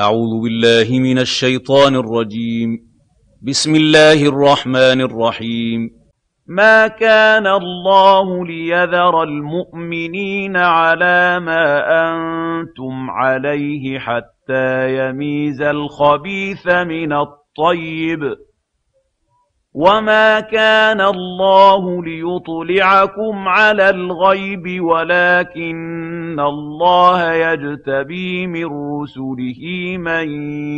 أعوذ بالله من الشيطان الرجيم بسم الله الرحمن الرحيم ما كان الله ليذر المؤمنين على ما أنتم عليه حتى يميز الخبيث من الطيب وما كان الله ليطلعكم على الغيب ولكن الله يجتبي من رسله من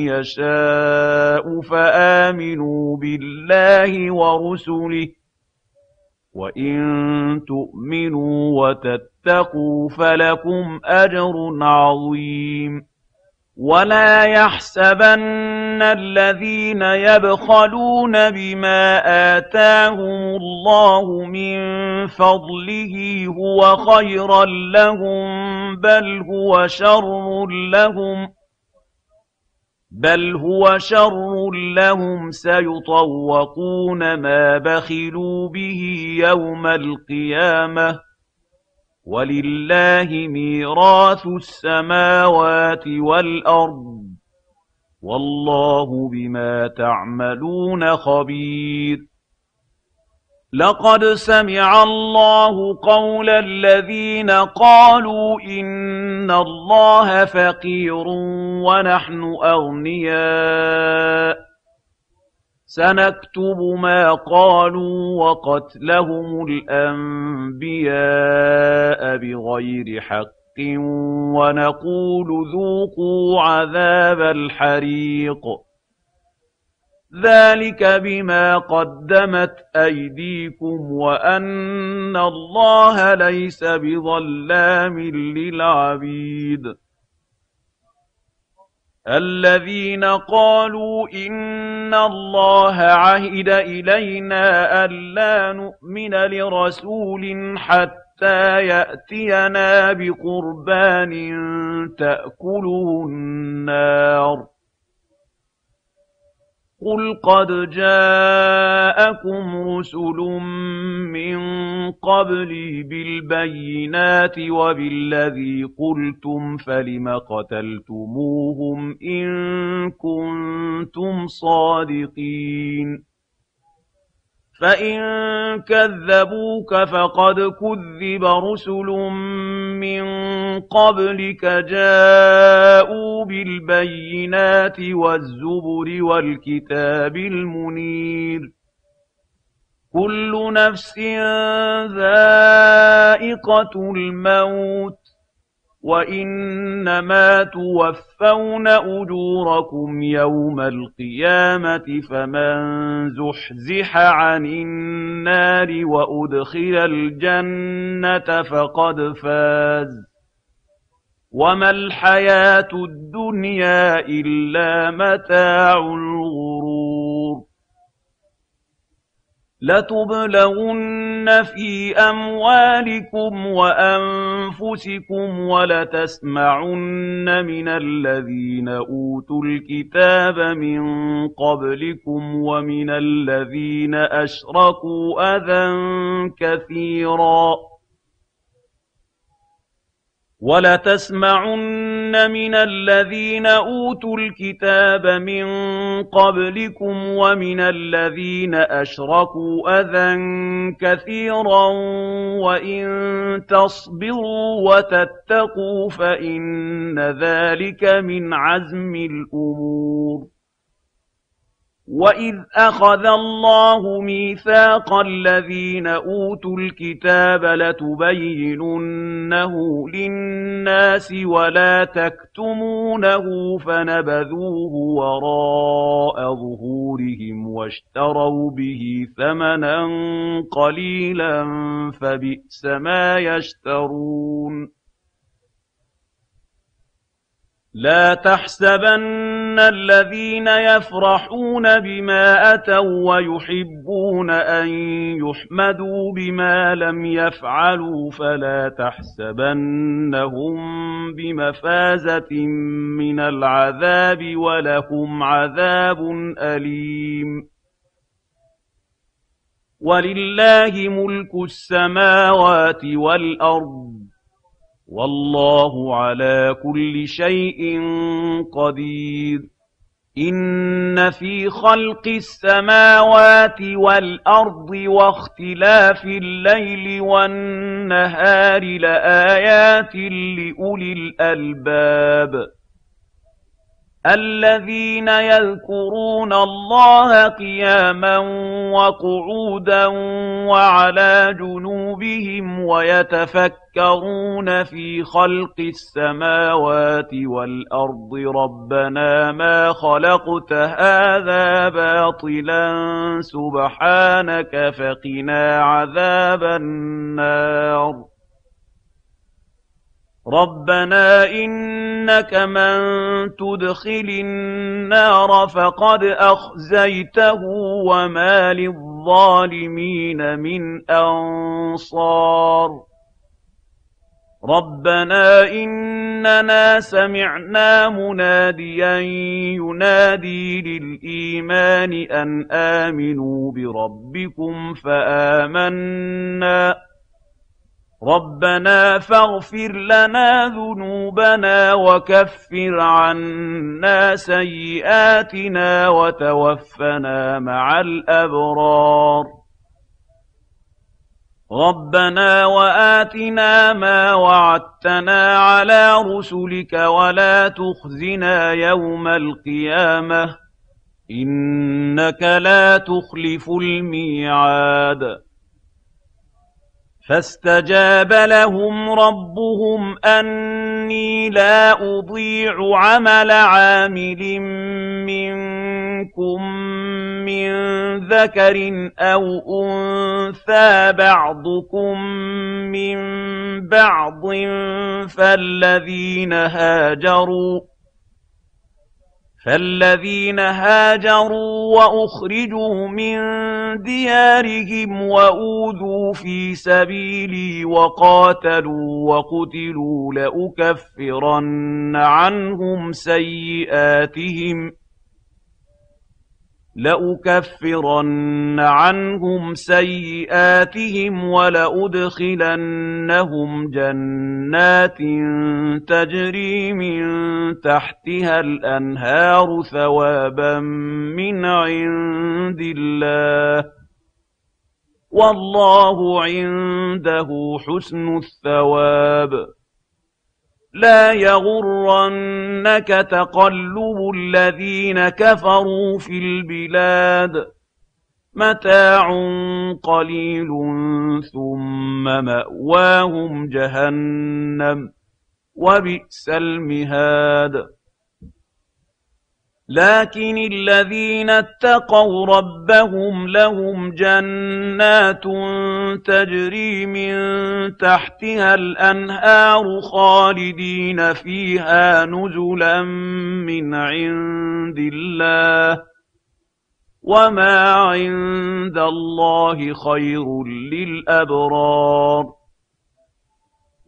يشاء فآمنوا بالله ورسله وإن تؤمنوا وتتقوا فلكم أجر عظيم ولا يحسبن الذين يبخلون بما آتاهم الله من فضله هو خيرا لهم بل هو شر لهم بل هو شر لهم سيطوقون ما بخلوا به يوم القيامة ولله ميراث السماوات والأرض والله بما تعملون خبير لقد سمع الله قول الذين قالوا إن الله فقير ونحن أغنياء سنكتب ما قالوا وقتلهم الأنبياء بغير حق ونقول ذوقوا عذاب الحريق ذلك بما قدمت أيديكم وأن الله ليس بظلام للعبيد الذين قالوا إن الله عهد إلينا ألا نؤمن لرسول حتى يأتينا بقربان تأكله النار قل قد جاءكم رسل من قبلي بالبينات وبالذي قلتم فلم قتلتموهم إن كنتم صادقين فإن كذبوك فقد كذب رسل من قبلك جاءوا بالبينات والزبر والكتاب المنير كل نفس ذائقة الموت وإنما توفون أجوركم يوم القيامة فمن زحزح عن النار وأدخل الجنة فقد فاز وما الحياة الدنيا إلا متاع الغرور لتبلغن في أموالكم وأنفسكم ولتسمعن من الذين أوتوا الكتاب من قبلكم ومن الذين أشركوا أذى كثيراً وَلَتَسْمَعُنَّ مِنَ الَّذِينَ أُوتُوا الْكِتَابَ مِنْ قَبْلِكُمْ وَمِنَ الَّذِينَ أَشْرَكُوا أَذًى كَثِيرًا وَإِنْ تَصْبِرُوا وَتَتَّقُوا فَإِنَّ ذَلِكَ مِنْ عَزْمِ الْأُمُورِ وَإِذْ أَخَذَ اللَّهُ مِيثَاقَ الَّذِينَ أُوتُوا الْكِتَابَ لَتُبَيِّنُنَّهُ لِلنَّاسِ وَلَا تَكْتُمُونَهُ فَنَبَذُوهُ وَرَاءَ ظُهُورِهِمْ وَاشْتَرَوْا بِهِ ثَمَنًا قَلِيلًا فَبِئْسَ مَا يَشْتَرُونَ لا تحسبن الذين يفرحون بما أتوا ويحبون أن يحمدوا بما لم يفعلوا فلا تحسبنهم بمفازة من العذاب ولهم عذاب أليم ولله ملك السماوات والأرض والله على كل شيء قدير إن في خلق السماوات والأرض واختلاف الليل والنهار لآيات لأولي الألباب الذين يذكرون الله قياما وقعودا وعلى جنوبهم ويتفكرون في خلق السماوات والأرض ربنا ما خلقت هذا باطلا سبحانك فقنا عذاب النار ربنا إنك من تدخل النار فقد أخزيته وما للظالمين من أنصار ربنا إننا سمعنا مناديا ينادي للإيمان أن آمنوا بربكم فآمنا ربنا فاغفر لنا ذنوبنا وكفر عنا سيئاتنا وتوفنا مع الأبرار ربنا وآتنا ما وعدتنا على رسلك ولا تخزنا يوم القيامة إنك لا تخلف الميعاد فاستجاب لهم ربهم أني لا أضيع عمل عامل منكم من ذكر أو أنثى بعضكم من بعض فالذين هاجروا فالذين هاجروا وأخرجوا من ديارهم وأوذوا في سبيلي وقاتلوا وقتلوا لأكفرن عنهم سيئاتهم ۖ لأكفرن عنهم سيئاتهم ولأدخلنهم جنات تجري من تحتها الأنهار ثوابا من عند الله والله عنده حسن الثواب لا يغرنك تقلب الذين كفروا في البلاد متاع قليل ثم مأواهم جهنم وبئس المهاد لكن الذين اتقوا ربهم لهم جنات تجري من تحتها الأنهار خالدين فيها نزلا من عند الله وما عند الله خير للأبرار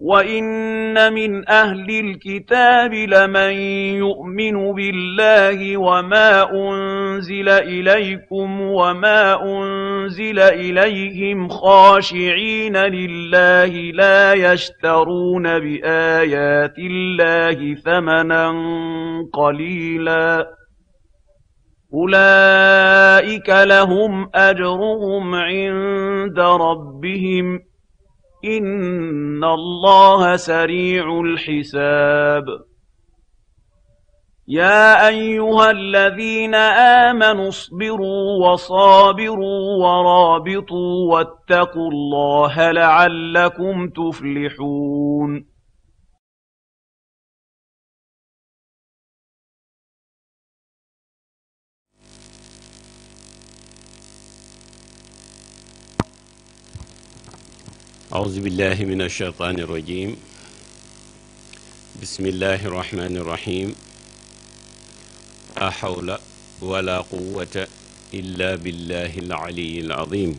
وَإِنَّ مِنْ أَهْلِ الْكِتَابِ لَمَنْ يُؤْمِنُ بِاللَّهِ وَمَا أُنْزِلَ إِلَيْكُمْ وَمَا أُنْزِلَ إِلَيْهِمْ خَاشِعِينَ لِلَّهِ لَا يَشْتَرُونَ بِآيَاتِ اللَّهِ ثَمَنًا قَلِيلًا أُولَئِكَ لَهُمْ أَجْرُهُمْ عِندَ رَبِّهِمْ إن الله سريع الحساب يا أيها الذين آمنوا اصبروا وصابروا ورابطوا واتقوا الله لعلكم تفلحون aousubillahi min alsheytaani irrajim bismillahi irrahmani irrahim laa hawla wala quwata illa billahi alaliyi alazim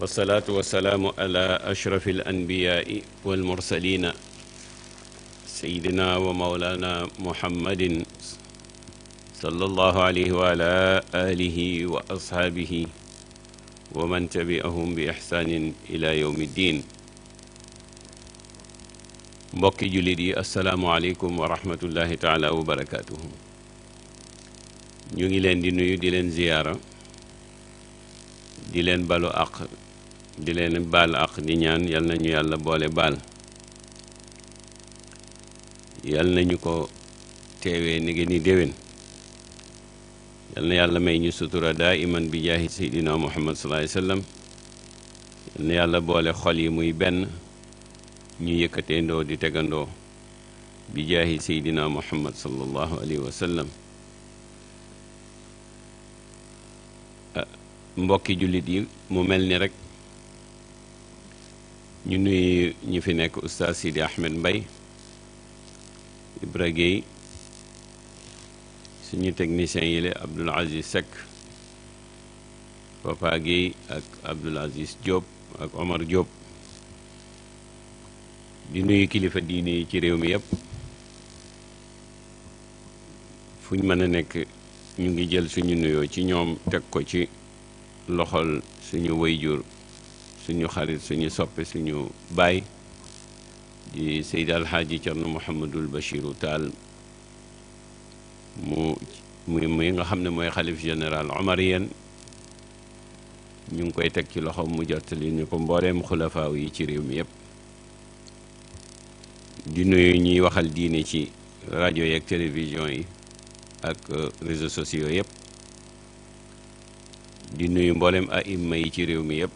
wasalaatu wasalaamu ala ashrafi alanbiyaai walmursalina sayidina wa maulana muhammadin sallallahu alayhi wa ala alihi wa ashaabihi wa tabi'ahum bi ixsaanin ila yawmi diin mbokki jullit yi asalaamualeykum wa rahmatullahi taala wa ñu ngi leen di nuyu di leen ziyaara di leen balu aq di leen baal aq di ñaan yal nañu yàlla boole baal yal nañu ko teewee ni ngeen di déwén yal na yàlla may ñu sutura daa bi jaahi seydina muhammad sallallahu alayhi yal na yàlla boole xol yi muy benn ñu yëkkateendoo di tegandoo bi jaahi seydina muhammad sallallahu alayhi ah, mbokki jullit yi mu mel ni rek ñu nuyu ñu fi nekk oustaz Sidi Ahmed Mbaye Ibra Gueye suñu technicien yi la Abdoul Aziz Seck Papa ak Abdoul Aziz Diop ak Omar Diop di nuyu kilifa diine yi ci réew mi yëpp fu mën a nekk ñu ngi jël suñu nuyoo ci ñoom teg ko ci loxol suñu wayjur suñu xarit suñu soppe suñu baay di Seydi Alxaaji Cerno Mouhamadul Bachiru Taal mu muy muy nga xam ne mooy xalif général omarien ñu ngi koy teg ci loxo mu jottali ñu ko mbooleem xulafaaw yi ci réew mi yëpp di nuyu ñuy waxal diine ci rajo yeeg télévision yi ak euh, réseau sociaux yëpp di nuyu mbooleem aima yi ci réew mi yëpp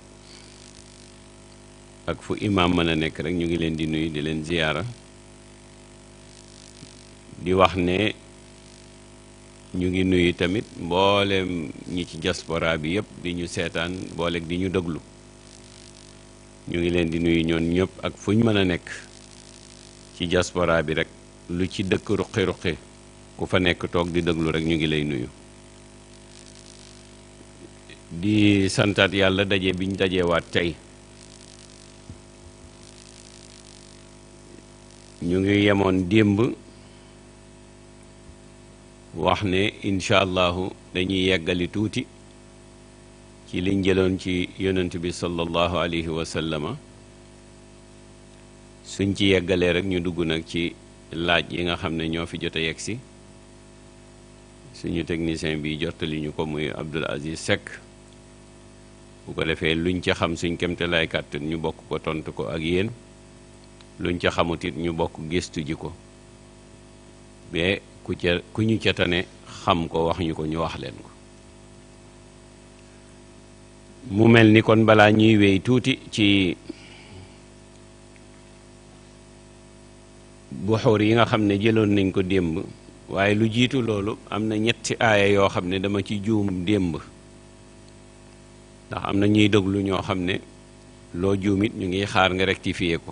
ak fu imaam mën a nekk rek ñu ngi leen di nuyu di leen ziyaara di wax ne ñu ngi nuyu tamit mboolem ñi ci diaspora bi yëpp di ñu seetaan boole di ñu déglu ñu ngi leen di nuyu ñoon ñëpp ak fu ñu mën a nekk ci jasporaa bi rek lu ci dëkk ruqi-ruqi ku fa nekk toog di déglu rekk ñu ngi lay nuyu di santaat yàlla daje bi ñu dajewaat tey ñu ngi yemoon démb wax ne incha allahu dañuy yeggali tuuti ci liñ jëloon ci yonent bi sallallahu alayhi wa sallama suñ ci yeggalee rek ñu dugg nag ci laaj yi nga xam ne ñoo fi jote a si suñu technicien bi jottali ñu ko muy Abdul Aziz Seck bu ko defee luñ ca xam suñ kemte lay kàttan ñu bokk ko tontu ko ak yéen luñ ca xamut it ñu bokk gëstu ji ko mais ku ku ñu ca xam ko wax ñu ko ñu wax leen ko mu mel ni kon balaa ñuy wey tuuti ci buxuur yi nga xam ne jëloon nañ ko démb waaye lu jiitu loolu am na ñetti aaya yoo xam ne dama ci juum démb ndax am na ñuy déglu ñoo xam ne loo juumit ñu ngi xaar nga rectifier ko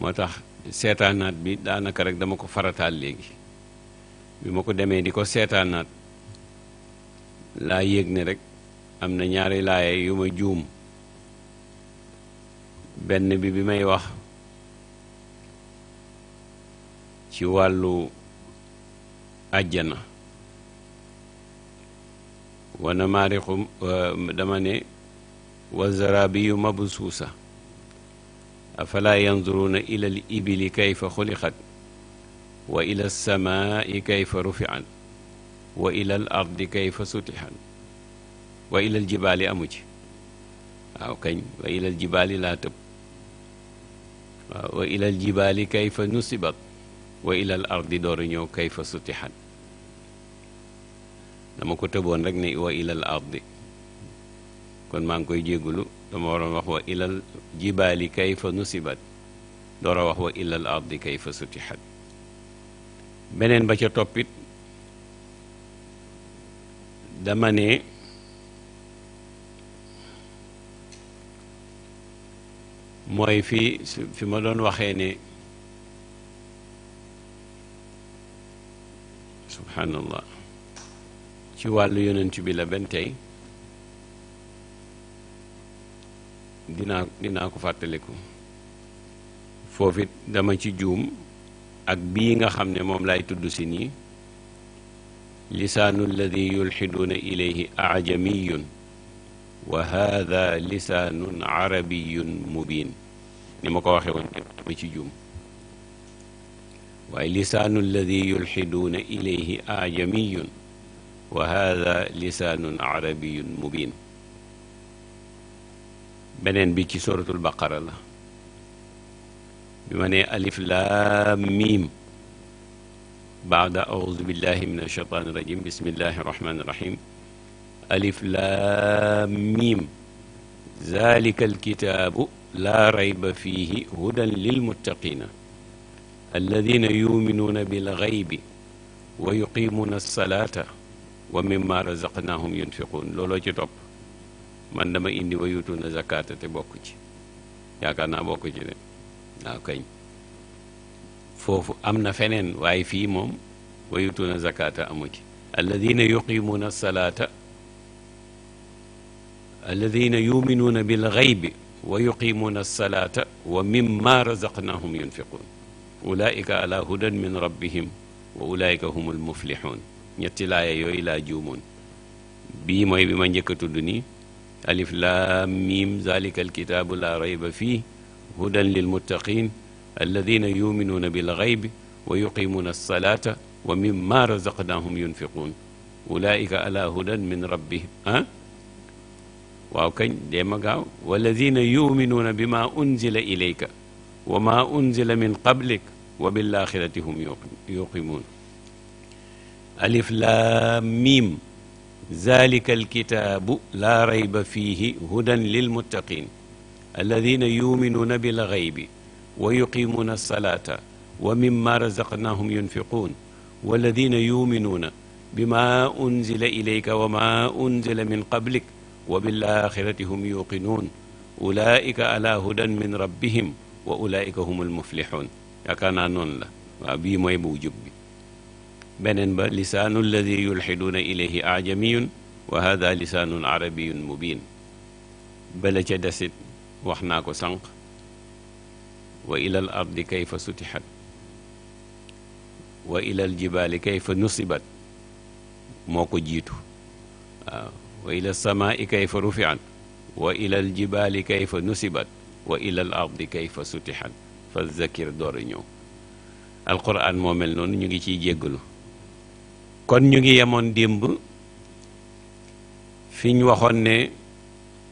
moo tax seetaanaat bi daanaka rek dama ko farataal léegi bi ma ko demee di ko seetaanaat laa yéeg ne rekk am na ñaari laaye yu ma juum benn bi bi may wax ci wàllu àjjana wana maariqu dama ne wa zarabiyu mabsuusa afalaa yanzuruuna ila al ibili kayfa xuliqat wa ila alsamaai kayfa rufian wa ila al ardi kayfa sutihan wa ila al jibaali amu ci waaw kañ wa ila al jibaali laa tëb waaw wa ila al jibaali kayfa nusibat wa ila al ardi dooru ñëw kayfa sutihan dama ko tëboon rek ne wa ila al ardi kon maa ngi koy jéggulu dama waroon wax wa ila al jibaali kayfa nusibat door a wax wa ila al ardi kayfa sutihat beneen ba ca toppit dama ne mooy fi fi ma doon waxee ne subhanallah ci wàllu yonenti bi la benn tey dinaa dinaa ko fàttaliku foofu it dama ci juum ak bii nga xam ne moom lay tudd si nii lisaanu alladi yulxiduuna ilayhi ajamiyun wa haada lisaanun arabiyun mubin ni ma ko waxee woon dama ci juum waaye lisaanu alladi yulxiduuna ilayhi ajamiyun wa haada lisaanun arabiyun mubin beneen bi ci suratul baqara la bi ma nee alif laam miim baada audu billahi min alsheytaan irajim bismillahi irrahmani irrahim alif laam miim zalika alkitaabu laa rayba fiihi hudan lilmuttaqiina alladina yuminuuna bilxaybi wa yuqimuuna alsalaata wa mimma razaqnaahum yunfiquun looloo ci topp man dama indi wa yutuuna zakaata te bokk ci yaakaar naa bokk ci de waaw ah, kañ foofu am na feneen waaye fii moom wa yutuuna zakata amu ci alladina yuqimuuna salaata alladina yuminuuna bil xaybi wa yuqimuuna salaata wa mimma razaqnahum yunfiquun ulaika ala hudan min rabbihim wa ulaika humul muflixuun ñetti laaya yooyu laa juumoon bii mooy bi ma njëkk a tudd nii alif laam miim zalika alkitaabu laa rayba fii hudan lilmuttaqin alladina yuminuuna bilxaybi wa yuqimuuna alsalata wa mimma razaqnaahum yunfiquun ulaika ala hudan min rabbihim ah waaw kañ dee ma gaaw walladina yuminuuna bi ma unzila ilayka wa ma unzila min qablik wa bilaxirati hum yuqimuun alif laam miim zalika alkitaabu laa rayba fiihi hudan lilmuttaqin alladina yuminuuna bilxaybi wa yuqimuuna alsalaata wa mimma razaqnaahum yunfiquun walladina yuminuuna bima unzila ilayka wa ma unzila min qablik wa bilaaxirati hum yuqinuun ulaika ala hudan min rabbihim wa ulaika humul muflixuun yaakaar naa noonu la waaw bii mooy bu jub bi beneen ba lisaanu alladi yulxiduuna ilayhi ajamiyun wa hada lisaanun arabiyun mubin bala ca desit wax naa ko sànq wa ilal ardi kayfa sutixat wa nusibat moo ko jiitu waaw wa ilal samaai kayfa rufiat wa ilal jibaali kayfa nusibat wa ilal ardi fa zakir door a moo mel noonu ñu ngi ciy jéggalu kon ñu ngi yemoon démb fi ñu waxoon ne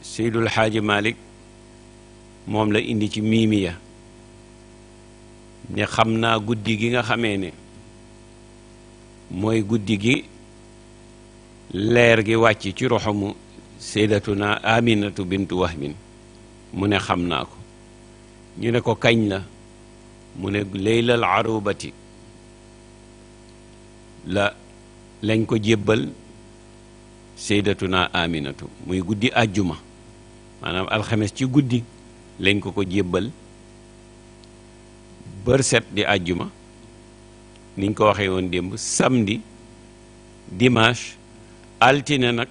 seydul xaaji malik moom la indi ci miimiya ne xam naa guddi gi nga xamee ne mooy guddi gi leer gi wàcc ci roxamu saydatuna aminatu bintu wahmin mu ne xam naa ko ñu ne ko kañ la mu ne leylal arubati la lañ ko jébbal saydatuna aminatu muy guddi àjjuma maanaam alxames ci guddi lañ ko ko jébbal set di àjjuma niñ ko waxee woon démb samdi dimanche altine nag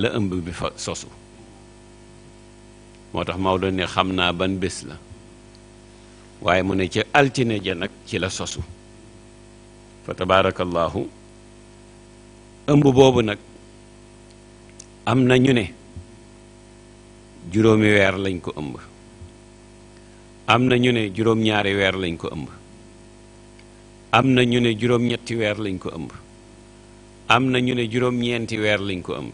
la ëmb bi fa sosu moo tax Maodo ne xam naa ban bés la waaye mu ne ca altine ja nag ci la sosu fa tabaarakallaahu ëmb boobu nag am na ñu ne juróomi weer lañ ko ëmb am na ñu ne juróom weer lañ ko ëmb am na ñu ne juróom-ñetti weer lañ ko ëmb am na ñu ne juróom-ñeenti weer lañ ko ëmb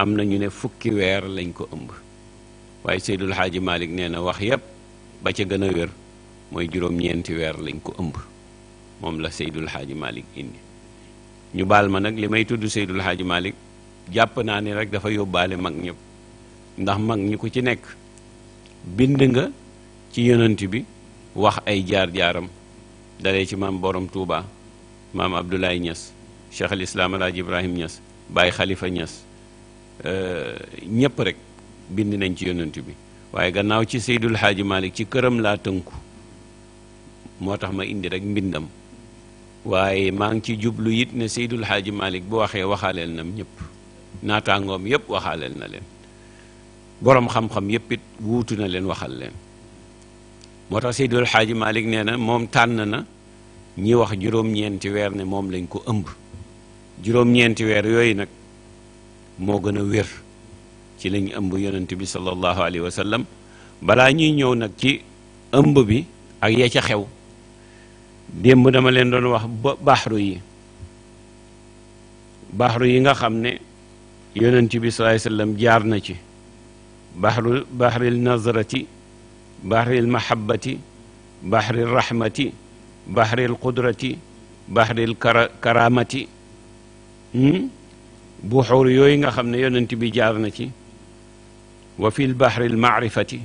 am na ñu ne fukki weer lañ ko ëmb waaye Seydul Xaaji Malik nee na wax yépp ba ca gën a wér mooy juróom-ñeenti weer lañ ko ëmb moom la Seydul Xaaji Malik indi ñu baal ma nag li may tudd Seydul Xaaji Malik jàpp naa ni rek dafa yóbbaale mag ñëpp ndax mag ñi ko ci nekk bind nga ci yonent bi wax ay jaar-jaaram dalee ci maam borom Touba maam Abdoulaye ñas Cheikh al Islam El Hadj Ibrahim Niass Baye Khalifa Niass euh, ñëpp rek bind nañ ci yonent bi waaye gannaaw ci Seydul Xaaji Malik ci këram laa tënku moo tax ma indi rek mbindam waaye maa ngi ci jublu yit ne Seydul Xaaji Malik bu waxee waxaaleel nam ñëpp naataangoom yëpp waxaaleel na leen boroom xam-xam yëpp it wuutu na leen waxal leen moo tax Seydul Xaaji Malik nee na moom tànn na ñi wax juróom-ñeenti weer ne moom lañ ko ëmb juróom-ñeenti weer yooyu nag moo gën a wér ci lañ ëmb yonent bi sallallahu alayhi wa balaa ñuy ñëw nag ci ëmb bi ak ya ca xew démb dama leen doon wax ba baaxru yi baaxru yi nga xam ne yonent bi sallallahu alayhi sallam jaar na ci baxru baxril nazrati baxril mahabbati baxril rahmati baxril qudrati baxril karamati hmm? buxuur yooyu nga xam ne yonent bi jaar na ci wa fi lbaxril maarifati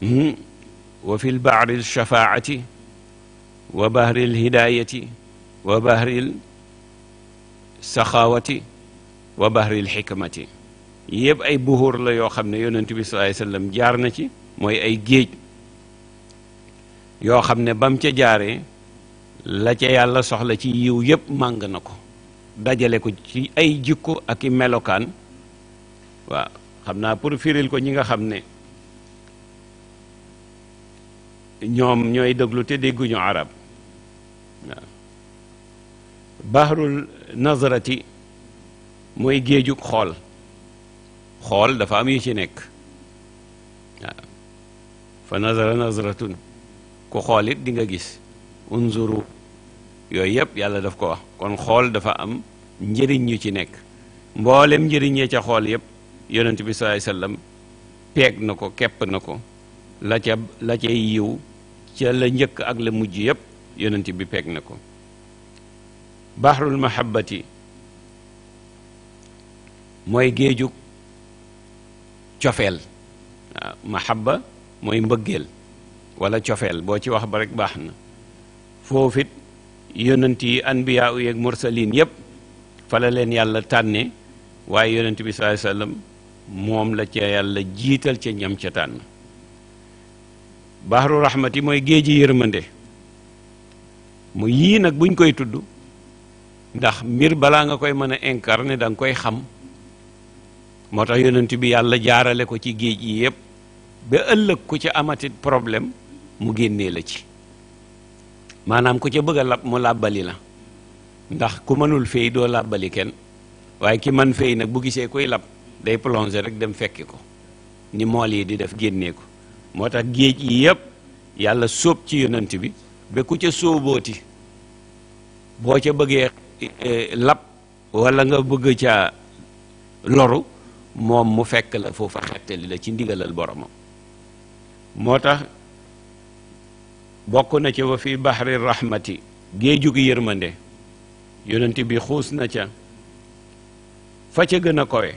hmm? wa fi lbaxril shafaati wa baxril hidaayati wa baxril saxaawati wa baxril xikmati yëpp ay buhur la yoo xam ne yonent bi sallallahu alayhi wasallam jaar na ci mooy ay géej yoo xam ne bam ca jaaree la ca yàlla soxla ci yiw yëpp màng na ko dajale ko ci ay jikko ak i melokaan waaw xam naa pour firil ko ñi nga xam ne ñoom ñooy déglu te dégguñu arab waaw bahrul nazarati mooy géejug xool xool dafa am yu ci nekk waaw fa nazara nazratun ku xool it di nga gis unzuru yooyu yëpp yàlla daf ko wax kon xool dafa am njëriñ yu ci nekk mboolem njëriñ ya ca xool yëpp yonent bi sallallahu alayhi peeg na ko kepp na ko la ca la ca yiw ca la njëkk ak la mujj yépp yonent bi peeg na ko bahrul mahabbati mooy géejug cofeel waaw ah, mahabba mooy mbëggeel wala cofeel boo ci wax ba rek baax na foofit yonent yi anbiyaa u yeeg fa la leen yàlla tànne waaye yonent bi sallallahu alayhi wasallam moom la ca yàlla jiital ca ñam ca tànn bahru rahmati mooy géeji yërmande mu yii nag buñ koy tudd ndax mbir balaa nga koy mën a incarner da koy xam moo tax yonent bi yàlla jaarale ko ci géej yi yëpp ba ëllëg ku ci amati problème mu génnee la ci maanaam ku ca bëgg a lab mu làbbali la ndax ku mënul fay doo làbbali kenn waaye ki man fay nag bu gisee koy lab day plonger rek dem fekki ko ni mool yi di def génnee ko moo tax géej yi yëpp yàlla sóob ci yonent bi be ku ca sóobooti boo ca bëggee eh, eh, lab walla nga bëgg ca loru moom mu fekk la foofa xettali la ci ndigalal boromam moo tax bokk na ci wa fi bahri rahmati géejug yërmande yonent bi xuus na ca fa ca gën a kowe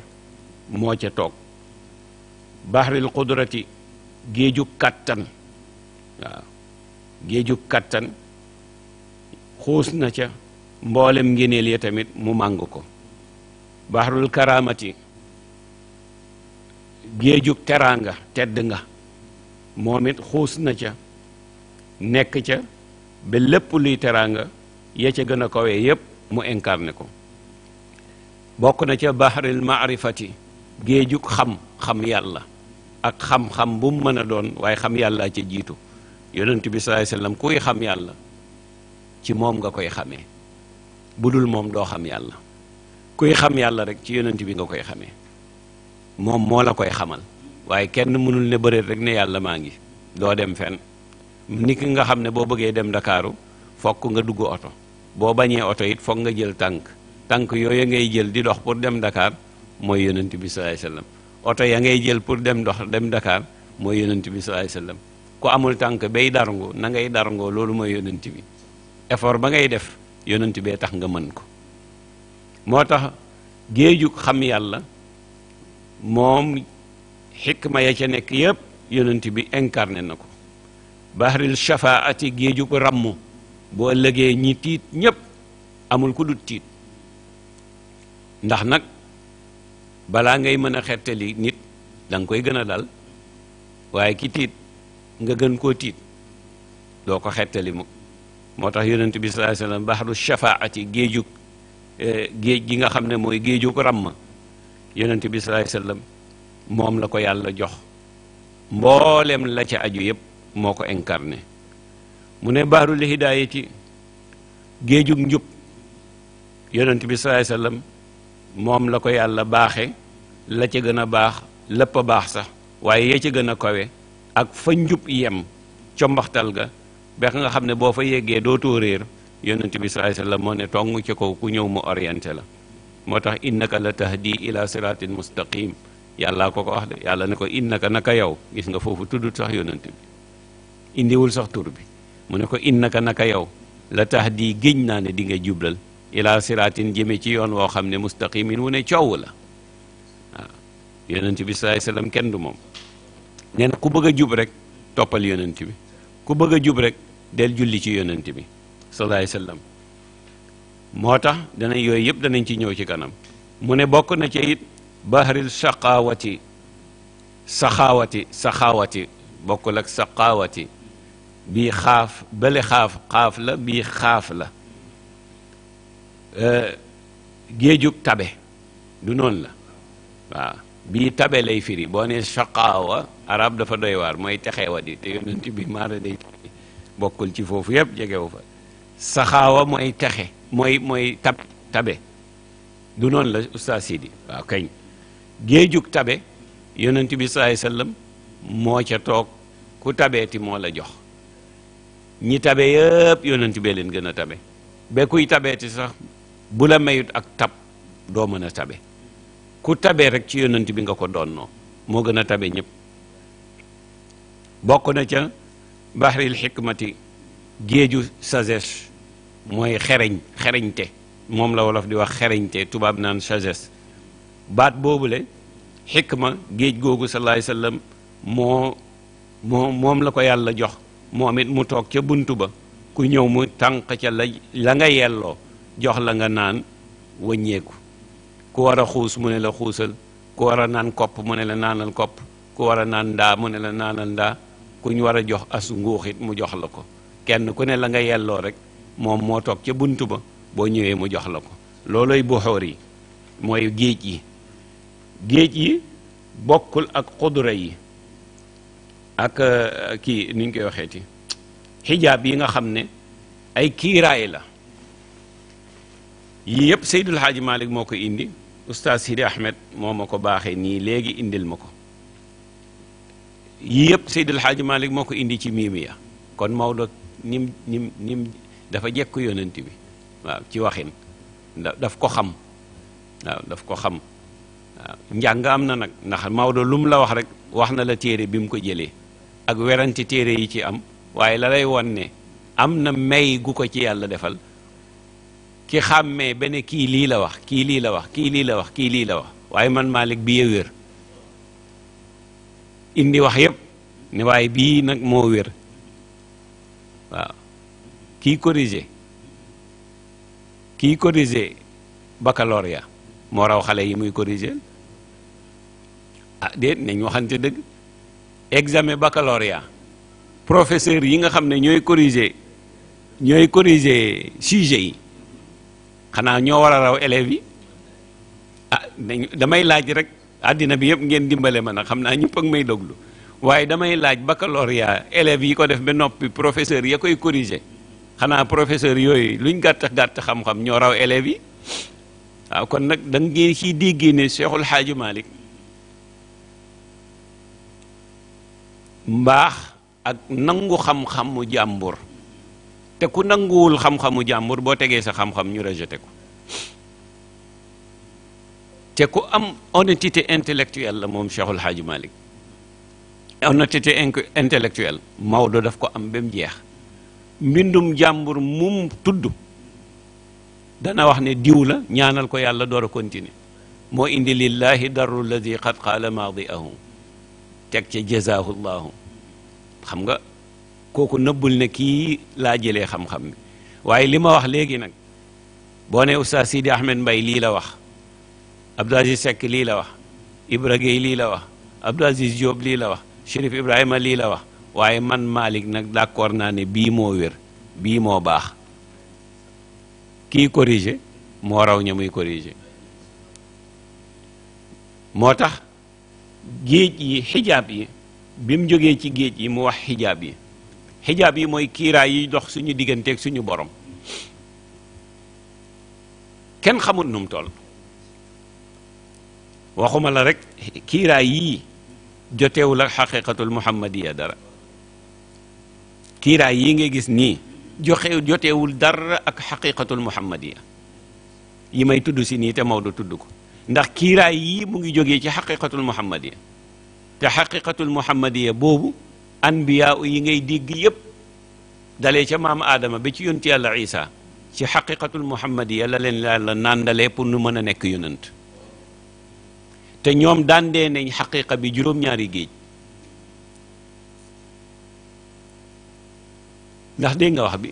moo ca toog bahril qudrati géejug kàttan waaw géejug kàttan xuus na ca mboolem ngéneel ya tamit mu màng ko bahrul karamati géejug teraanga tedd nga moom it xuus na ca nekk ca ba lépp luy teraanga ya ca gën a kawee yépp mu incarné ko bokk na ca baharil maarifati géejug xam xam yàlla ak xam-xam bu mu mën a doon waaye xam yàllaa ca jiitu yonent bi sallallahu alayhi wasallam kuy xam yàlla ci moom nga koy xamee bu dul moom doo xam yàlla kuy xam yàlla rek ci yonent bi nga koy xame moom moo la koy xamal waaye kenn mënul ne bëreet rek ne yàlla maa ngi doo dem fen ni nga xam ne boo bëggee dem ndakaaru fokk nga dugg oto boo bañee oto it fokk nga jël tànk tànk yooyu ngay jël di dox pour dem ndakaar mooy yonent bi sallallahu alayhi wasallam oto ya ngay jël pour dem dox dem Dakar mooy yonent bi sallallahu sa wasallam ku amul tànk bay darngoo na ngay darngoo loolu mooy yonent bi effort ba ngay def yonent bee tax nga mën ko moo tax géejug xam yàlla moom xikma ya ca nekk yëpp yonent bi incarné na ko bahril shafaati géeju ko ràmm boo ëllëgee ñi tiit ñépp amul ku dut tiit ndax nag balaa ngay mën a xettali nit danga koy gën a dal waaye ki tiit nga gën koo tiit doo ko xettali mu moo tax yonent bi sallallahu alayhi wasallam bahru shafaati géeju eh, géej gi nga xam ne mooy géeju ko ràmm yonent bi salaay sallam moom la ko yàlla jox mboolem la ca aju yëpp moo ko incarné mu ne baarul ci géejug njub yonent bi salaay sallam moom la ko yàlla baaxe la ca gën a baax lépp a baax sax waaye ya ci gën a kawe ak fa njub yem combaxtal ga bex nga xam ne boo fa yeggee dootoo réer yonent bi salaay sallam moo ne tong ci kaw ku ñëw mu orienté la moo tax innaka la tahdi ila siratin mustaqim yàllaa ko ko wax de yàlla ne ko innaka naka yow gis nga foofu tuddut sax yonent bi indiwul sax tur bi mu ne ko innaka naka yow la tahdi géñ naa ne di nga jublal ila siratin jëme ci yoon woo xam ne mustaqimin wu ne coow la waaw yonent bi sallallahu alayhi kenn du moom nee na ku bëgg a jub rek toppal yonent bi ku bëgg a jub rek del julli ci yonent bi sallallahu alayhi wasallam moo tax danañ yooyu yëpp danañ ci ñëw ci kanam mu ne bokk na ci it bahril shaqaawati saxaawati saxaawati bokkul ak saqaawati bii xaaf bële xaaf xaaf la bii xaaf la euh, géejug tabe du noonu la waaw bii tabe lay firi boo ne shaqaawa arab dafa doy waar mooy texeewa di te yonent bi maara day bokkul ci foofu yëpp jegewu fa saxaawa mooy texe mooy mooy tab tabe du noon la oustaz Sidi waaw kañ géejug tabe yonent bi saai sallam moo ca toog ku tabeeti moo la jox ñi tabe yëpp yonent bee leen gën a tabe ba kuy tabeeti sax bu la mayut ak tab doo mën a tabe ku tabe rek ci yonent bi nga ko doon doonnoo moo gën a tabe ñëpp bokk na ca bahril xikmati géeju sagesse mooy xereñ xereñte moom la wolof di wax xereñte tubaab naan sagesse baat boobu boobule ma géej googu salaay sallam moo moo moom la ko yàlla jox moom it mu toog ca bunt ba ku ñëw mu tànq ca la la nga yelloo jox la nga naan wëññeeku ku war a xuus mu ne la xuusal ku war a naan kopp mu ne la naanal kopp ku war a naan ndaa mu ne la naanal ndaa ku ñu war a jox as nguuxit mu jox la ko kenn ku ne la nga yelloo rek moom moo toog ca bunt ba boo ñëwee mu jox la ko looloy buxoor yi mooy géej yi géej yi bokkul ak xudura yi ak euh, kii ni ñu koy waxeeti xijaab yi nga xam ne ay kiiraay la yii yëpp Seydul Haaji Malick moo ko indi oustaz Sidi Ahmed moo ma ko baaxee nii léegi indil ma ko yii yëpp Seydul Haaji Malick moo ko indi ci miimiya kon Maodo nim nim dafa jekk yonent bi waaw ci waxin daf ko xam waaw daf ko xam waaw njàng am na nag ndax Maodo lu mu la wax rek wax na la téere bi mu ko jëlee ak werante téere yi ci am waaye la lay won ne am na may gu ko ci yàlla defal ki xàmmee ba kii lii la wax kii lii la wax kii lii la wax kii lii la wax waaye man Malick bi wér indi wax yëpp ne waaye bii nag moo wér kii corrigé kii corrigé baccalauréat moo raw xale yi muy corrigé ah déet nañ waxante dëgg examen baccalauréat professeur yi nga xam ne ñooy corrigé ñooy corrigé sujet yi xanaa ñoo war a raw élèves yi ah nañ damay laaj rek addina bi yëpp ngeen dimbale ma na xam naa ñu ak may déglu waaye damay laaj baccalauréat élèves yi ko def ba noppi professeur ya koy corrigé xanaa professeur yooyu luñ gàtt gàtta xam-xam ñoo raw élèves yi waaw kon nag da ngeen ciy déggee ne Cheikhul xaaju malik mbaax ak nangu xam-xamu jàmbur te ku nanguwul xam-xamu jàmbur boo tegee sa xam-xam ñu rejeté ko te ku am honnêteté intellectuelle la moom Cheikhul Xaaji Malik honnêteté intellectuelle Maodo def ko am ba mu jeex mbindum jàmbur mum tudd dana wax ne diw la ñaanal ko yàlla door a moo indi lillahi darru alladi qad qaala maadiahu teg ca jazaahu llahu xam nga kooku nëbbul kii laa jëlee xam-xam bi waaye li ma wax léegi nag boo ne Oustaz Sidi Ahmed mbay lii la wax Abdou Aziz Seck lii la wax Ibra Gueye lii la wax Abdou Aziz Diop lii la wax Chérif Ibrahima lii la wax waaye man Malick nag d'accord naa ne bii moo wér bii moo baax kii corriger moo raw ña muy moo tax géej yi xijaab yi bi mu jógee ci géej yi mu wax xijaab yi xijaab yi mooy kiiraay yi dox suñu digganteeg suñu borom kenn xamut nu mu toll waxuma la rek kiiraay yii jotewul ak xaqiqatul muhammadiya dara kiiraay yi nga gis nii joxe joteewul dara ak xaqiqatul muhammadiya yi may tudd si nii te Maodo tudd ko ndax kiiraay yii mu ngi jógee ci xaqiqatul muhammadiya te xaqiqatul muhammadiya boobu anbiyaa yi ngay dégg yépp dalee ca maam aadama bi ci yonent yàlla isa ci xaqiqatul muhammadiya la leen la nàndalee pour nu mën a nekk yonant te ñoom daan dee nañ xaqiqa bi juróom-ñaari géej ndax dégg nga wax bi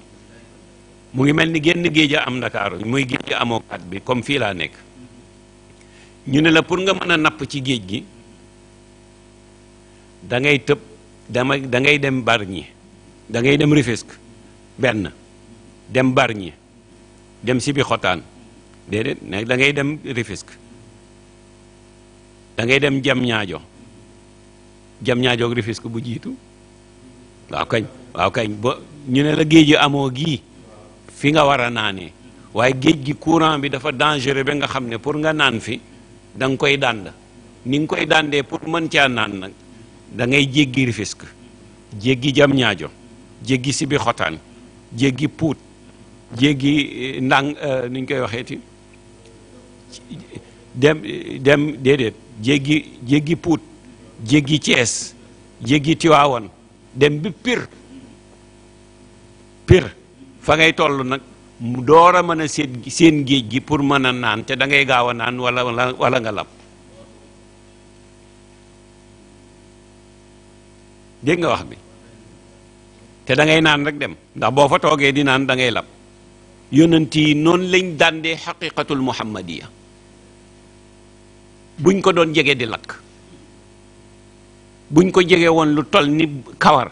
mu ngi mel ni genn géej am ndakaaru muy géej a amoo kat bi comme fii laa nekk ñu ne la pour nga mën a napp ci géej gi da ngay tëb dama da ngay dem Bargny da ngay dem Rufisque benn dem Bargny dem Sébikotane déedéet nag da ngay dem Rufisque dangay dem dem Diamniadio Diamniadio ak Rufisque bu jiitu waaw kañ waaw kañ ñu ne la géeju amoo gii fi nga war a naanee waaye géej gi courant bi dafa dangereux ba nga xam ne pour nga naan fi da nga koy dànd ni nga koy dàndee pour man caa naan nag da ngay jéggi Rufisque jéggi jam ñaajo jéggi sibi xotaan jéggi puut jéggi eh, ndang eh, nuñ koy waxeeti dem dem déedéet jéggi jéggi puut jéggi Cees jéggi Tiwaawan dem bi pir piir fa ngay toll nag mu door a mën a seet seen géej gi pour mën a naan te da gaaw a naan wala wala nga lab dégg nga wax bi te dangay naan rek dem ndax boo fa toogee di naan da ngay lab yonent yi noonu lañ dàndee xaqiqatul muhammadiya buñ ko doon jege di lakk buñ ko jege woon lu tol ni kawar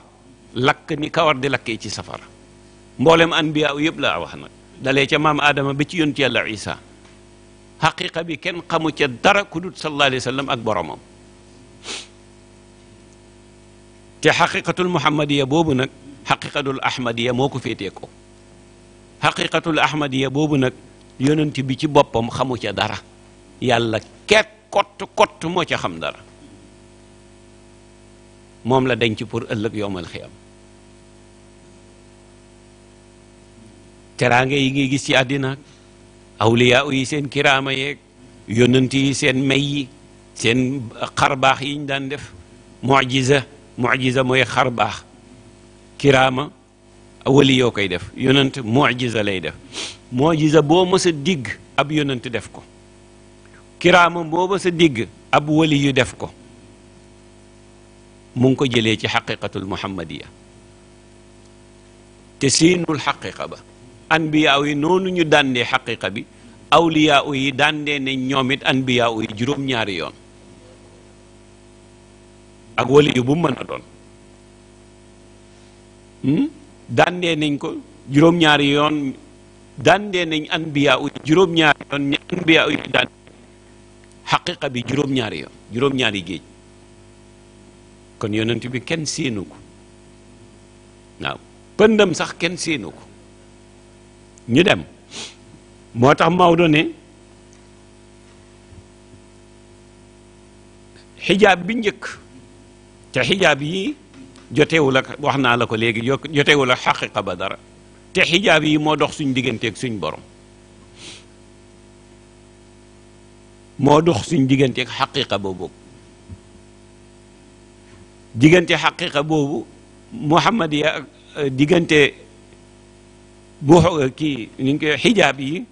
lakk ni kawar di lakkee ci safara mboolem anbiyaaw yëpp la wax nag dalee ca maam Adama bi ci yonent yàlla Isa xaqiqa bi kenn xamu ca dara ku dut sallallahu alayhi wa sallam ak boromam te xaqiqatul muhammadiya boobu nag xaqiqatul ahmadiya moo ko féetee ko xaqiqatul boobu nag yonent bi ci boppam xamu ca dara yàlla ket kott kott moo ca xam dara moom la den denc pour ëllëg yowmal xiyam teraanga yi gi gis ci àddina awliyaa yi seen kiraama yeeg yonant yi seen may seen xarbaax yi ñu daan def mujiza mujiza mooy xarbaax kiraama wali koy def yonant mujiza lay def mujiza boo mës digg ab yonant def ko kiraama boo mës digg ab wali def ko mu ngi ko jëlee ci xaqiqatul muhammadiya te siinul xaqiqa ba anbiyaaw yi noonu ñu dàndee xaqiqa bi awliyaaw yi dàndee ne ñoom it yi juróom-ñaari yoon ak wali yu bu mën a doon hmm? dàndee nañ ko juróom-ñaari yoon dàndee nañ anbiya yi juróom-ñaari yoon ñi yi daan xaqiqa bi juróom-ñaari yoon juróom-ñaari géej kon yonent bi kenn séenu ko waaw pëndam sax kenn séenu ko ñu dem moo tax Maodo ne xijaab bi njëkk te xijaab yi jotewul ak wax naa la ko léegi jotewul ak xaqiqa ba dara te xijaab yii moo dox suñ digganteeg suñ borom moo dox suñ digganteeg xaqiqa boobu diggante xaqiqa boobu Muhammad ya diggante bu kii ni ñu koy xijaab yi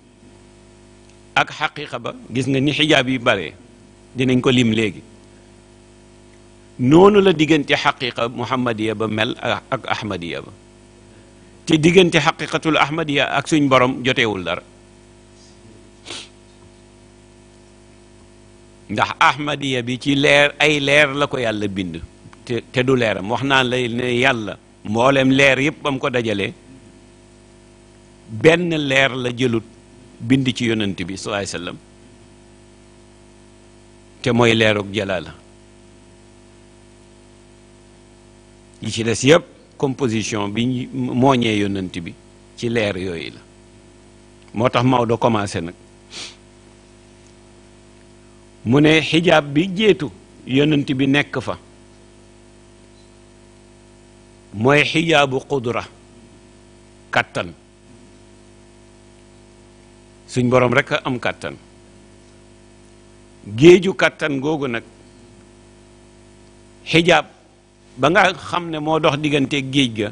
ak xaqiqa ba gis nga ni xijaab yi bare dinañ ko lim léegi noonu la diggante xaqiqa muhammadiya ba mel ak ahmadiya ba te diggante xaqiqatul ahmadiya ak suñ borom jotewul dara ndax ahmadiya bi ci leer ay leer la ko yàlla bind te te du leeram wax naan la yàlla mboolem leer yëpp ba mu ko dajalee benn leer la jëlut bind ci yonent bi salaay sallam te mooy leerug la yi ci des yëpp composition bi mooñee yonent bi ci leer yooyu la moo tax Maodo commencé nag mu ne xijaab bi jéetu yonent bi nekk fa mooy xijaabu qudra kattan suñ borom rek am kàttan géeju kattan googu nag xijaab ba nga xam ne moo dox diggante géej ga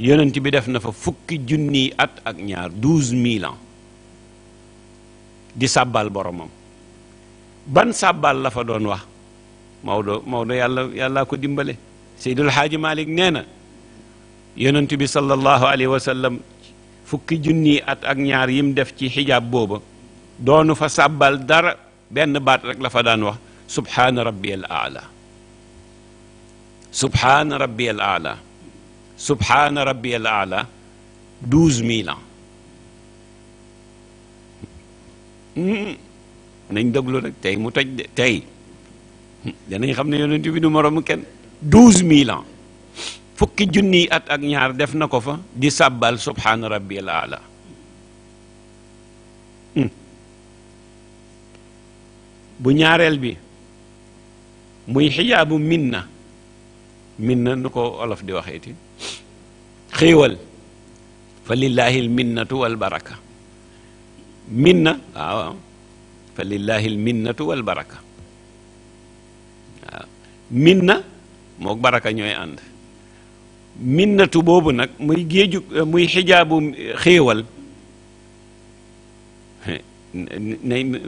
yonent bi def na fa fukki junniy at ak ñaar douze mille di sàbbal boromam ban sàbbal la fa doon wax Maodo Maodo yàlla yàllaa ko dimbale Seydul Xaaji Malik nee na yonent bi sallallahu alayhi wa fukki junni at ak ñaar yim def ci xijaab booba doonu fa sabal dara benn baat rek la fa daan wax subhaana rabbiyal aala subhaana rabbiyal aala subhaana rabbiyal aala douze mille ans hmm. nañ déglu rek tey mu toj de tey hmm. xam ne yonent bi du moromu kenn douze mille fukki junniy at ak ñaar def na ko fa di sàbbal subhaana rabbiyal aala hmm. bu ñaareel bi muy xijaabu minna minna nu ko olof di waxeeti xéewal fa lillahi l minna waaw fa lillahi wal baraka minna mook baraka ñooy ànd minnatu boobu nag muy géeju muy xijaabu xéewal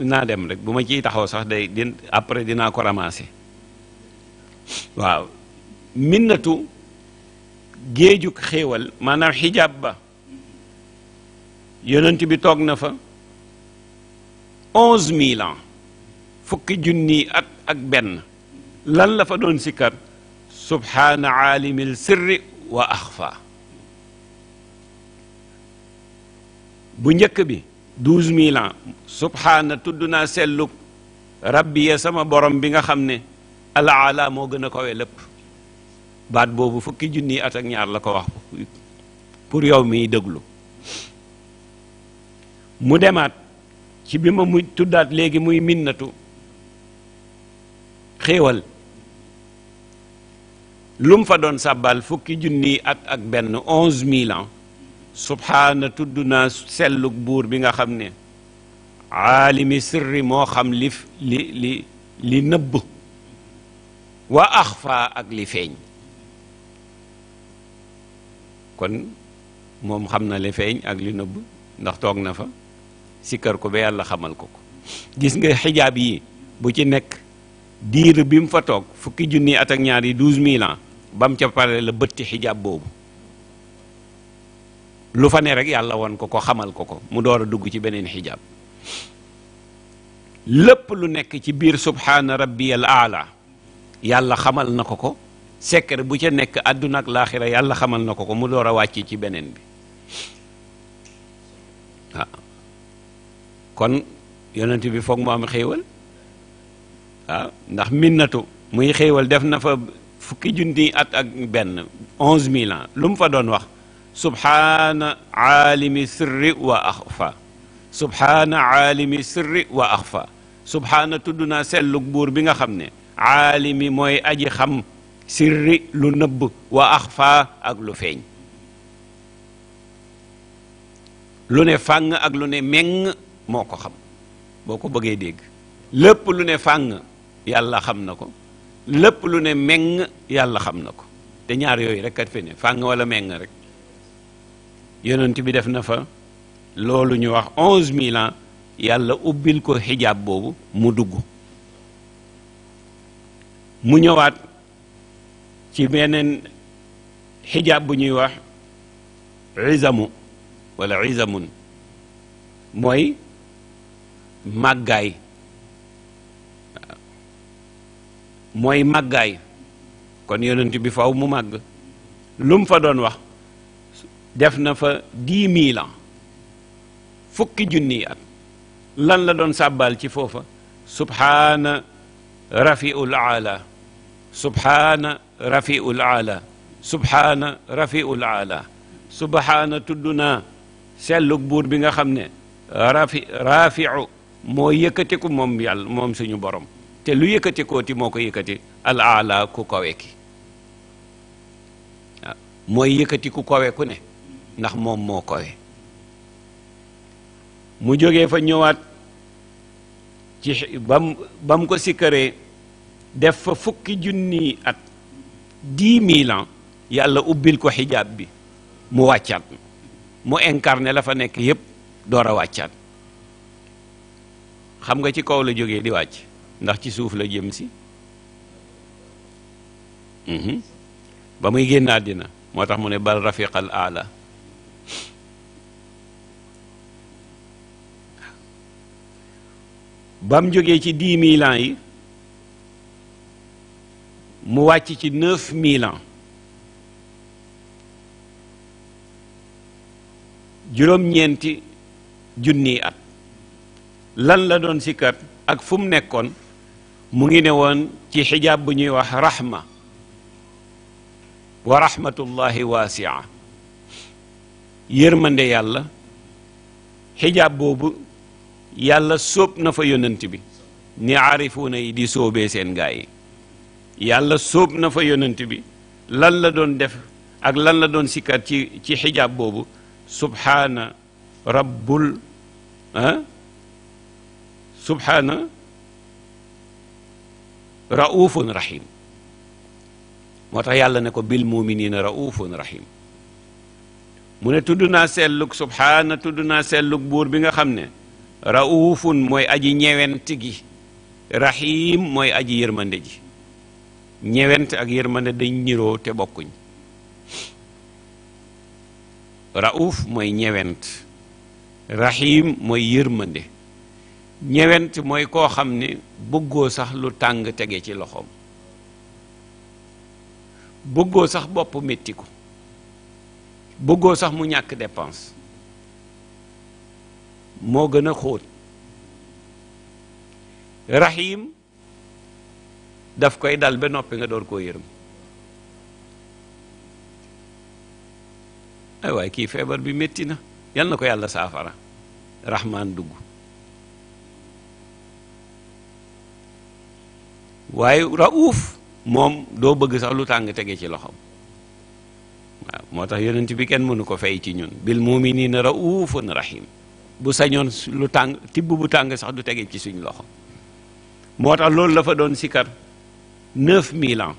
naa dem rek bu ma ciy taxaw sax day din après dinaa ko ramasser waaw minnatu géejug xéewal maanaam xijaab ba yonent bi toog na fa onze mille ans fukki junni at ak benn lan la fa doon sikkar subhaana aalimil sirri wa axfa bu njëkk bi douze mille ans subhaana tudd naa selluk rabbi ya sama borom bi nga xam ne alaala moo gën a kawe lépp baat boobu fukki junni at ak ñaar la ko wax pour yow mi déglu mu demaat ci bi ma mu tuddaat léegi muy minnatu xéewal lu mu fa doon sàbbal fukki junni at ak benn onze mille ans subhaana tudd naa selluk buur bi nga xam ne aalimi sirri moo xam li li li nëbb wa axfa ak li feeñ kon moom xam na li feeñ ak li nëbb ndax toog na fa sikkar ko ba yàlla xamal ko ko gis nga xijaab yi bu ci nekk diir bi mu fa toog fukki junni at ak ñaar yi douze ba mu ca pare la bëtti xijaab boobu lu fa ne rek yàlla won ko ko xamal ko ko mu door a dugg ci beneen xijaab lépp lu nekk ci biir subhaana rabbiyal aala yàlla xamal na ko ko secret bu ca nekk àdduna ak laaxira yàlla xamal na ko ko mu door a wàcc ci beneen bi waaw kon yonent bi foog mu am xéewal ndax minnatu muy xéewal def na fa fukki junni at ak benn onze mille ans lu fa doon wax subhaana aalimi sirri wa axfa subhaana aalimi sirri wa axfa subhaana tudd naa sellug buur bi nga xam ne aalimi mooy aji xam sirri lu nëbb wa axfa ak lu feeñ lu ne fàng ak lu ne meng moo ko xam boo ko bëggee dégg lépp lu ne fàng yàlla xam na ko lépp lu ne meng yàlla xam na ko te ñaar yooyu rek kat fi ne fàng wala meng rek yonent bi def na fa loolu ñu wax onze mille ans yàlla ubbil ko xijaab boobu mu dugg mu ñëwaat ci beneen xijaab bu ñuy wax izamu wala izamun mooy màggaay mooy màggaay kon yonent bi faw mu màgg lu fa doon wax def na fa dix mille ans fukki junni lan la doon sàbbaal ci foofa subhaana rafiul aala subhaana rafiul aala subhaana rafiul aala subhaana tudd naa sellug buur bi nga xam ne rafi rafiu moo yëkkatiku moom yàlla moom suñu borom te lu yëkkati kooti moo ko yëkkati al aala ku kawe ki ah, mooy yëkkati ku kawe ku ne ndax moom moo kawe mu jóge fa ñëwaat ci bam ba ko sikkaree def fa fukki junni at dix mille yàlla ubbil ko xijaab bi mu wàccaat mu incarné la fa nekk yépp door a wàccaat xam nga ci kaw la jógee di wàcc ndax ci suuf la jëm si mhm. ba muy génn àddina moo tax mu ne bal rafiqal aala ba jógee ci dix milan yi mu wàcc ci neuf mille ans juróom-ñeenti junniy at lan la doon sikkat ak fu mu nekkoon mu ngi ne woon ci xijaab bu ñuy wax raxma wa rahmatullahi waasia yërmande yàlla xijaab boobu yàlla sóob na fa yonent bi ni aarifuuna yi di soobee seen gaa yàlla soob na fa yonent bi lan la doon def ak lan la doon sikkat ci ci xijaab boobu subhaana rabbul ah subhaana raufun rahim moo tax yàlla ne ko bil muminina raufun rahim mu ne tudd naa seetlug subhaana tudd naa seetlug buur bi nga xam ne raufun mooy aji ñewent gi rahim mooy aji yërmande ji ñewent ak yërmande dañ niroo te bokkuñ rauf mooy ñewent rahim mooy yërmande ñewent mooy koo xam ne bëggoo sax lu tàng tege ci loxoom bëggoo sax bopp metti ko bëggoo sax mu ñàkk dépense moo gën a xóot rahim daf koy dal ba noppi nga door koo yërëm ay waaye kii feebar bi metti na yal na ko yàlla saafara rahmaan dugg waaye raouf moom doo bëgg sax lu tàng tege ci loxo waaw moo tax yonent bi kenn mënu ko fay ci ñun bil muminina raufun rahim bu sañoon lu tàng tibb bu tàng sax du tege ci suñ loxo moo tax loolu la doon sikar neuf mille ans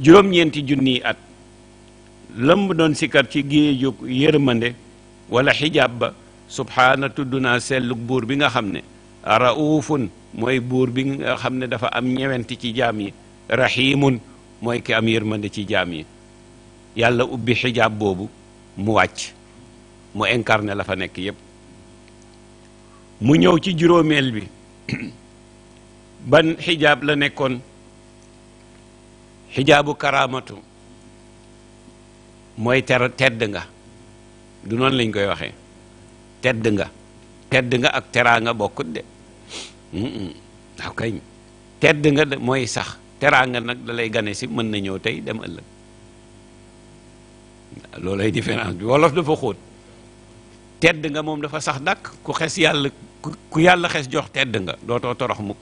juróom-ñeenti junniy at lëmb doon sikar ci géeju yërmande wala xijaab ba subhaana tudd naa selluk buur bi nga xam ne raufun mooy buur bi xam ne dafa am ñewenti ci jaam yi rahimun mooy ki am yërmande ci jaam yi yàlla ubbi xijaab boobu mu wàcc mu incarné la fa nekk yépp mu ñëw ci juróomeel bi ban xijaab la nekkoon xijaabu karamatu mooy ter tedd nga du noonu lañ koy waxee tedd nga tedd nga ak teraanga bokkut de waaw kañ tedd nga mooy sax teraanga nag da gane si mën na ñëw tey dem ëllëg loolay différence bi wolof dafa xóot tedd nga moom dafa sax dàkk ku xes yàlla ku yàlla xes jox tedd nga dootoo torox mukk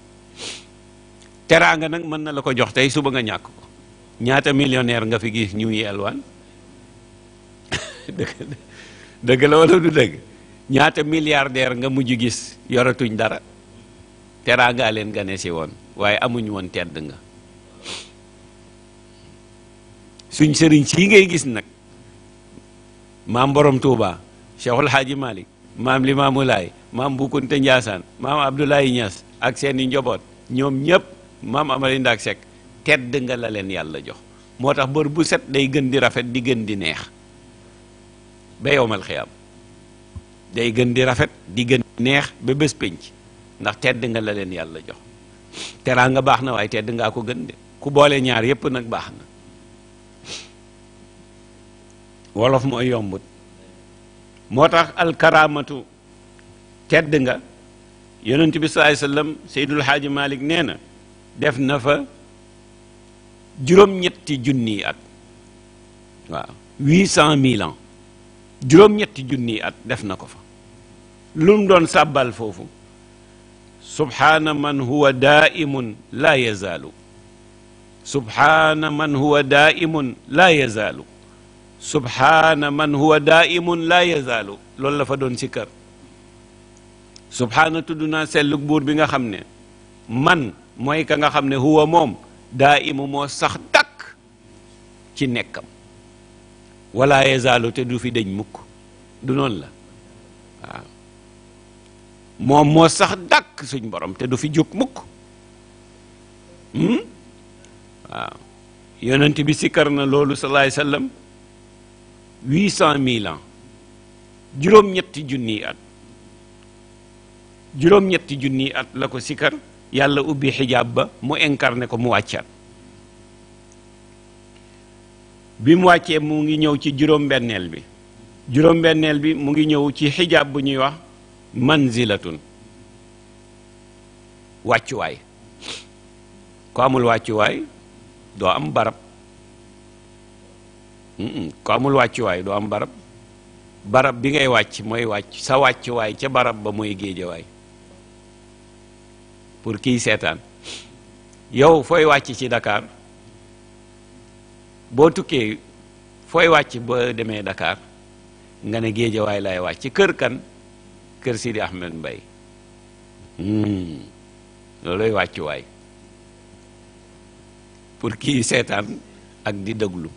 teraanga nag mën na la ko jox tey suba nga ñàkk ko ñaata millionnaire nga fi gis ñuy yelwaan dëgg dëgg la wala du dëgg ñaata milliardaire nga mujj gis yoratuñ dara teraanga leen gane si woon waaye amuñ woon tedd nga suñ sëriñ sii ngay gis nag maam borom Touba Cheikhul Hadji Malick maam Limaamu Laay maam Bu Kunta Njaasaan maam Abdoulaye Niass ak seeni njaboot ñoom ñëpp maam Amari Ndaak Seck tedd nga la leen yàlla jox moo tax bër bu set day gën di rafet di gën di neex ba yowmal xiyaam day gën di rafet di gën di neex ba bés pénc ndax tedd nga la leen yàlla jox teraa nga baax na waaye tedd ngaa ko gën de ku boole ñaar yépp nag baax na wolof mooy yombut moo tax alkaraamatu tedd nga yonent bi sallallahu alayhi wasallam seydul nee na def na fa juróom-ñetti waaw huit cent mille ans juróom-ñetti junniy at def na ko fa lu mu doon sàbbal foofu subhaana man huwa daa'imun laa yazaalu subhaana man huwa daa'imun laa yazaalu subhaana man huwa daa'imun laa yazaalu loolu la fa doon ci kër subhaana tudd naa sellug buur bi nga xam ne man mooy ka nga xam ne huwa moom daa'imu moo sax dàkk ci nekkam wala yazaalu te du fi deñ mukk du noonu la moom moo sax dàkk suñ borom te du fi jóg mukk hmm? waaw yonent bi sikkar na loolu salaay sallam huit cent mille juróom-ñetti junniy at juróom-ñetti junniy at la ko sikkar yàlla ubbi xijaab ba mu incarné ko mu wàccaat bi mu wàccee mu ngi ñëw ci juróom-benneel bi juróom-benneel bi mu ngi ñëw ci xijaab bu ñuy wax manzilatun wàccuwaay ku amul wàccuwaay doo am barab ku amul wàccuwaay doo am barab barab bi ngay wàcc mooy wàcc sa wàccuwaay ca barab ba mooy géejawaay pour kiy seetaan yow fooy wàcc ci dakaar boo tukkee fooy wàcc boo demee Dakar nga ne géejawaay laay wàcc kër kan kër Sidi mbay Mbaye hmm. wàcc waay pour kii seetaan ak di déglu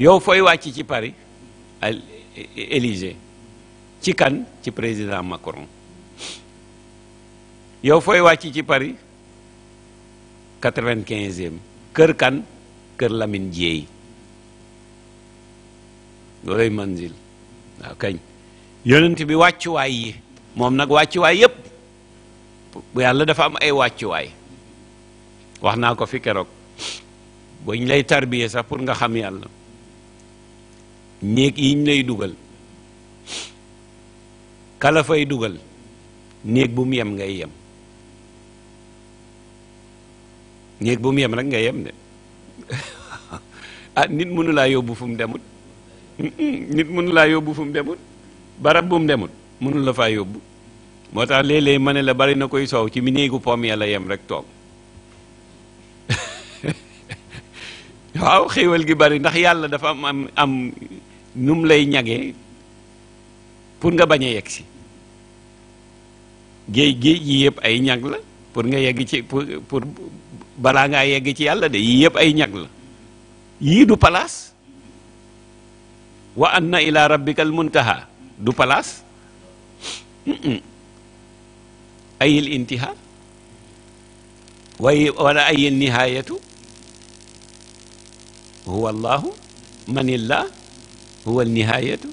yow fooy wàcc ci Paris al Élysée ci kan ci président Macron yow fooy wàcc ci Paris quatre-vingt-quinzième kër kan kër Lamine Dieye looloy manzil waaw kañ yonent bi wàccuwaay yi moom nag wàccuwaay yépp bu yàlla dafa am ay wàccuwaay wax naa ko fi keroog buñ lay tarbiye sax pour nga xam yàlla néeg yiñ lay dugal kalafay dugal néeg bu mu yem ngay yem néeg bu mu yem rek ngay yem de ah nit mënu laa yóbbu fu mu demut nit mënu laa yóbbu fu mu demut barab bu mu demul mënul la faa yóbbu moo tax léeg-léeg ma ne la bari na koy soow ci mi néegu pomm yàlla yem rek toog waaw xéewal gi bari ndax yàlla dafa am am am nu lay ñagee pour nga bañ a yegg ci géej géej yi yëpp ay ñag la pour nga yegg ci pour pour balaa ngaa yegg ci yàlla de yii yëpp ay ñag la yii du palaas wa na ila rabbikal muntaha du palaas ayil intiha waaye wala ayil nihayatu huwa allahu manillah huwa nihayatu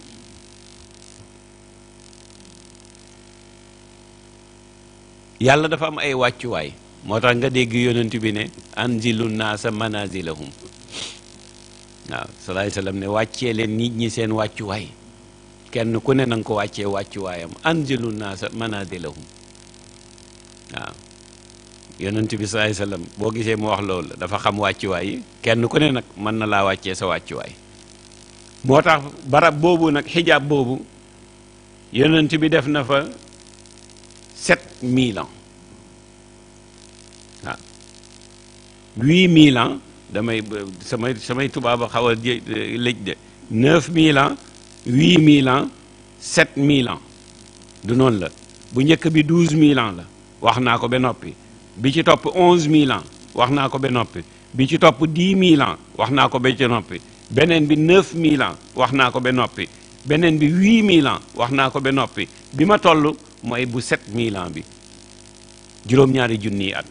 yàlla dafa am ay wàccuwaay moo tax nga dégg yonent bi ne anzilu naasa manazilahum waaw salaay salaam ne wàccee leen nit ñi seen wàccuwaay kenn ku ne na ko wàccee wàccuwaayam anzilu naasa manaazilahum waaw yonent bi saai sallam boo gisee mu wax loolu dafa xam wàccuwaay yi kenn ku ne nag mën na laa wàccee sa wàccuwaay moo tax barab boobu nag xijaab boobu yonent bi def na fa sept mille ans waaw huit mille damay samay samay tubaaba xaw a lëj de neuf mille huit mille ans sept mille ans du noon la bu njëkk bi douze mille ans la wax naa ko ba noppi bi ci topp onze mille ans wax naa ko ba noppi bi ci topp dix mille wax naa ko ba beneen bi neuf mille wax naa ko ba noppi beneen bi huit mille ans wax naa ko ba noppi bi ma toll mooy bu sept mille ans bi juróom-ñaari junniy at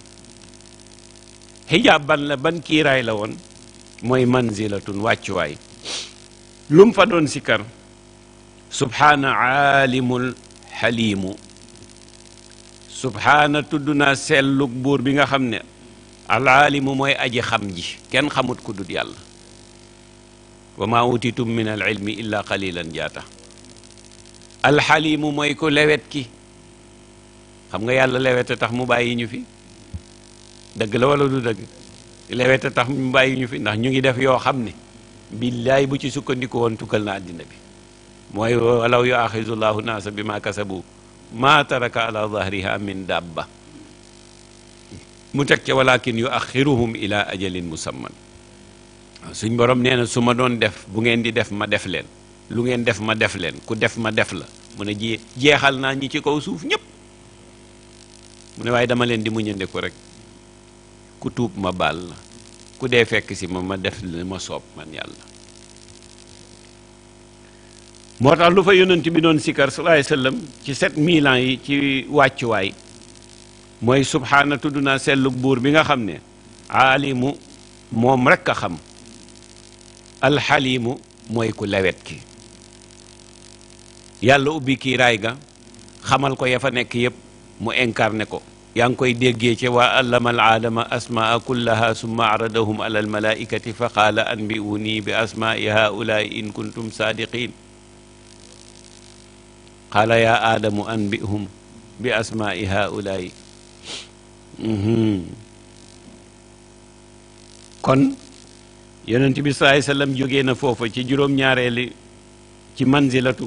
xijaab ban la ban kiiraay la woon mooy manzilatun wàccuwaay lu mu fa doon sikkar subhaana aalimul xaliimu subhaana tudd naa sellug buur bi nga xam ne alaalimu mooy aji xam ji kenn xamut ku dut yàlla wa maa utitum min al ilmi illa qalilan jaata alxaliimu mooy ku lewet ki xam nga yàlla lewete tax mu bàyyi ñu fi dëgg la walla du dëgg lewete tax mu bàyyi ñu fi ndax ñu ngi def yoo xam ne billaay bu ci sukkandiku woon tukkal na bi mooy walaw yuaxisullahu naasa bi ma kasabu ma taraka ala zahriha min dabba mu teg ca walakin yuaxiruhum ila ajalin musamman suñ borom nee na su ma doon def bu ngeen di def ma def leen lu ngeen def ma def leen ku def ma def la mu ne ji jeexal naa ñi ci kaw suuf ñëpp mu ne waaye dama leen di muñandeku rek ku tuub ma baal na ku dee fekk si ma ma def li ma soob man yàlla moo tax lu fa yonent bi doon sikkar sallallahu alayhi wasallam ci sept mille yi ci wàccuwaay mooy subhaana tudd naa sellug buur bi nga xam ne aalimu moom rekk xam alxalimu mooy ku lewet ki yàlla ubbi kii raay ga xamal ko ya fa nekk yëpp mu incarné ko yaa ngi koy déggee ci waa allama al aadama asmaa kullaha summa aradahum ala almalaikati fa qaala anbiuni bi asmaai haulai in kuntum saadiqin qaala yaa aadamu anbihum bi asmaai haulaai kon yonent bi saai sallam jógee na foofa ci juróom-ñaareeli ci manzilatu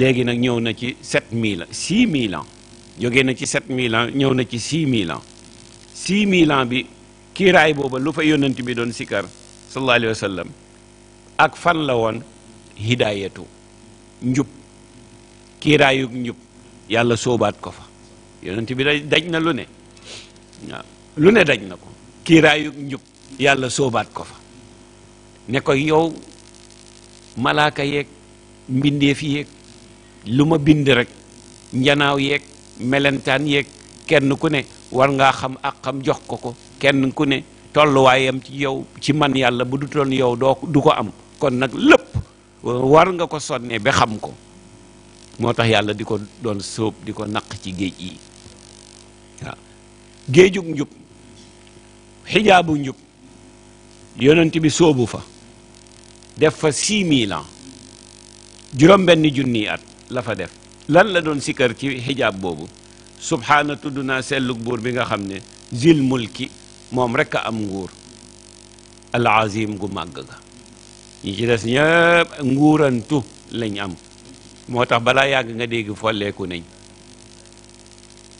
léegi nag ñëw na ci sept mila six mila ans na ci sept mille ans ñëw na ci six mille ans six bi kiiraay booba lu fa yonent bi doon sikar sallallahu alayhi wa sallam ak fan la woon hidaayatu njub kiiraayug njub yàlla soobaat ko fa yonent bi daj na lu ne lu ne daj na ko kiiraayug njub yàlla soobaat ko fa ne ko yow malaaka yeeg mbindeef yeeg lu ma bind rek njanaaw yeeg melentaan yeeg kenn ku ne war nga xam ak xam jox ko ko kenn ku ne tolluwaayam ci yow ci man yàlla bu du toon yow doo du ko am kon nag lépp war nga ko sonne bi xam ko moo tax yàlla di ko doon soob di ko naq ci géej yi waaw géejug njub xijaabu njub yonent bi soobu fa def fa six mille ans juróom-benn junni at la fa def lan la doon sikkar ci xijaab boobu subhaana tudd na sellug buur bi nga xam ne zil mulki moom rekk a am nguur al azim gu màgg ga ñi ci des ñëpp nguurantu lañ am moo tax balaa yàgg nga dégg folleeku nañ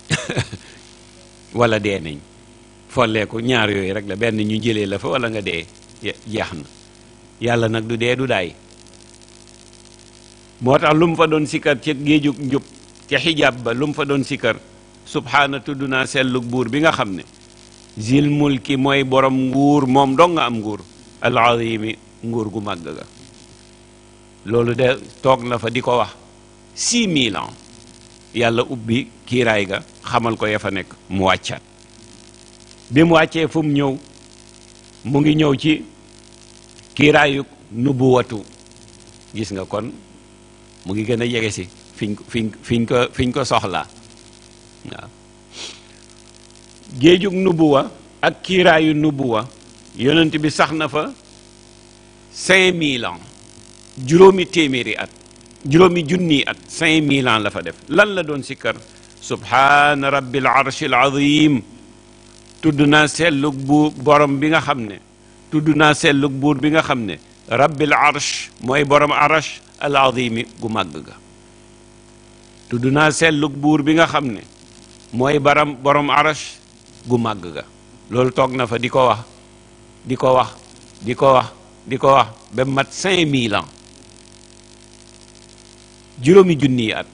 wala dee nañ folleeku ñaar yooyu rek la benn ñu jëlee la fa wala nga dee jeex na yàlla nag du dee du daay moo tax lu fa doon sikkar ca géejug njub ca xijaab ba lum fa doon sikar subhaana tudd naa sellug buur bi nga xam ne zil mulki mooy borom nguur moom dong nga am nguur al azimi nguur gu màgg ga loolu de toog na fa di ko wax six mille ans yàlla ubbi kiiraay ga xamal ko ya fa nekk mu wàccaat bi mu wàccee fu mu ñëw mu ngi ñëw ci kiiraayu nubuwatu gis nga kon mu ngi gën a jege si fiñ fiñ ko fiñ ko soxlaa waaw ak kiiraayu nubuwa yonent bi sax na fa cinq mille ans juróomi téeméeri at juróomi junni at cinq mille ans la fa def lan la doon sikkar subhaana rabbil arshil azim tudd naa sellug buur borom bi nga xam ne tudd naa sellug buur bi nga xam ne rabbil arsh mooy borom arsh al azimi gu màgg ga tudd naa sellug buur bi nga xam ne mooy baram borom arsh gu màgg ga loolu toog na fa di ko wax di ko wax di ko wax di ko wax ba mat cinq mille ans juróomi junni yi at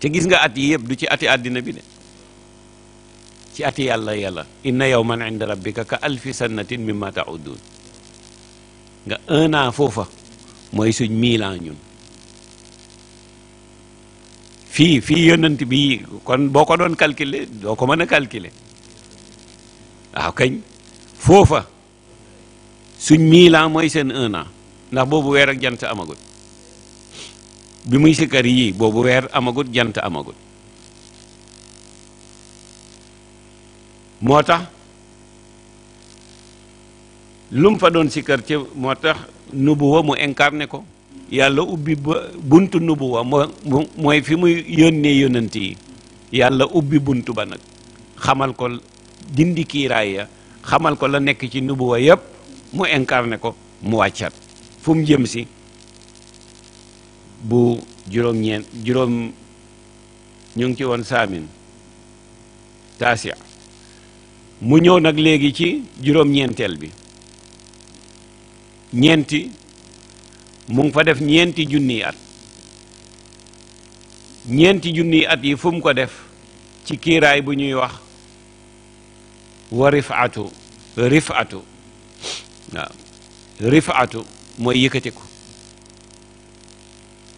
te gis nga at yi yëpp du ci at àddina bi de ci ati yàlla yàlla inna yawman inda rabbika ka alfi sannatin mimma taudun nga un foofa mooy suñ mille ans ñun fii fii yonent bi kon boo ko doon calculer doo ko mën a calculer waaw kañ foofa suñ mille ans mooy seen un an ndax boobu weer ak jant amagut bi muy sikkar yii boobu weer amagut jant amagut moo tax lum fa doon sikkar ci moo tax nubuwa mu incarné ko yàlla ubbi buntu nubuwa moo mooy fi muy yónnee yónnant yi yàlla ubbi buntu ba nag xamal ko dindi kiiraay ya xamal ko la nekk ci nubuwa yëpp mu incarné ko mu wàccat fu jëm si bu juróom ñeent juróom ñu ngi ci woon saamin taasia mu ñëw nag léegi ci juróom ñeenteel bi ñeenti mu ngi fa def ñeenti junni at ñeenti junniy at yi fu mu ko def ci kiiraay bu ñuy wax wa rifatu rifatu waaw rifatu mooy ko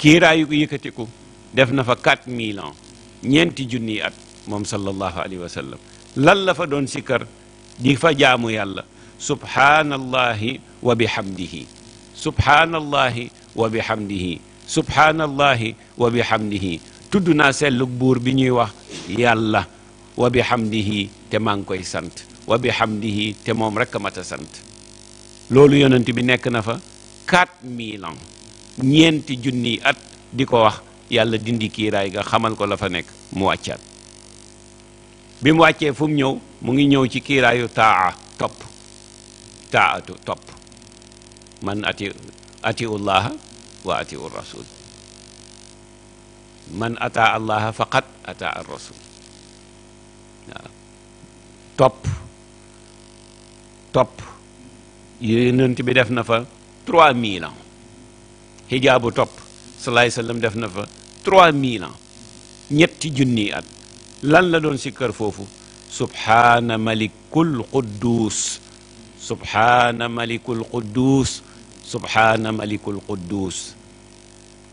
kiiraayu ko yëkkatiku def na fa 4000 milan ñeenti junniy at moom sallallahu alayhi wa sallam lan la fa doon sikkar di fa jaamu yàlla subhaanallahi wa bihamdihi subhaanallahi wa bihamdihi subhaanallahi wa na tudd sellug buur bi ñuy wax yàlla wa bihamdihi te maa ngi koy sant wa bihamdihi te moom rek a mat a sant loolu yonent bi nekk na fa 4000 ans ñeenti junniy at di ko wax yàlla dindi kiiraay nga xamal ko la fa nekk mu wàccaat bi mu wàccee fu ñëw mu ngi ñëw ci kiiraayu taa topp taatu topp man ati atiu llaha wa atiu rasul man ataa allaha faqat ataa ar rasul topp topp yonent bi def na fa trois mille xijaabu topp salaay sallam def na fa 3000 ans ñetti junniy at lan la doon si kër foofu subhaana malikul quddus subhaana malikul quddus subhaana malikul quddus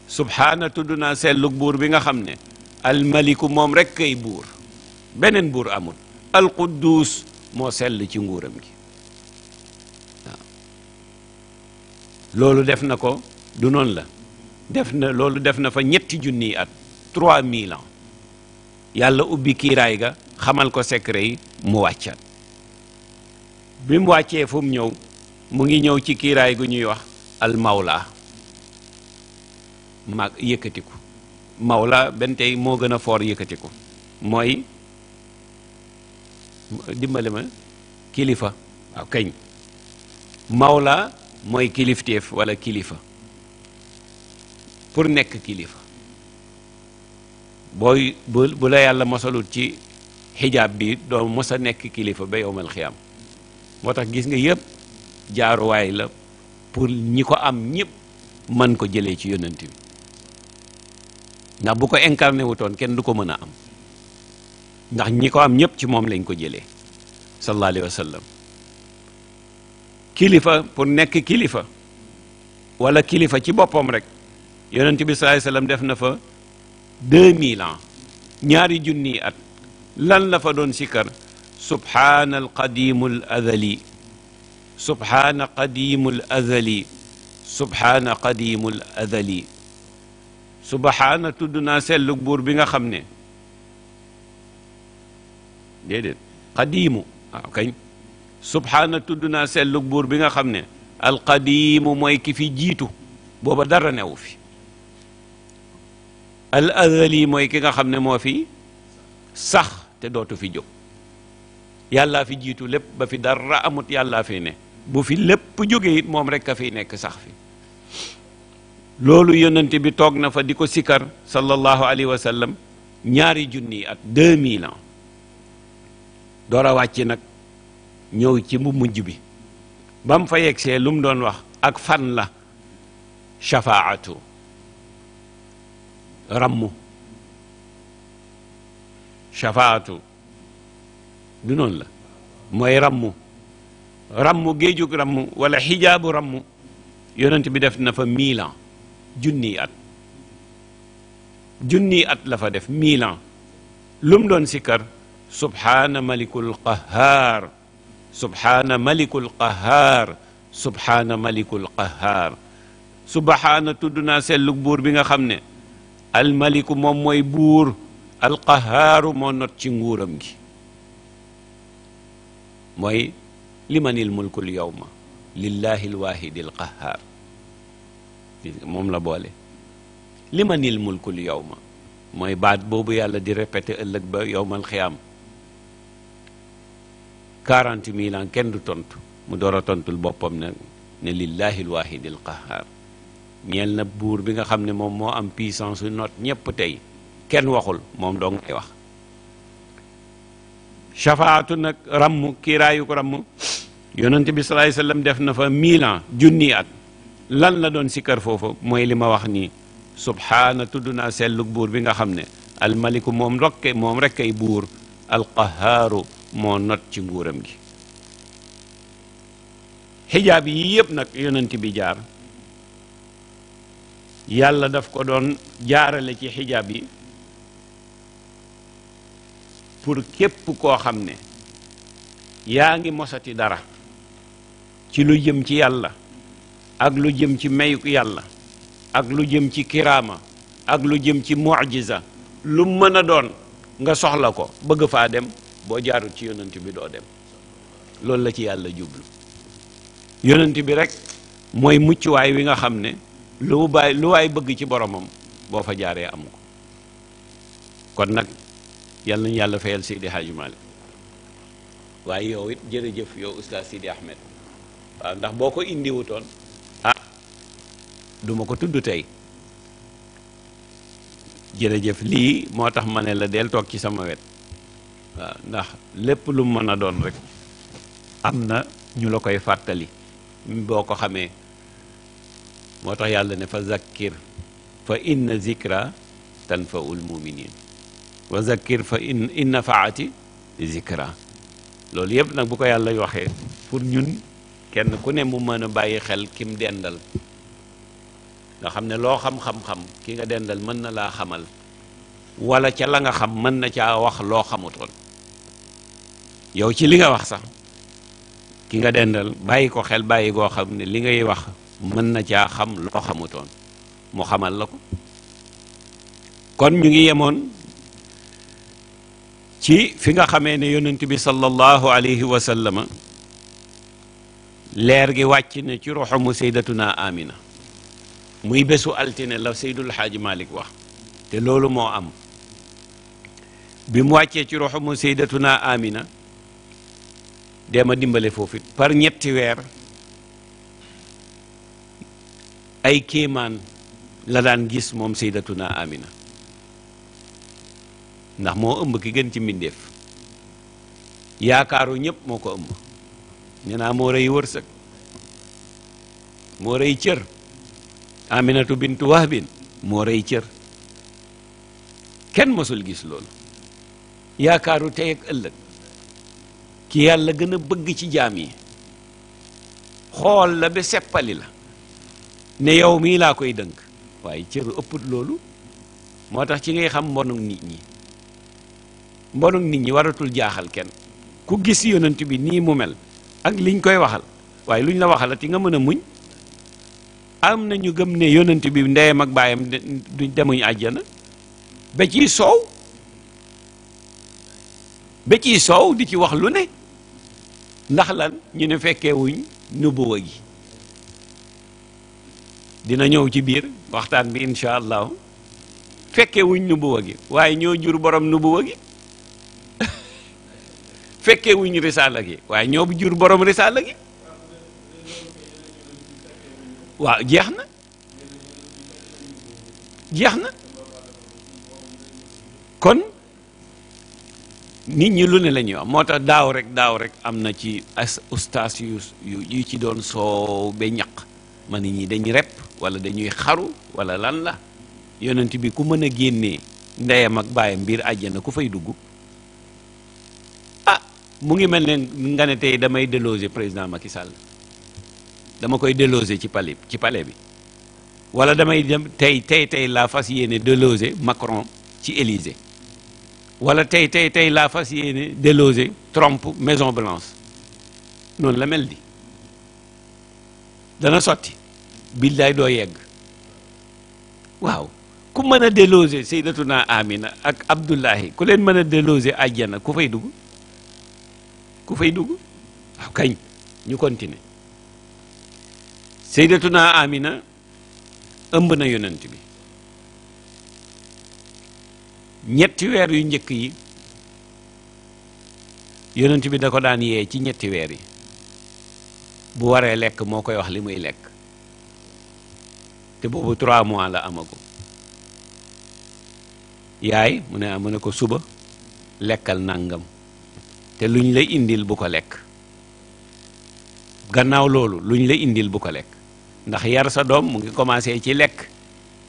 subhaana tudd naa sellug buur bi nga xam ne almaliku moom rek kay buur beneen buur amul alquddus moo sell ci nguuram gi waaw loolu def na ko du noonu la def na loolu def na fa ñetti junniy at trois mille ans yàlla ubbi kiiraay ga xamal ko secret yi mu wàccaat bi mu wàccee fu ñëw mu ngi ñëw ci kiiraay gu ñuy wax al mawla mag yëkkatiku mawla benn tey moo gën a foor yëkkatiku mooy dimbali ma kilifa waaw kañ mawla mooy kilifteef wala kilifa pour nekk kilifa booy bu bu la yàlla masalut ci xijaab bi doo mos nekk kilifa ba yowmal am moo tax gis nga yëpp jaaruwaay la pour ñi ko am ñëpp mën ko jëlee ci yonent bi ndax bu ko incarné wutoon kenn du ko mën a am ndax ñi ko am ñëpp ci moom lañ ko jëlee sallallahu alayhi kilifa pour nekk kilifa walla kilifa ci boppam rek yonent bi sallallahu alayhi def na fa deux mille ans ñaari junniy at lan la doon sikkar subhaana alqadimul azali subhaana qadimul subhaana qadimul azali subhaana tudd naa sellu buur bi nga xam ne déedéet qadimu waaw kañ naa sellug buur bi nga xam ne alqadimu mooy ki jiitu booba dara newu fi al azali mooy ki nga xam ne moo fi sax te dootu fi jóg yàllaa fi jiitu lépp ba fi dara amut yàllaa fi ne bu fi lépp jógee it moom rek a fiy nekk sax fi loolu yonent bi toog na fa di ko sikkar sallallahu alayhi wa sallam ñaari junni at deux mille ans door a wàcc nag ñëw ci mu mujj bi ba mu fa yegsee lu mu doon wax ak fan la shafaatu rammu shafaatu du noonu la mooy rammu rammu géejug ramu wala xijaabu rammu yonent bi def na fa mille junni at junni at la fa def mille lum lu mu doon sikkar subhaana malikul qahaar subhaana malikul qahaar subhaana malikul sellug buur bi nga xam ne almaliku moom mooy buur alqahaaru moo not ci nguuram gi mooy limanil mulkul yawma lillahi lwaahidil qahaar moom la boole limanil mulkul yawma mooy baat boobu yàlla di répété ëllëg ba yowmal xiyaam quarante mille ans kenn du tontu mu door a tontul boppam ne ne lillahi lwaahidil qahaar ñeel na buur bi nga xam ne moom moo am puissance su noot ñépp tey kenn waxul moom doo ngay wax shafaatu nag ramm kiiraayu ko ramm bi def na fa mille lan la doon sikkar foofu mooy li wax nii subhaana tudd naa sellug buur bi nga xam ne almaliku moom rokke moom buur alqahaaru moo not ci nguuram gi xijaab yi yëpp nag yonent bi jaar yàlla daf ko doon jaarale ci xijaab yi pour képp koo xam ne yaa ngi mosati dara ci lu jëm ci yàlla ak lu jëm ci mayuk yàlla ak lu jëm ci kiraama ak lu jëm ci mujiza lu mën a doon nga soxla ko bëgg faa dem boo jaarut ci yonent bi doo dem loolu la ci yàlla jublu yonent bi rek mooy muccuwaay wi nga xam ne lu baay lu waay bëgg ci boromam boo fa jaaree am ko kon nag yal nañu yàlla fayal Seydi Hadji waaye yow it jërëjëf yow oustaz Sidi Ahmed waaw ndax boo ko indiwutoon ah du ko tudd tey jërëjëf lii moo tax ma ne la del toog ci sama wet waaw ndax lépp lu mën a doon rek am na ñu la koy fàttali boo ko xamee moo tax yàlla ne fa zakkir fa inna zikra tanfaul muminin wa zakkir fa in nafaati zikra loolu yëpp nag bu ko yàlla waxee pour ñun kenn ku ne mu mën a bàyyi xel ki mu dendal nga xam ne loo xam-xam-xam ki nga dendal mën na laa xamal wala ca la nga xam mën na caa wax loo xamutoon yow ci li nga wax sax ki nga dendal bàyyi ko xel bàyyi goo xam ne li ngay wax mën na caa xam loo xamutoon mu xamal la ko kon ñu ngi yemoon ci fi nga xamee ne yonent bi sallallahu alayhi wa sallama leer gi wàcc na ci ruxumu saydatuna amina muy bésu altine la seydul xaaji malik wax te loolu moo am bi mu wàccee ci ruxumu saydatuna amina dema dimbale foofu it par ñetti weer ay kéemaan la daan gis moom saydatuna amina ndax moo ëmb ki gën ci mbindeef yaakaaru ñëpp moo ko ëmb nee naa moo rëy wërsëg moo rëy cër aminatu bintu wahbin moo rëy cër kenn mësul gis loolu yaakaaru tey ëllëg ki yàlla gën a bëgg ci jaam yi xool la ba seppali la ne yow mii laa koy dënk waaye cër ëpput loolu moo tax ci ngay xam mbonum nit ñi mbonum nit ñi waratul jaaxal kenn ku gis yonent bi nii mu mel ak liñ koy waxal waaye luñ la waxalati nga mën a muñ am na ñu gëm ne yonent bi ndeyam ak baayam duñ demuñ àjjana ba ciy soow ba ciy soow di ci wax lu ne ndax lan ñu ne fekkee wuñ nubuwa gi dina ñëw ci biir waxtaan bi incha allahu fekke wuñ nubuwa gi waaye ñoo jur borom nubuwa gi fekke wuñ risaala gi waaye ñoo jur borom risaala gi waaw jeex na jeex na kon nit ñi lu ne la ñuy moo tax daaw rek daaw rek am na ci as yu ci doon soow ba ñaq ma nit ñi dañ repp wala dañuy xaru wala lan la yonent bi ku mën a génnee ndeyam ak baayam biir àjjana ku fay dugg ah mu ngi mel ne nga ne tey damay déloger président Macky Sall dama koy déloger ci palais ci palais bi wala damay dem tey tey tey laa fas yéene déloger Macron ci Élysée wala tey tey tey laa fas yéene déloger tromp Maison Blanche noonu la mel di dana sotti billaay doo yegg waaw ku mën a déloger Seydatuna Amina ak Abdullahi ku leen mën a déloger àjjana ku fay dugg ku fay dugg waaw kañ ñu continuer Seydatuna Amina ëmb na yonent bi ñetti weer yu njëkk yi yonent bi da ko daan yee ci ñetti weer yi bu waree lekk moo koy wax li muy lekk te boobu trois mois la amagu yaay mu ne mu ne ko suba lekkal nangam te luñ la indil bu ko lekk gannaaw loolu luñ la indil bu ko lekk ndax yar sa doom mu ngi commencé ci lekk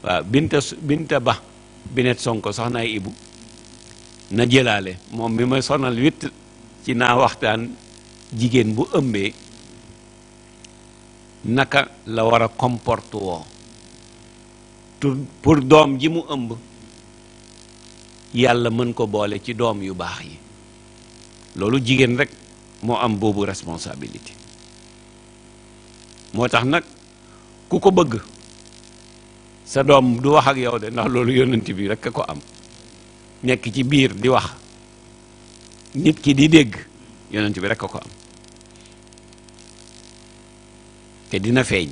waaw binta binta ba binet sonko soxnaay ibu na jëlaale moom mi ma sonal witt ci naa waxtaan jigéen bu ëmbee naka la wara a woo pour doom ji mu ëmb yàlla mën ko boole ci doom yu baax yi loolu jigéen rek moo am boobu responsabilité moo tax nag ku ko bëgg sa doom du wax ak yow de ndax loolu yonent bi rek a ko am nekk ci biir di wax nit ki di dégg yonent bi rekk a ko am te dina feeñ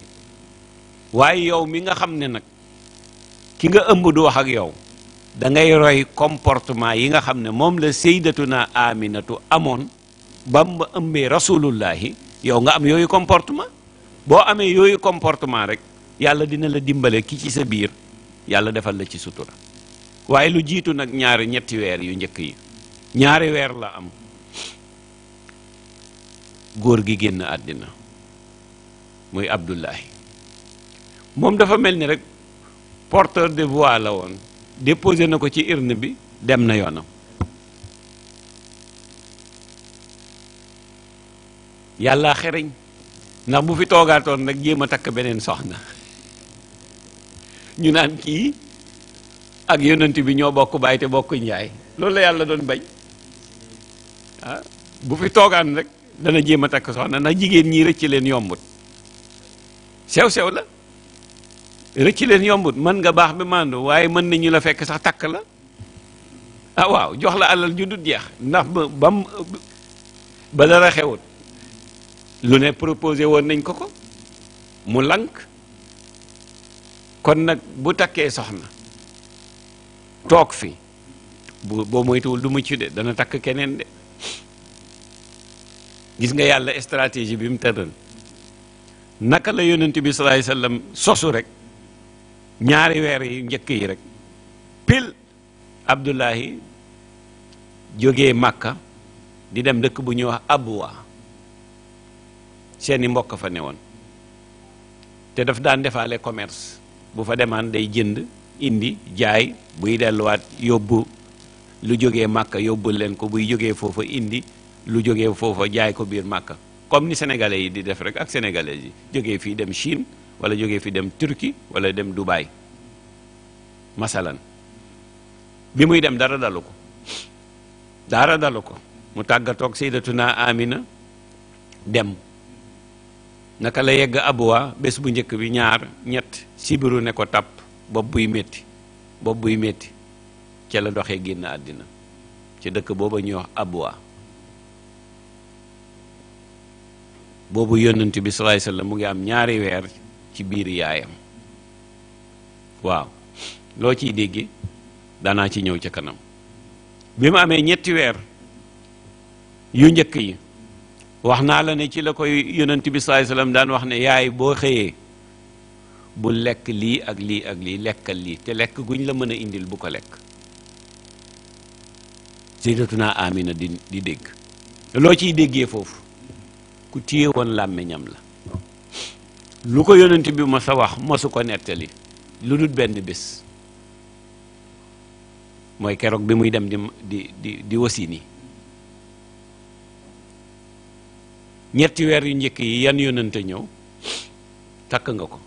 waaye yow mi nga xam ne nag ki nga ëmb du wax ak yow da ngay roy comportement yi nga xam ne moom la sayyidatuna aminatu amoon ba mu ëmbee rasulullahi yow nga am yooyu comportement boo amee yooyu comportement rek yàlla dina la dimbale ki ci sa biir yàlla defal la ci sutura waaye lu jiitu nag ñaari ñetti weer yu njëkk yi ñaari weer la am góor gi génn àddina muy Abdullahi moom dafa mel ni rek porteur de voix la woon déposé na ko ci urne bi dem na yoonam yàlla xereñ ndax bu fi toogaatoon nag jéem a takk beneen soxna ñu naan kii ak yonent bi ñoo bokk baay te bokk njaay loolu la yàlla doon bañ ah bu fi toogaat rek dana jéem a takk soxna ndax jigéen ñi rëcc leen yombut sew sew la rëcc leen yombut mën nga baax bi màndu waaye mën nañu la fekk sax takk la ah waaw jox la alal ju dut jeex ndax ba bam ba dara xewut lu ne proposé woon nañ ko ko mu lank kon nag bu takkee soxna toog fi bu boo moytuwul du mucc de dana takk keneen de gis nga yàlla stratégie bi mu tëral naka la yonent bi sallallahu alayhi wasallam sosu rek ñaari weer yi njëkk yi rek pil Abdullahi jógee Makka di dem dëkk bu ñuy wax Abwa seeni mbokk fa newoon te daf daan defaale commerce bu fa demaan day jënd indi jaay buy delluwaat yóbbu lu jóge Makka yóbbul leen ko buy jóge foofa indi lu jóge foofa jaay ko biir Makka comme ni sénégalais yi di def rek ak sénégalais yi jógee fii dem Chine. wala jóge fi dem turki walla dem Dubaï masalan bi muy dem dara dalu ko dara dalu ko mu tàggatoog naa Amina dem naka la yegg abuwa bés bu njëkk bi ñaar ñett sibiru ne ko tàpp bopp buy metti bopp buy métti ca la doxee génn àddina ci dëkk booba ñuy wax abuwa boobu yonent bi sallallahu alayhi mu ngi am ñaari weer ci biir yaayam waaw loo ciy dégge danaa ci ñëw ca kanam bi mu amee ñetti weer yu njëkk yi wax naa la ne ci la koy yonent bi saai daan wax ne yaay boo xëyee bu lekk lii ak lii ak lii lekkal lii te lekk guñ la mën a indil bu ko lekk sayyidatuna Amina di di dégg loo ciy déggee foofu ku téye woon làmmiñam la lu ko yonent bi mos a wax mosu ko nettali lu dul benn bés mooy keroog bi muy dem di di di di wasini ñetti weer yu njëkk yi yan yonente ñëw takk nga ko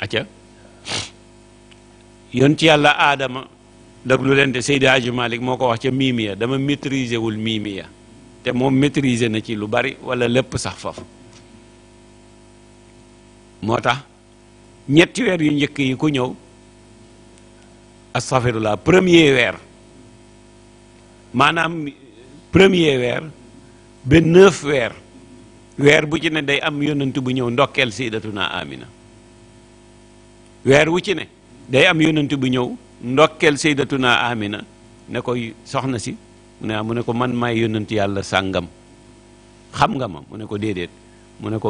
acca yoon ci yàlla aadama déglu leen te Seydi Hadji moo ko wax ca miimiya dama maîtriser wul miimiya te moom maîtriser na ci lu bari wala lépp sax foofu moo tax ñetti weer yu njëkk yi ku ñëw astafirullah premier weer maanaam premier weer ba neuf weer weer bu ci ne day am yonent bu ñëw ndokkeel sayyidatuna Amina weer wu ci ne day am yonent bu ñëw ndokkeel sayyidatuna Amina ne koy soxna si mu ne mu ne ko man maay yonent yàlla sàngam xam nga ma mu ne ko déedéet mu ne ko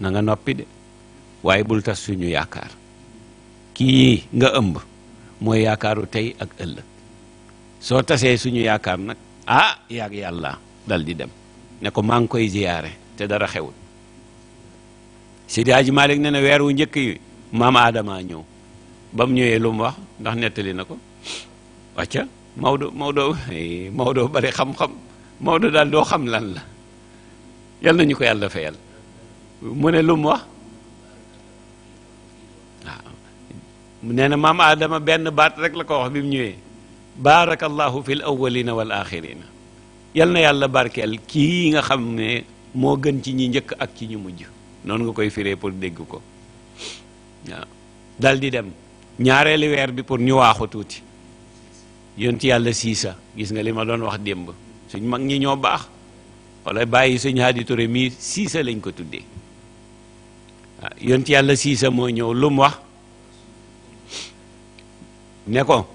nanga noppi de waaye bul tas suñu yaakaar kii nga ëmb mooy yaakaaru tey ak ëllëg soo tasee suñu yaakaar nag ah yàgg yàlla dal di dem ne ko maa ngi koy ziyaare te dara xewul Seydi Hadji Malick ne na weer wu njëkk yi maam Adama ñëw ba mu ñëwee lum wax ndax nettali na ko wacca Maodo Maodo Maodo bari xam-xam Maodo daal doo xam lan la yal na ñu ko yàlla fayal mu ne lu mu wax nee na maam Adama benn baat rek la ko wax bi mu ñëwee baarakallahu fi awwalina wal axirina yal na yàlla barkeel kii nga xam ne moo gën ci ñi njëkk ak ci ñu mujj noonu nga koy firee pour dégg ko daldi dem ñaareeli weer bi pour ñu waaxu tuuti ci yàlla siisa gis nga li ma doon wax démb suñ mag ñi ñoo baax wala bàyyi suñ haadi Touré mii siisa lañ ko tuddee yoon yont yàlla siisa moo ñëw lum wax ne ko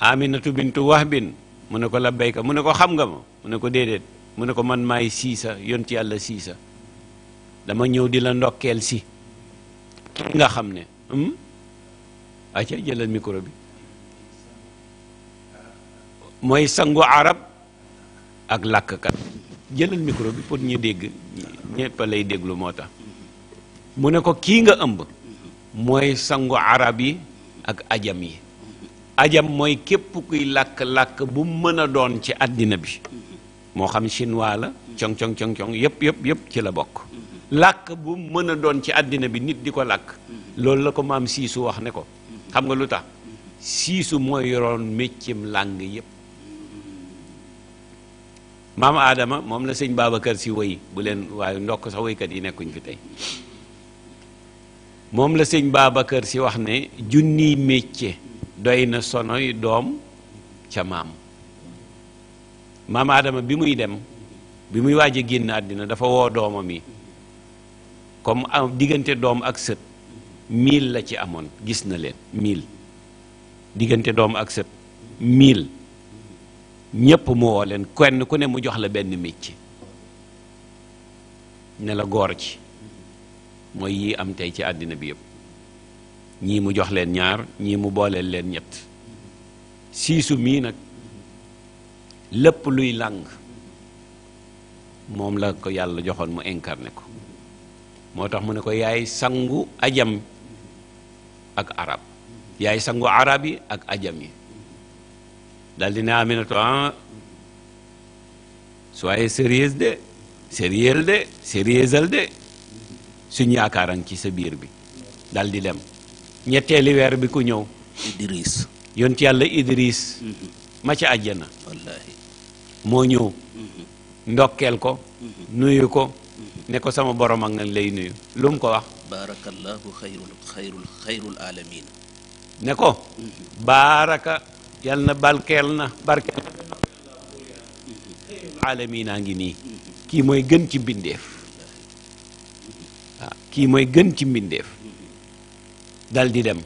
aminatu bintu wahbin mu ne ko la labbayka mu ne ko xam nga ma mu ne ko déedéet mu ne ko man maay siisa yont yàlla siisa dama ñëw di la ndokkeel si ki nga xam ne hmm? aca jëlal micro bi mooy sangu arab ak làkkat jëlal micro bi pour ñu dégg ñëpp lay déglu moo tax mu ne ko kii nga ëmb mooy sangu arab yi ak ajam yi ajam mooy képp kuy làkk-làkk bu mën a doon ci àddina bi moo xam chinois la cong cong cong cong yëpp yëpp yëpp ci la bokk làkk bu mën a doon ci àddina bi nit di ko làkk loolu la ko maam siisu wax ne ko xam nga lu tax siisu mooy yoroon méccim làng yëpp maam aadama moom la sëñ Babacar si woy bu leen waaye ndokk sax waykat yi nekkuñ fi tey moom la sëñ Babacar si wax ne junniy métier doy na sonoy doom ca maam maam Adama bi muy dem bi muy waaj a génn àddina dafa woo doomam yi comme diggante doom ak sët mille la ci amoon gis na leen mille diggante doom ak sët mille ñépp mu woo leen kenn ku ne mu jox la benn métier ne la góor ci mooy yii am tey ci àddina bi yëpp ñii mu jox leen ñaar ñii mu booleel leen ñett siisu mii nag lépp luy làng moom la ko yàlla joxoon mu incarné ko moo tax mu ne ko yaay sangu ajam ak arab yaay sangu arab yi ak ajam yi dal di ne Aminatu ah soyez sérieuse de sérieux de sérieusal de suñu yaakaaran ci sa biir bi daldi lem dem ñetteeli weer bi ku ñëw idris yont yàlla idris mm-hmm. ma ca àjjana moo ñëw mm-hmm. ndokkeel ko mm-hmm. nuyu ko ne ko sama borom ak nañ lay nuyu lu ko wax baarakallahu xayrul xayrul ne ko baaraka yàlla na na barkeel na alamin a ngi nii kii mooy gën ci bindeef kii mooy gën ci mbindeef dal di dem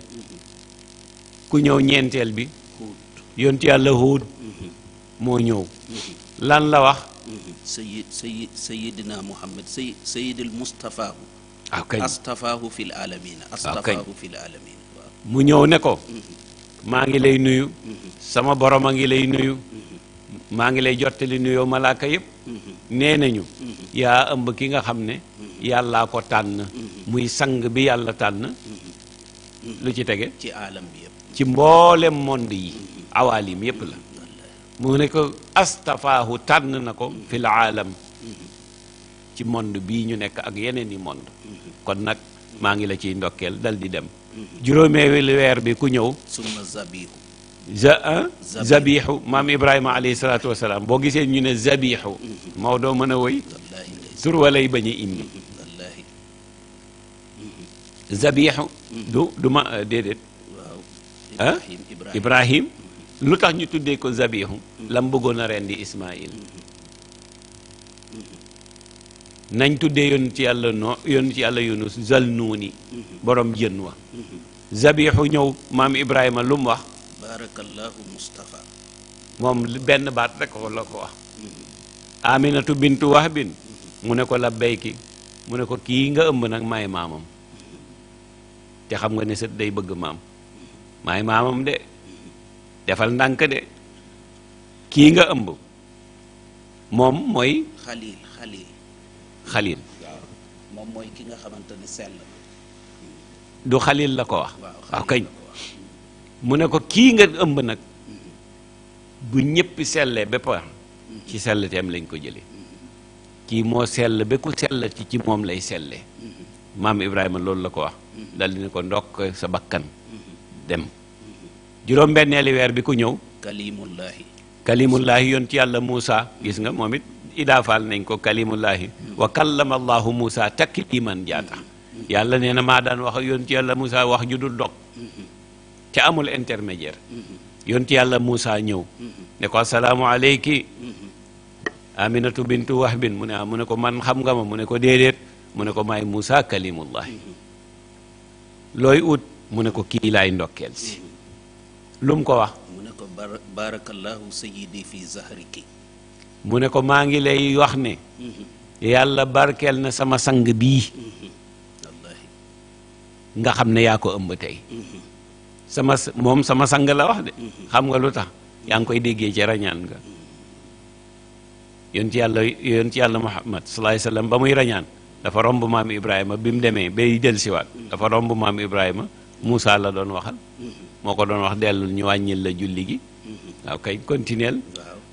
ku ñëw ñeenteel bi yontu yàlla Huud moo ñëw lan la wax sayid sayid sayidina muhammad sayid sayidil mustafaahu astafaahu fil alamina ah, astafaahu fil alamina mu ñëw ne ko maa ngi lay nuyu sama borom a ngi lay nuyu maa ngi lay jottali nuyoo malaaka yépp nee nañu yaa ëmb ki nga xam ne yàllaa ko tànn muy sang bi yàlla tànn lu ci tege ci aalam mboolem monde yi awaalim yëpp la mu ne astafaahu tànn na ko fil aalam ci monde bii ñu nekk ak yeneen i monde kon nag maa ngi la ciy ndokkeel dal di dem juróomeewi weer bi ku ñëw summa zabihu jaa ah, zabihu maam ibrahima alayhi salaatu wasalaam boo gisee ñu ne zabihu Maodo mën a woy tur walay bañ a indi zabihu du du ma ah, déedéet ah, ibrahim lu tax ñu tuddee ko zabihu lam bëggoon a rendi ismail nañ tuddee yoon ci yàlla ci yàlla yunus zal nuuni borom jën wa zabihu ñëw maam ibrahima lu mu wax tabarakallahu mustafa moom benn baat rek ko la ko wax aminatu bintu wahbin mu ne ko labbayki mu ne ko kii nga ëmb nag may maamam te xam nga ne sët day bëgg maam maay maamam de defal ndànk de kii nga ëmb moom mooy xalil xalil xalil moom mooy ki nga xamante ne sell du xalil la ko wax waaw kañ mu ne ko kii nga ëmb nag bu ñépp sellee ba pare ci selleteem lañ ko jëlee kii moo sell ba ku sell ci ci moom lay sellee maam Ibrahima loolu la ko wax dal di ne ko ndokk sa bakkan dem juróom-benneeli weer bi ku ñëw. kalimullahi yoon ci yàlla Moussa gis nga moom it idaafaal nañ ko kalimullahi wa kallama muusa Moussa takliman jaata yàlla nee na maa daan wax yoon ci yàlla Moussa wax ju dul dog amul intermédiaire yonti yàlla Moussa ñëw ne ko asalaamu aleyki aminatu bintu wahbin mu ne ah, mu ne ko man xam nga ma mu ne ko déedéet mu ne ko maay Moussa kalimullahi looy ut mu ne ko kii laay ndokkeel si lum ko wax mu ne ko barakallahu sayyidi fi zahriki mu ne ko maa ngi lay wax ne yàlla barkel na sama sang bii nga xam ne yaa ko ëmb tey mhm. sama moom sama sang la wax de xam nga lu tax yaa ngi koy déggee ci rañaan nga yoon ci yàlla yoon ci yàlla muhammad salaay salaam ba muy rañaan dafa romb maam ibrahima bi mu demee bay del siwaat dafa romb maam ibrahima Moussa la doon waxal moo ko doon wax dellul ñu wàññil la julli gi mm-hmm. waaw kay continuel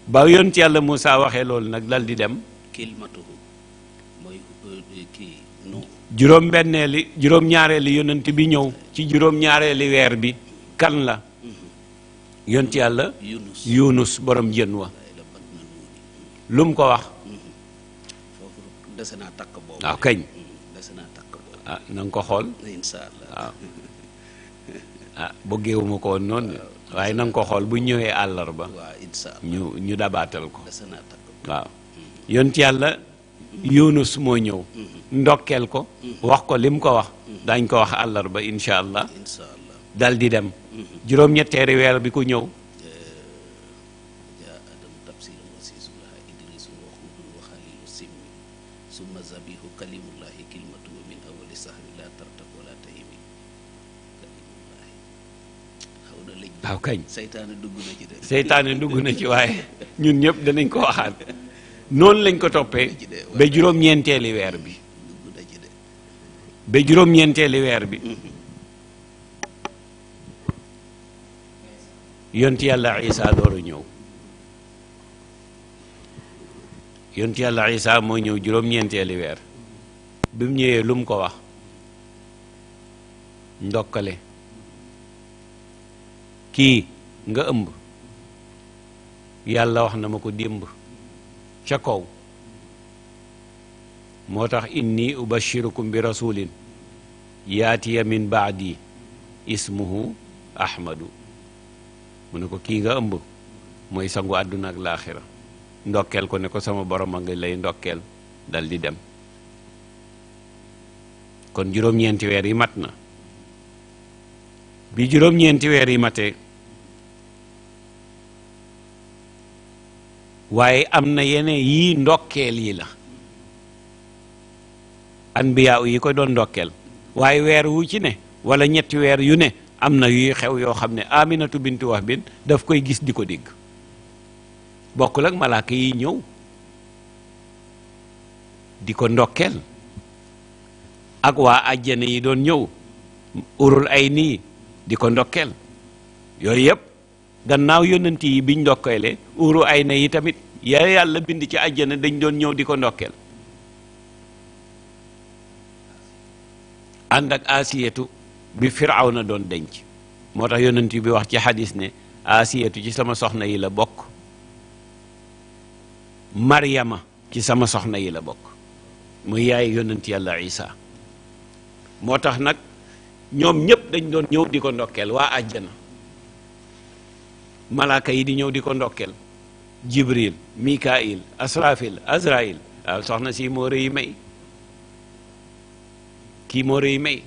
ba yoon ci yàlla Moussa waxee loolu nag dal di dem kilmatuhu euh, juróom benneeli juróom ñaareeli yonent bi ñëw ci juróom ñaareeli weer bi kan la yont yàlla yunus borom jën wa lu mu ko wax waaw ah, kañ mm-hmm. ah na nga ko xool ah. ah, waaw ko woon waaye na ko xool bu ñëwee àllarba ñu ñu dabaatal ko waaw mm-hmm. yont yàlla mm-hmm. yunus moo ñëw ndokkeel ko wax ko li mu ko wax dañ ko wax àllarba incha allah dal di dem juróom-ñetteeri weer bi ku ñëw waaw kañ seytaane dugg na ci waaye ñun ñëpp danañ ko waxaat noonu lañ ko toppee ba juróom-ñeenteeli weer bi ba juróom-ñeenteeli weer bi mm-hmm. yonti yàlla isa dooru ñëw yonti yàlla isa moo ñëw juróom-ñeenteeli weer bi mu ñëwee lu mu ko wax ndokkale kii nga ëmb yàlla wax na ma ko démb ca kaw moo tax inni ubashirukum bi rasulin yaatiya min baadi ismuhu ahmadu mu ne ko kii nga ëmb mooy sangu àdduna ak laaxira ndokkeel ko ne ko sama borom a nga lay ndokkeel daldi dem kon juróom-ñeenti weer yi mat na bi juróom-ñeenti weer yi matee waaye am na yeneen yii ndokkeel yi la anbiyaaw yi ko doon ndokkeel waaye weer wu ci ne wala ñetti weer yu ne am na yuy xew yoo xam ne aminatu bintu wax bin daf koy gis di ko dégg bokkul ak malaaka yi ñëw di ko ndokkeel ak waa àjjana yi doon ñëw urul ay nii di ko ndokkeel yooyu yëpp gannaaw yonent yi biñ ndokkeele uru ay na yi tamit yaa yàlla bind ci àjjana dañ doon ñëw di ko ndokkeel ànd ak asiyatu bi na doon denc moo tax yonent bi wax ci xadis ne asiyatu ci sama soxna yi la bokk maryama ci sama soxna yi la bokk mu yaay yonent yàlla isa moo tax nag ñoom ñëpp dañ doon ñëw di ko ndokkeel waa àjjana malaaka yi di ñëw di ko ndokkeel jibril mikail asrafil azrail waaw soxna si moo rëy may kii moo rëy may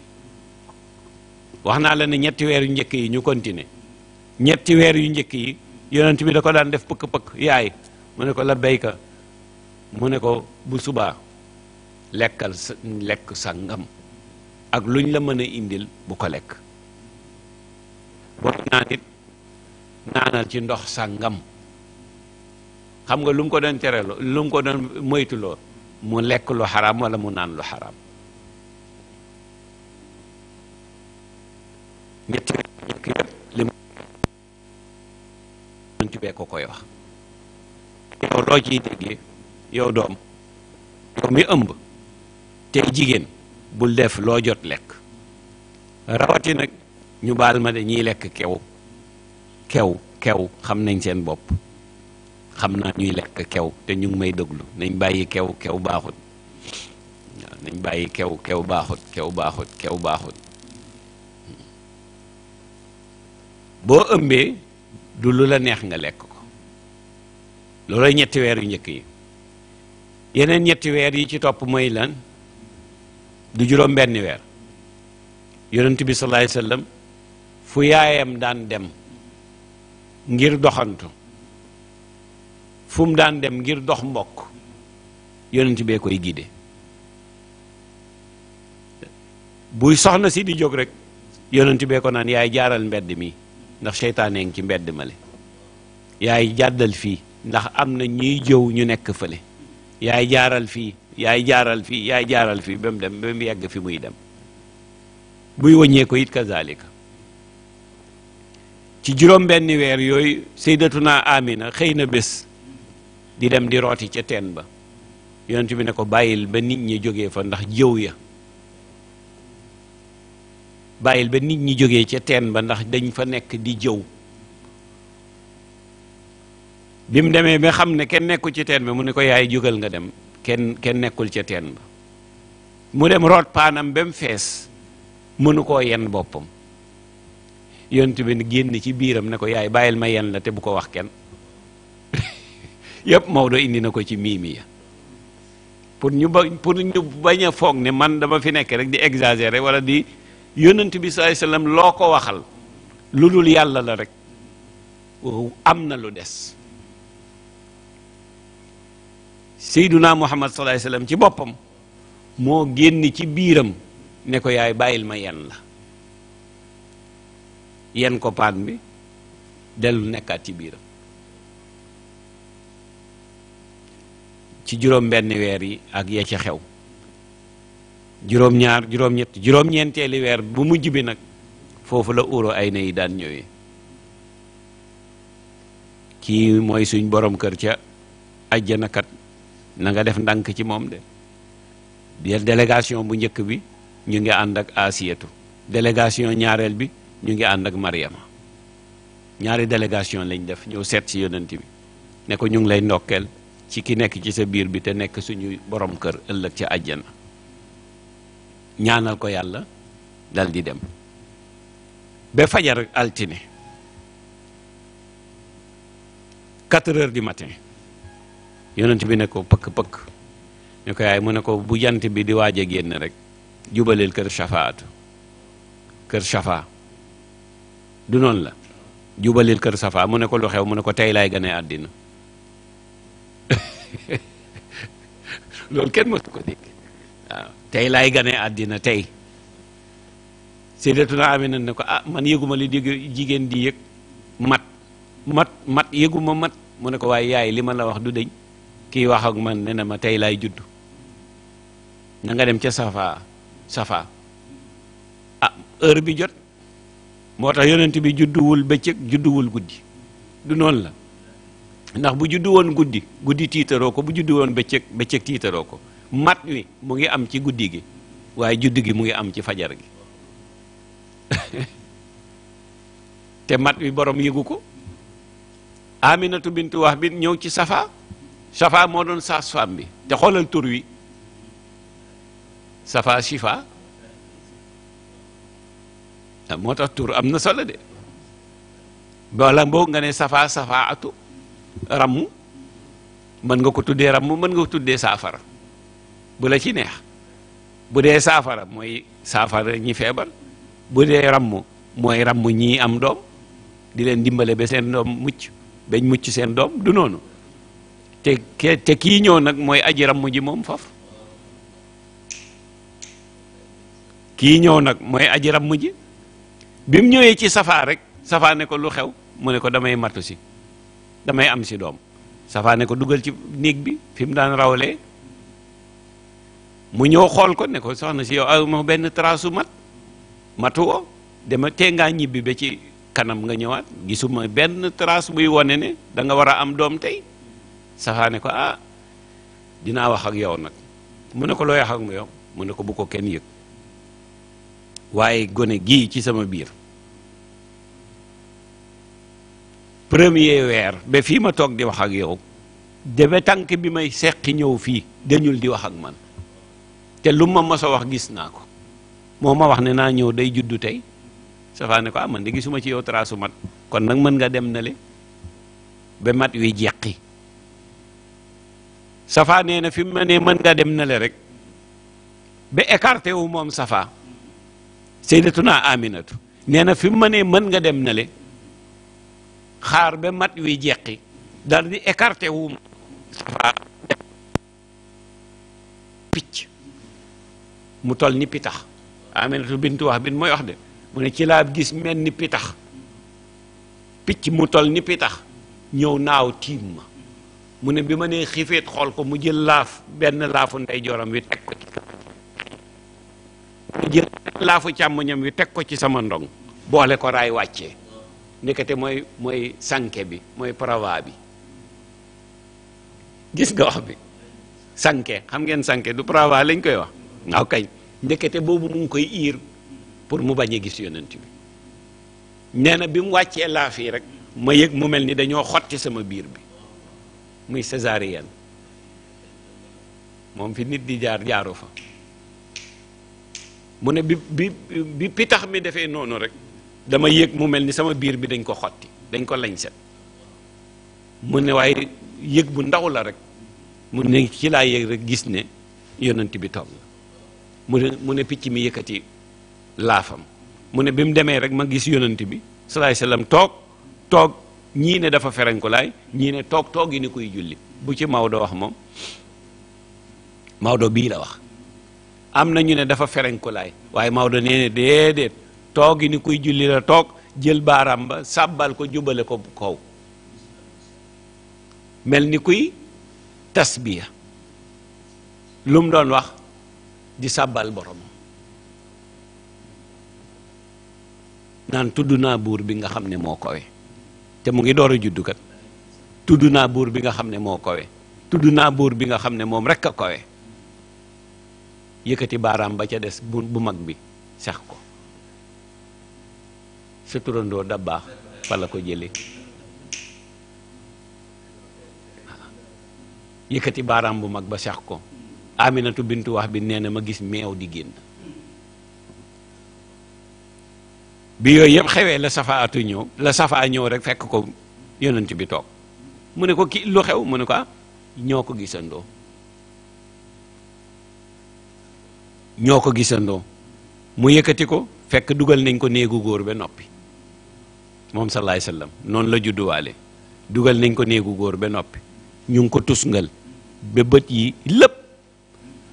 wax naa la ne ñetti weer yu njëkk yi ñu continuer ñetti weer yu njëkk yi yonent bi da ko daan def pëkk-pëkk yaay mu ne ko la béyka mu ne ko bu subaa lekkal sa lekk sangam ak luñ la mën a indil bu ko lekk boo naan it naanal ci ndox sangam xam nga lu mu ko doon tereloo lu mu ko doon moytuloo mu lekk lu xaraam wala mu naan lu xaraam ñetti yëpp li mu sëñ koy wax loo ciy déggee yow doom yow mi ëmb tey jigéen bul def loo jot lekk rawati nag ñu baal ma de ñiy lekk kew kew kew xam nañ seen bopp xam naa ñuy lekk kew te ñu ngi may déglu nañ bàyyi kew kew baaxut waaw nañ bàyyi kew kew baaxut kew baaxut kew baaxut boo ëmbee du lu la neex nga lekk ko loolooy ñetti weer yu njëkk yi yeneen ñetti weer yi ci topp mooy lan du juróom benni weer yonent bi sallallahu alayhi fu yaayam daan dem ngir doxantu fu daan dem ngir dox mbokk yonent bee koy gide buy soxna si di jóg rek yonent bee ko naan yaay jaaral mbedd mi ndax seytaane ngi ci mbedd male yaay jàddal fii ndax am na ñuy jëw ñu nekk fële yaay jaaral fii yaay jaaral fii yaay jaaral fii ba mu dem ba mu yegg fi muy dem buy wàññee ko it kazalika ci juróom benni weer yooyu sayyidatuna Amina xëy na bés di dem di rooti ca teen ba yonent bi ne ko bàyyil ba nit ñi jóge fa ndax jëw ya bàyyil ba nit ñi jógee ca teen ba ndax dañ fa nekk di jëw bi mu demee ba xam ne kenn nekkul ci teen ba mu ne ko yaay jógal nga dem kenn kenn nekkul ca teen ba mu dem root paanam ba mu fees mënu koo yenn boppam yonent bi génn ci biiram ne ko yaay bàyyil ma yenn la te bu ko wax kenn yëpp Maodo indi na ko ci miimi ya pour ñu ba pour ñu bañ a foog ne man dama fi nekk rek di rek wala di yonent bi saay sallam loo ko waxal lu dul yàlla la rek am na lu des seyduna muhammad saay sallam ci boppam moo génn ci biiram ne ko yaay bàyyil ma yen la yen ko paan bi dellu nekkaat ci biiram ci juróom benn weer yi ak ya ca xew juróom-ñaar juróom weer bu mujj bi nag foofu la uro ay na yi daan ñëwee kii mooy suñ borom kër ca ajjanakat na nga def ndànk ci moom de délégation bu njëkk bi ñu ngi ànd ak asiyatu délégation ñaareel bi ñu ngi ànd ak mariama ñaari délégation lañ def ñëw seet si yonent bi ne ko ñu ngi lay ndokkeel ci ki nekk ci sa biir bi te nekk suñu borom kër ëllëg ca ajjana ñaanal ko yàlla dal di dem ba fajar altine quatre heures du matin yonent bi ne ko pëkk pëkk ne ko yaay mu ne ko bu jant bi di waaje a génn rek jubaleel kër safaatu kër safa du noonu la jubaleel kër safa mu ne ko lu xew mu ne ko tey laay gane àddina loolu kenn mësu ko dégg waaw tey laay gane àddina tey Sayyidatuna na ne ko ah man yëguma li jigéen di yëg mat mat mat yëguma mat mu ne ko waaye yaay li ma la wax du deñ kii wax ak man ne na ma tey laay juddu nanga dem ca safa safa ah heure bi jot moo tax yonent bi judduwul bëccëg judduwul guddi du noonu la ndax bu juddu woon guddi guddi tiitaroo ko bu juddu woon bëccëg bëccëg tiitaroo ko mat wi mu ngi am ci guddi gi waaye juddi gi mu ngi am ci fajar gi te mat wi borom yëgu ko aminatu bintu wax bi ñëw ci safa safa moo doon sage-femme bi te xoolal tur wi safa shifa ah, moo tax tur am na solo de wala mboo nga ne safa safa atu rammu mën nga ko tuddee rammu mën nga ko tuddee saafara bu la ci neex bu dee saafara mooy saafara ñi feebar bu dee ramm mooy ramm ñii am doom di leen dimbale ba seen doom mucc bañ mucc seen doom du noonu te te kii ñëw nag mooy aji ramm ji moom faf kii ñëw nag mooy aji ramm ji bi mu ñëwee ci safaa rek safaa ko lu xew mu ne ko damay matu damay am si doom safaa ko dugal ci néeg bi fi mu daan rawlee mu ñëw xool ko ne ko soxna si yow awma benn trasu mat matu woo dama tee ngaa ñibbi ba ci kanam nga ñëwaat gisuma benn trace buy wane ne da nga war a am doom tey saxaane ko ah dinaa wax ak yow nag mu ne ko loo wax ak mu yow mu ne ko bu ko kenn yëg waaye gone gii ci sama biir premier weer ba fii ma toog di wax ak yow deme tànk bi may seqi ñëw fii dañul di wax ak man te lu ma mos a wax gis naa ko moo ma wax ne naa ñëw day juddu tey safaa ne ko ah man de gisuma ci yow trasu mat kon nag mën nga dem na le ba mat wi jeqi safaa nee na fi mu ne mën nga dem na rek ba écarté wu moom safaa sayyidatuna aminatu nee na fi mu ne mën nga dem na le xaar ba mat wi jeqi dal di écarté wu picc mu tol ni pitax Aminatu bintu wax bin mooy wax de mu ne ci laa gis mel ni pitax picc mu tol ni pitax ñëw naaw tiim ma mu ne bi ma nee xifeet xool ko mu jël laaf benn laafu ndeyjooram wi teg ko ci mu jël laafu càmmoñam wi teg ko ci sama ndong boole ko raay wàcce ndekete mooy mooy sànke bi mooy prava bi gis nga wax bi sànke xam ngeen sànke du prava lañ koy wax waaw kay ndekete boobu mu ngi koy iir pour mu bañ a gis yonent bi nee na bi mu wàccee laa fii rek ma yëg mu mel ni dañoo xotti sama biir bi muy césarienne moom fi nit di jaar jaaru fa mu ne bi bi bi pitax mi defee noonu rek dama yëg mu mel ni sama biir bi dañ ko xotti dañ ko lañset mu ne waaye yëg bu ndaw la rek mu ne ci laa yëg rek gis ne yonent bi toog la mu ne mu ne picc mi yëkkati laafam mu ne bi mu demee rek ma gis yonent bi salaay salaam toog toog ñii ne dafa ferañ ko ñii ne toog toog yi ni kuy julli bu ci Maodo wax moom Maodo bii la wax am na ñu ne dafa ferañ ko laay waaye Maodo nee ne déedéet toog ni kuy julli la toog jël baaraam ba sàbbal ko jubale ko bu kow mel ni kuy tasbiya lu mu doon wax di sàbbal borom naan tudd naa buur bi nga xam ne moo kowe te mu ngi door a juddu tudd naa buur bi nga xam ne moo kowe tudd naa buur bi nga xam ne moom rekk a kowe yëkkati baaraam ba ca des bu bu mag bi sex ko sa turandoo da baax fa la ko jële yëkkati baaraam bu mag ba sex ko Aminatu bintu wax bi nee na ma gis meew di génn bi yooyu yëpp xewee la safaatu ñëw la safaa ñëw rek fekk ko yonent bi toog mu ne ko ki lu xew mu ne ko ah ñoo ko gisandoo ñoo ko gisandoo mu yëkkati ko fekk dugal nañ ko néegu góor ba noppi moom salaay sallam noonu la judduwaale dugal nañ ko néegu góor ba noppi ñu ngi ko tusngal ba bët yi lépp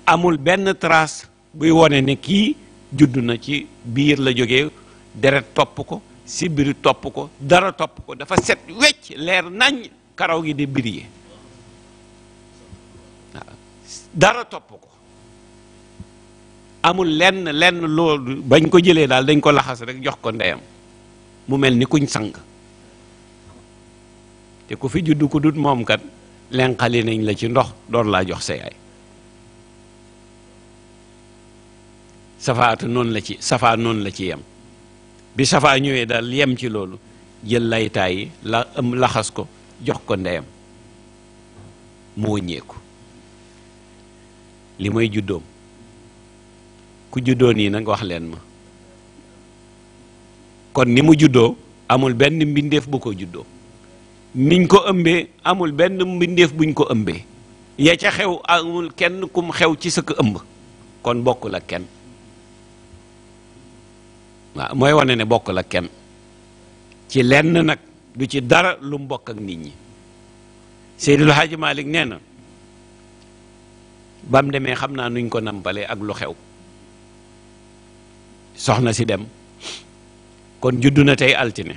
amul benn tras buy wone ni kii judd na ci biir la jóge deret topp ko si biir topp ko dara topp ko dafa set wecc leer nañ karaw gi di biriyee dara topp ko amul lenn lenn loolu bañ ko jëlee daal dañ ko laxas rek jox ko ndeyam mu mel ni kuñ sang te ku fi judd ku dut moom kat lenqali nañ la ci ndox door laa jox sa yaay safaatu noonu la ci safaa noonu la ci yem bi safaa ñëwee daal yem ci loolu jël laytaay yi la ëm laxas ko jox ko ndeyam mu wëññeeku li mooy juddoom ku juddoo nii nag wax leen ma kon ni mu juddoo amul benn mbindeef bu ko juddoo niñ ko ëmbee amul benn mbindeef buñ ko ëmbee ya ca xew amul kenn kum xew ci sa ëmb kon bokkul ak kenn waa mooy wane ne bokk la kenn ci lenn nag du ci dara lu mu bokk ak nit ñi Seydil Hadji Malick nee na bam demee xam naa nuñ ko nampalee ak lu xew soxna si dem kon juddu na tey altine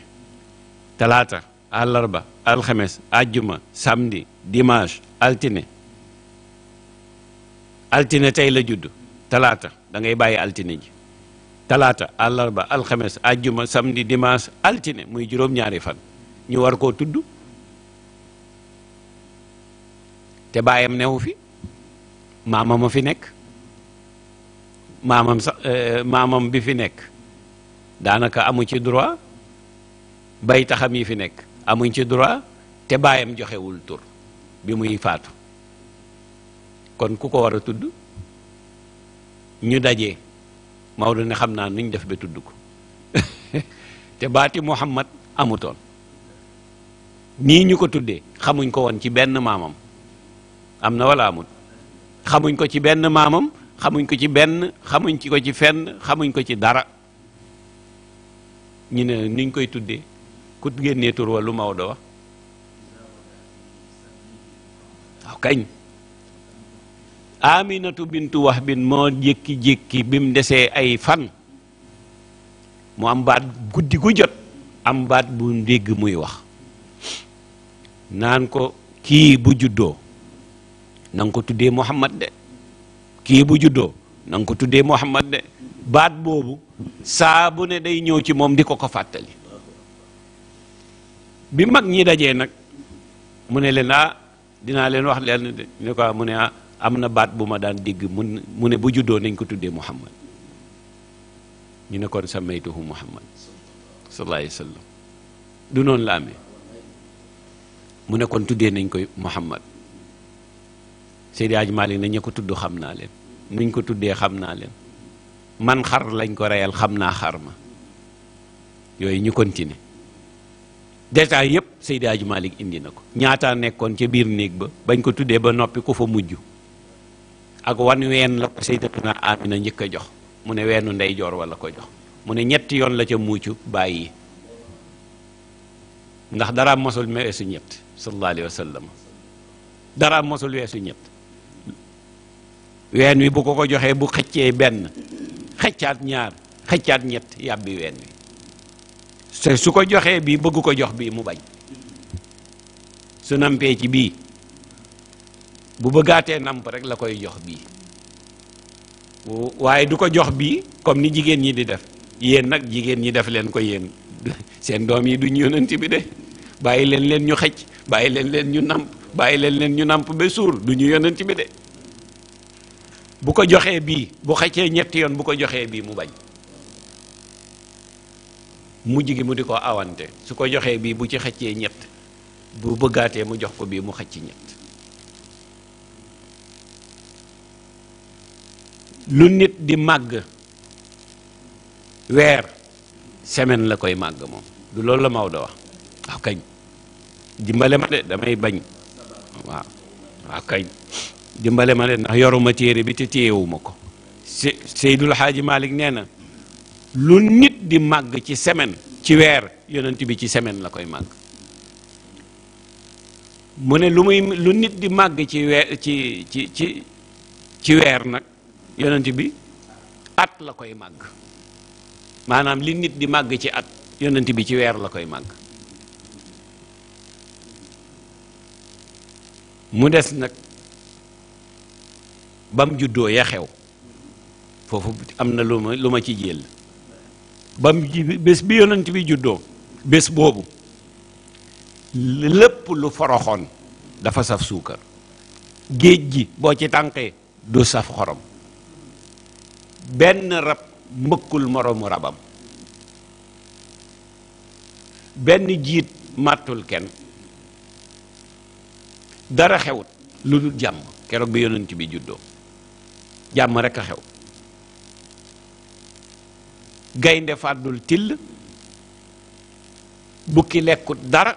talaata àllarba alxames àjjuma samedi dimanche altine altine tey la judd talaata dangay bàyyi altine ji talaata àllarba alxames àjjuma samedi dimanche altine muy juróom-ñaari fan ñu war koo tudd te baayam newu fi maamam a fi nekk maamam sax eh, maamam bi fi nekk daanaka amu ci droit bay taxam yi fi nekk amuñ ci droit te baayam joxewul tur bi muy faatu kon ku ko war a tudd ñu daje. Maodo ne xam naa nuñ def ba tudd ko te baati Muhammad amutoon nii ñu ko tuddee xamuñ ko woon ci benn maamam am na wala amut xamuñ ko ci benn maamam xamuñ ko ci benn xamuñ ci ko ci fenn xamuñ ko ci dara ñu ne niñ koy tuddee ku génnee tur wa lu Maodo wax waaw kañ aminatu bintu wax bin moo jékki-jékki bi mu desee ay fan mu am baat guddi gu jot am baat bu dégg muy wax naan ko kii bu juddoo na ko tuddee Muhammad de bu juddoo na ko tuddee Muhammad baat boobu saa bu ne day ñëw ci moom di ko ko fàttali bi mag ñi dajee nag mu ne leen ah dinaa leen wax leen de ne ko ah, mu ne ah am na baat bu ma daan dégg mun mu ne bu juddoo nañ ko tuddee muhammad ñu ne kon samaytuhu muhammad sallallahu alayhi wa sallam du noonu la mu ne kon nañ koy muhammad Seydi Hadj Malick ne ña ko tudd xam naa leen nuñ ko tuddee xam naa leen man xar lañ ko reyal xam naa xar ma yooyu ñu continuer détail yëpp Seydi Hadj Malick indi na ko ñaataa nekkoon ca biir néeg ba bañ ko tuddee ba noppi ku fa mujj ak wan ween la ko sayyidatuna Amina njëkk a jox mu ne weenu ndeyjoor walla ko jox mu ne ñetti yoon la ca muucu bàyyi ndax dara mosul weesu ñett sallallahu alayhi dara mosul weesu ñett ween wi bu ko ko joxee bu xëccee benn xëccaat ñaar xëccaat ñett yàbbi ween wi su ko joxee bii bëgg ko jox bii mu bañ su nampee ci bii bu bëggaatee namp rek la koy jox bii waaye du ko jox bii comme ni jigéen ñi di def yéen nag jigéen ñi def leen ko yéen seen doom yi duñ yonent bi de bàyyi leen leen ñu xecc bàyyi leen leen ñu namp bàyyi leen leen ñu namp ba suur du ñu yonent bi de bu ko joxee bii bu xëccee ñetti yoon bu ko joxee bii mu bañ mu gi mu di ko awante su ko joxee bii bu ci xëccee ñett bu bëggaatee mu jox ko bii mu xëcc ñett lu nit di màgg weer semaine la koy màgg moom du loolu la Maodo wax de damay bañ waaw kañ dimbale ma de ndax yoruma téere bi te téyewuma ko se Seydul Xaaji Malik nee na lu nit di màgg ci semaine ci weer yonent bi ci semaine la koy màgg mu ne lu muy lu nit di màgg ci ci ci ci weer nag yonent bi at la koy màgg maanaam li nit di màgg ci at yonent bi ci weer la koy màgg mu des nag bam juddoo ya foofu am na lu ma lu ma ci jël bam ji bés bi yonent bi juddoo bés boobu lépp lu foroxoon dafa saf suukar géej gi boo ci tànkee du saf xorom benn rab mbëkkul moroomu rabam benn jiit màttul kenn dara xewut lu dul jàmm keroog bi yonent bi juddoo jàmm rekk a xew gaynde fàddul till bukki lekkut dara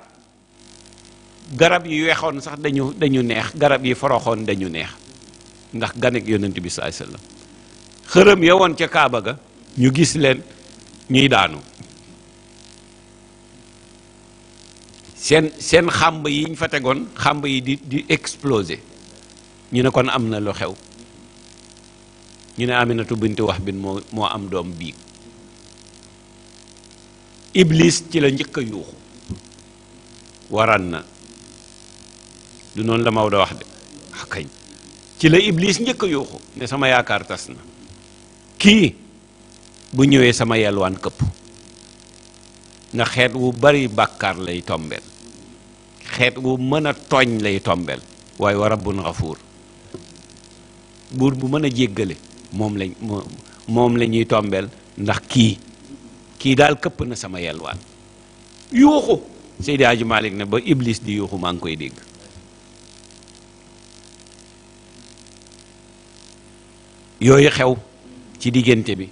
garab yi weexoon sax dañu neex garab yi foroxoon dañu neex ndax ganek yonent bi sallallahu alayhi wasallam xërëm ya woon ca Kaaba ga ñu gis leen ñuy daanu seen seen xàmb yiñ fa tegoon xàmb yi di di exploser ñu ne kon am na lu xew ñu ne Aminatu binti wax moo moo am doom biig Iblis ci la njëkk a yuuxu waran na du noonu la Maodo wax de ah, kañ ci la Iblis njëkk a yuuxu ne sama yaakaar tas na kii bu ñëwee sama yelwaan këpp ndax xeet wu bari bàkkaar lay tombeel xeet wu mën a tooñ lay tombel waaye wa rabbun xafuur buur bu mën a jéggale moom lañ moom la ñuy tombeel ndax kii kii daal këpp na sama yelwaan yuuxu Seydi Hadji ne ba ibliis di yuuxu maa ngi koy dégg yooyu xew ci diggante bi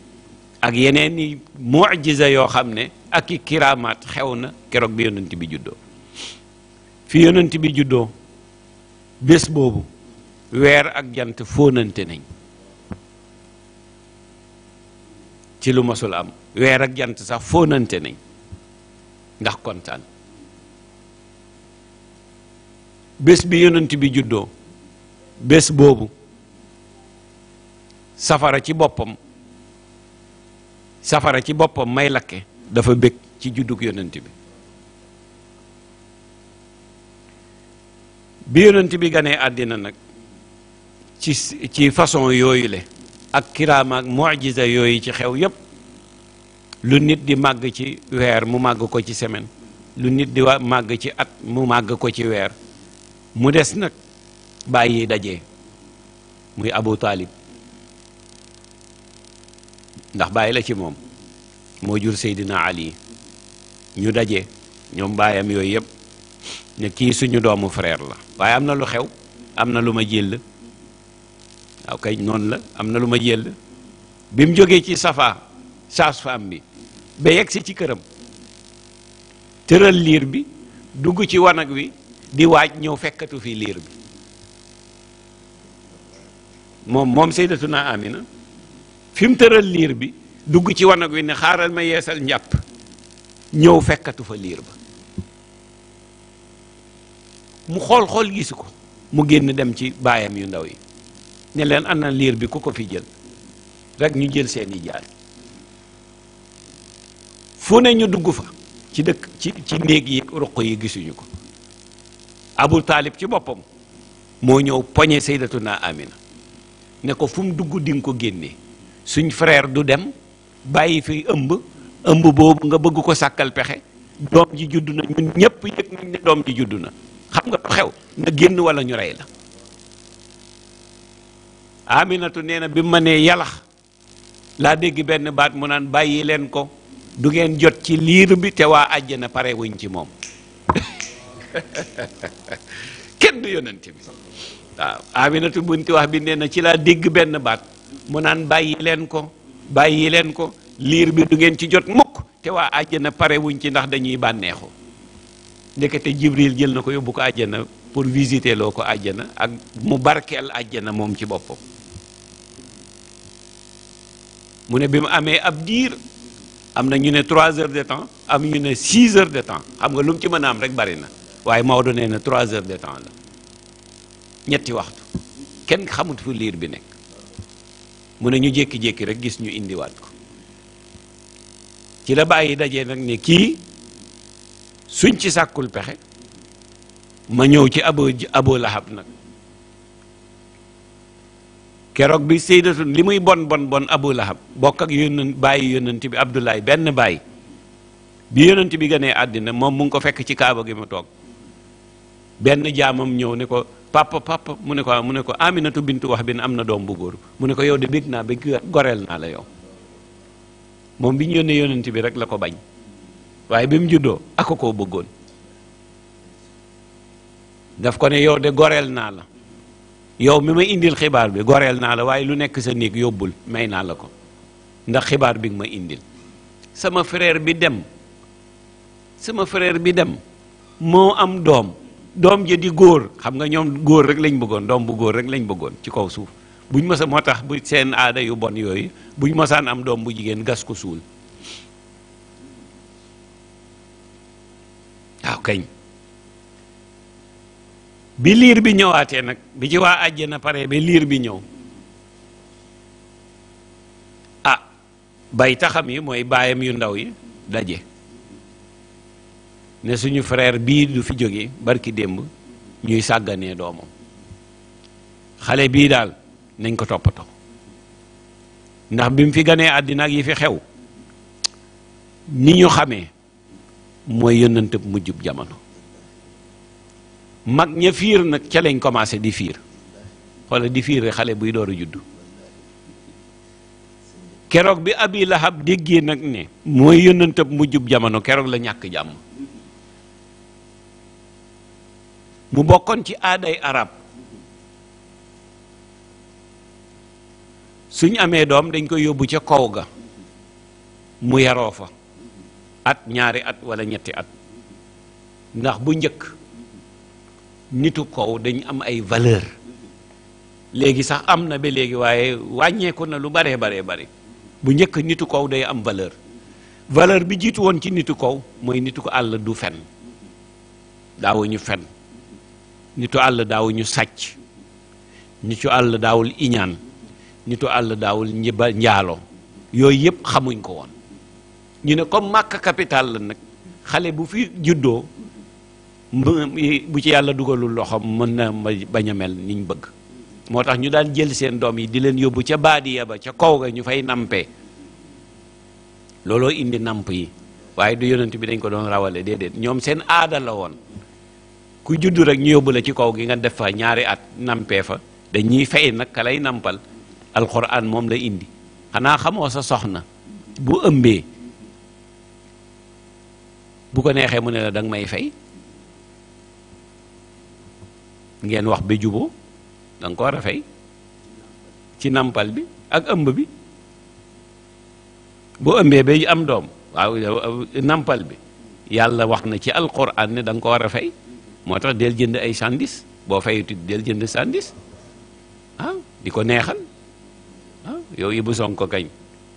ak yeneen i mujiza yoo xam ne ak i xew na keroog bi yonent bi juddoo fi yonent bi juddoo bés boobu weer ak jant fóonante nañ ci lu masul am weer ak jant sax fóonante nañ ndax kontaan bés bi yonent bi juddoo bés boobu safara ci boppam safara ci boppam may lakke dafa bég ci juddug yonent bi bi yonent bi ganee àddina nag ci façon yooyu le ak kiraama ak mujiza yooyu ci xew yépp lu nit di màgg ci weer mu màgg ko ci semaine lu nit di màgg ci at mu màgg ko ci weer mu des nag bàyyi daje muy Abu Taalib ndax bàyyi la ci moom moo jur Seydina Ali ñu daje ñoom baayam yooyu yëpp ne kii suñu doomu frère la waaye am na lu xew am na lu ma jël waaw kay noonu la am na lu ma jël bi mu jógee ci safa sage-femme bi ba yegg si ci këram tëral liir bi dugg ci wanag wi di waaj ñëw fekkatu fi liir bi moom moom Seydatuna Amina fi mu tëral liir bi dugg ci wanag wi ne xaaral ma yeesal njàpp ñëw fekkatu fa liir ba mu xool xool gisu ko mu génn dem ci baayam yu ndaw yi ne leen ana liir bi ku ko fi jël rekk ñu jël seeni jaar fu ne ñu dugg fa ci dëkk ci ci néeg yi ruq yi gisuñu ko Abu Taalib ci boppam moo ñëw poñe Sayyidatuna Amina ne ko fu mu dugg dinga ko génnee suñ freer du dem bàyyi fi ëmb ëmb boobu nga bëgg ko sàkkal pexe doom ji judd na ñun ñëpp yëg nañ ne doom ji judd na xam nga lu xew na génn walla ñu rey la aminatu nee na bi ma nee yalax laa dégg benn baat mu naan bàyyi leen ko du ngeen jot ci liir bi te waa àjjana pare wuñ ci moom kenn du yonent bi waaw aminatu bunti wax bi nee na ci laa dégg benn baat mu naan bàyyi leen ko bàyyi leen ko liir bi du ngeen ci jot mukk te waa àjjana pare wuñ ci ndax dañuy bànneexu ndekete jibril jël na ko yóbbu ko àjjana pour visiter loo ko àjjana ak mu barkeel àjjana moom ci boppam mu ne bi mu amee ab diir am na ñu ne trois heures de temps am ñu ne six heures de temps xam nga lu mu ci mën a am rek bari na waaye Maodo nee na trois heures de temps la ñetti waxtu kenn xamut fu liir bi nekk mu ne ñu jékki-jékki rek gis ñu indiwaat ko ci la bàyyi daje nag ne kii suñ ci sàkkul pexe ma ñëw ci abo abo lahab nag keroog bi saydatun li muy bon bon bon abu lahab bokk ak yónnent bàyyi yónnent bi abdoulaye benn bàyyi bi yónnent bi gënee àddina moom mu ngi ko fekk ci kaaba gi mu toog benn jaamam ñëw ni ko papa papa mu ne ko mu ne ko Aminatu bintu wax bi ne am na doom bu góor mu ne ko yow de bég naa ba goreel naa la yow moom bi ñu yónnee yónent bi rek la ko bañ waaye bi mu juddoo ak koo bëggoon daf ko ne yow de goreel naa la yow mi ma indil xibaar bi goreel naa la waaye lu nekk sa néeg yóbbul may naa la ko ndax xibaar bi nga ma indil sama frère bi dem sama frère bi dem moo am doom doom ja di góor xam nga ñoom góor rek lañ bëggoon doom bu góor rek lañ bëggoon ci kaw suuf buñ masa moo tax bu seen aada yu bon yooyu buñ masaan am doom bu jigéen gas ko suul waaw kañ bi liir bi ñëwaatee nag bi ci waa na pare bi liir bi ñëw ah bay taxam yi mooy baayam yu ndaw yi daje ne suñu freer bii du fi jóge barki démb ñuy sàgganee doomam xale bii daal nañ ko toppatoo ndax bi mu fi ganee àddina ak yi fi xew ni ñu xamee mooy yónnantëb mujjub jamono mag ña fiir nag ca lañ commencé di fiir wala di fiir xale buy door a juddu keroog bi abi lahab déggee nag ne mooy yónnantëb mujjub jamono keroog la ñàkk jàmm mu bokkoon ci aaday arab suñ amee doom dañ koy yóbbu ca kaw ga mu yaroo fa at ñaari at wala ñetti at ndax bu njëkk nitu kow dañ am ay valeur léegi sax am na ba léegi waaye wàññeeku na lu baree baree bare bu njëkk nitu kaw day am valeur valeur bi jiitu woon ci nitu kaw mooy nitu ko àll du fen daawuñu fen nitu àll daaw ñu sàcc nitu àll daawul iñaan nitu àll daawul ñiba njaalo yooyu yëpp xamuñ ko woon ñu ne comme màkk capital la nag xale bu fi juddoo bu ci yàlla dugalul loxo mën na bañ a mel niñ bëgg moo tax ñu daan jël seen doom yi di leen yóbbu ca baadiya ba ca kaw ga ñu fay nampee looloo indi namp yi waaye du yonent bi dañ ko doon rawale déedéet ñoom seen aada la woon ku juddu rek ñu yóbbu la ci kaw gi nga def fa ñaari at nampee fa dañuy fay nag ka lay nampal alxuraan moom la indi xanaa xamoo sa soxna bu ëmbee bu ko neexee mu ne la danga may fay ngeen wax ba juboo danga ko war a fay ci nampal bi ak ëmb bi bu ëmbee ba am doom waaw nampal bi yàlla wax na ci alxuraan ne danga ko war a fay moo tax del jënd ay sandis boo fayuti del jënd sandis ah, di ko neexal ah yow Ibou Sonko kañ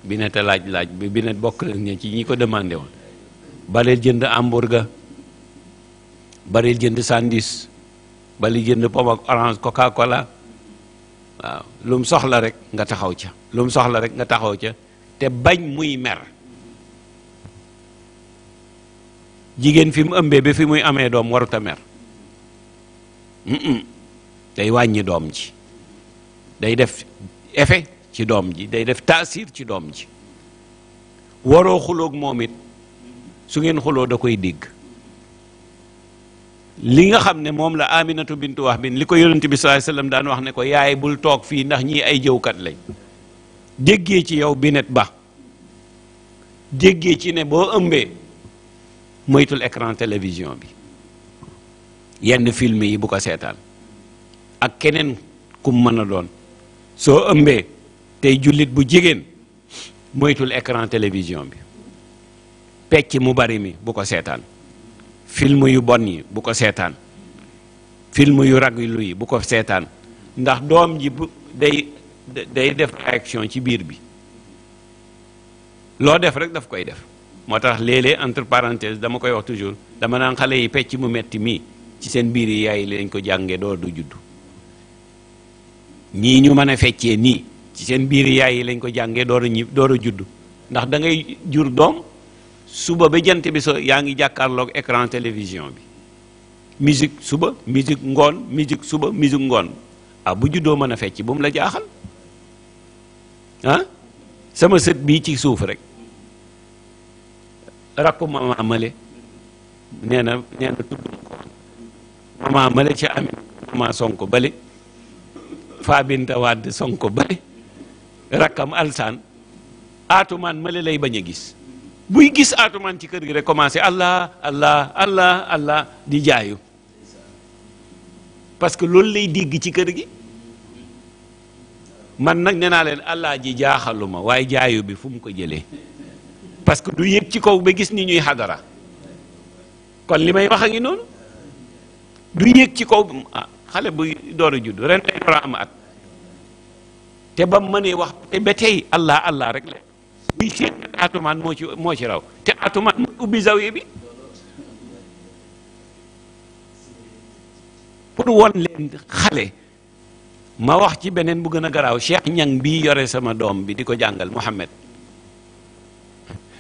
bi laaj laaj bi bi bokk na ci ñi ko demande woon bareel jënd hamburger bareel jënd sandis bareel jënd pomme ak orange coca cola waaw lu mu soxla rek nga taxaw ca lu mu soxla rek nga taxaw ca te bañ muy mer jigéen fi mu ëmbee bi fi muy amee doom warut a mer day wàññi doom ji day def effet ci doom ji day def taasir ci doom ji waroo xuloog moom it su ngeen xuloo da koy dégg li nga xam ne moom la Aminatu bintu wax bi li ko yonent bi sallallahu alayhi wax ne ko yaay bul toog fii ndax ñi ay jëwkat lañ déggee ci yow binet ba déggee ci ne boo ëmbee moytul écran télévision bi yenn film yi bu ko seetaan ak keneen kum mën a doon soo ëmbee tey jullit bu jigéen moytul écran télévision bi pecc mu bari mi bu ko seetaan film yu bon bu ko seetaan film yu raglu yi bu ko seetaan ndax doom ji bu day day def réaction ci biir bi loo def rek daf koy def moo tax léeg-léeg entre parenthèse dama koy wax toujours dama naan xale yi pecc mu metti mii ci seen biir yi yaay lañ ko jànge door du judd ñii ñu mën a feccee nii ci seen biir yaay yi lañ ko jàngee door a ñib door a juddu ndax dangay jur doom suba ba jant bi so yaa ngi jàkkarlook écran télévision bi musique suba musique ngoon musique suba musique ngoon ah bu juddoo mën a fecc bu mu la jaaxal ah sama sët bii ci suuf rek rakku ma amale nee na nee na mama male ci amin mama sonko bale Fabinta Wade sonko bale rakkam alsaan atumaan male lay bañ a gis buy gis atumaan ci kër gi rek commencé allah allah allah di jaayu parce que loolu lay dégg ci kër gi man nag nee naa leen allah ji jaaxaluma waaye jaayu bi fu mu ko jële parce que du yëg ci kaw ba gis ni ñuy xadara kon li may wax a ngi noonu du yéeg ci kaw ah, xale buy door a judd ren am at te ba mu ma ne wax ba tey allah allah rek la buy seet atumaan moo ci moo raw te atumaan mooy ubbi zawiya bi pour won leen xale ma wax ci beneen bu gën a garaaw Cheikh Ñang bii yore sama doom bi di ko jàngal Mouhamed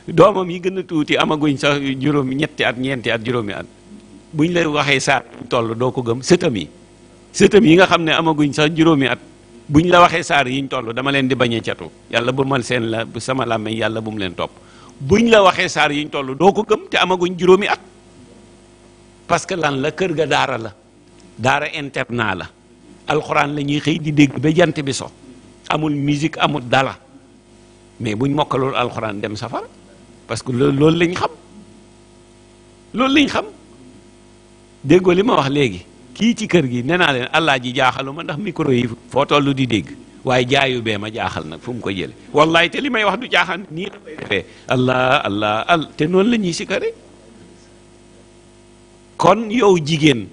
doomam yi gën a tuuti amaguñ sa juróomi ñetti at ñeenti at juróomi at buñ la waxee saar buñ toll doo ko gëm sëtam yi sëtam yi nga xam ne amaguñ sax juróomi at buñ la waxee saar yiñ toll dama leen di bañ a catu yàlla bu mal seen la sama làmmeñ yàlla bu mu leen topp buñ la waxee saar yiñ toll doo ko gëm te amaguñ juróomi at parce que lan la kër ga daara la daara internat la alxuraan la ñuy xëy di dégg ba jant bi so amul musique amul dala mais buñ mokkalul alxuraan dem safara parce loolu lañ xam loolu lañ xam déggoo li ma wax léegi kii ci kër gi nee naa leen allah ji jaaxalu ma ndax micro yi foo toll di dégg waaye jaayu bee ma jaaxal nag fu mu ko jële wallahi te li may wax du jaaxaan nii la te noonu la ñuy sikare kon yow jigéen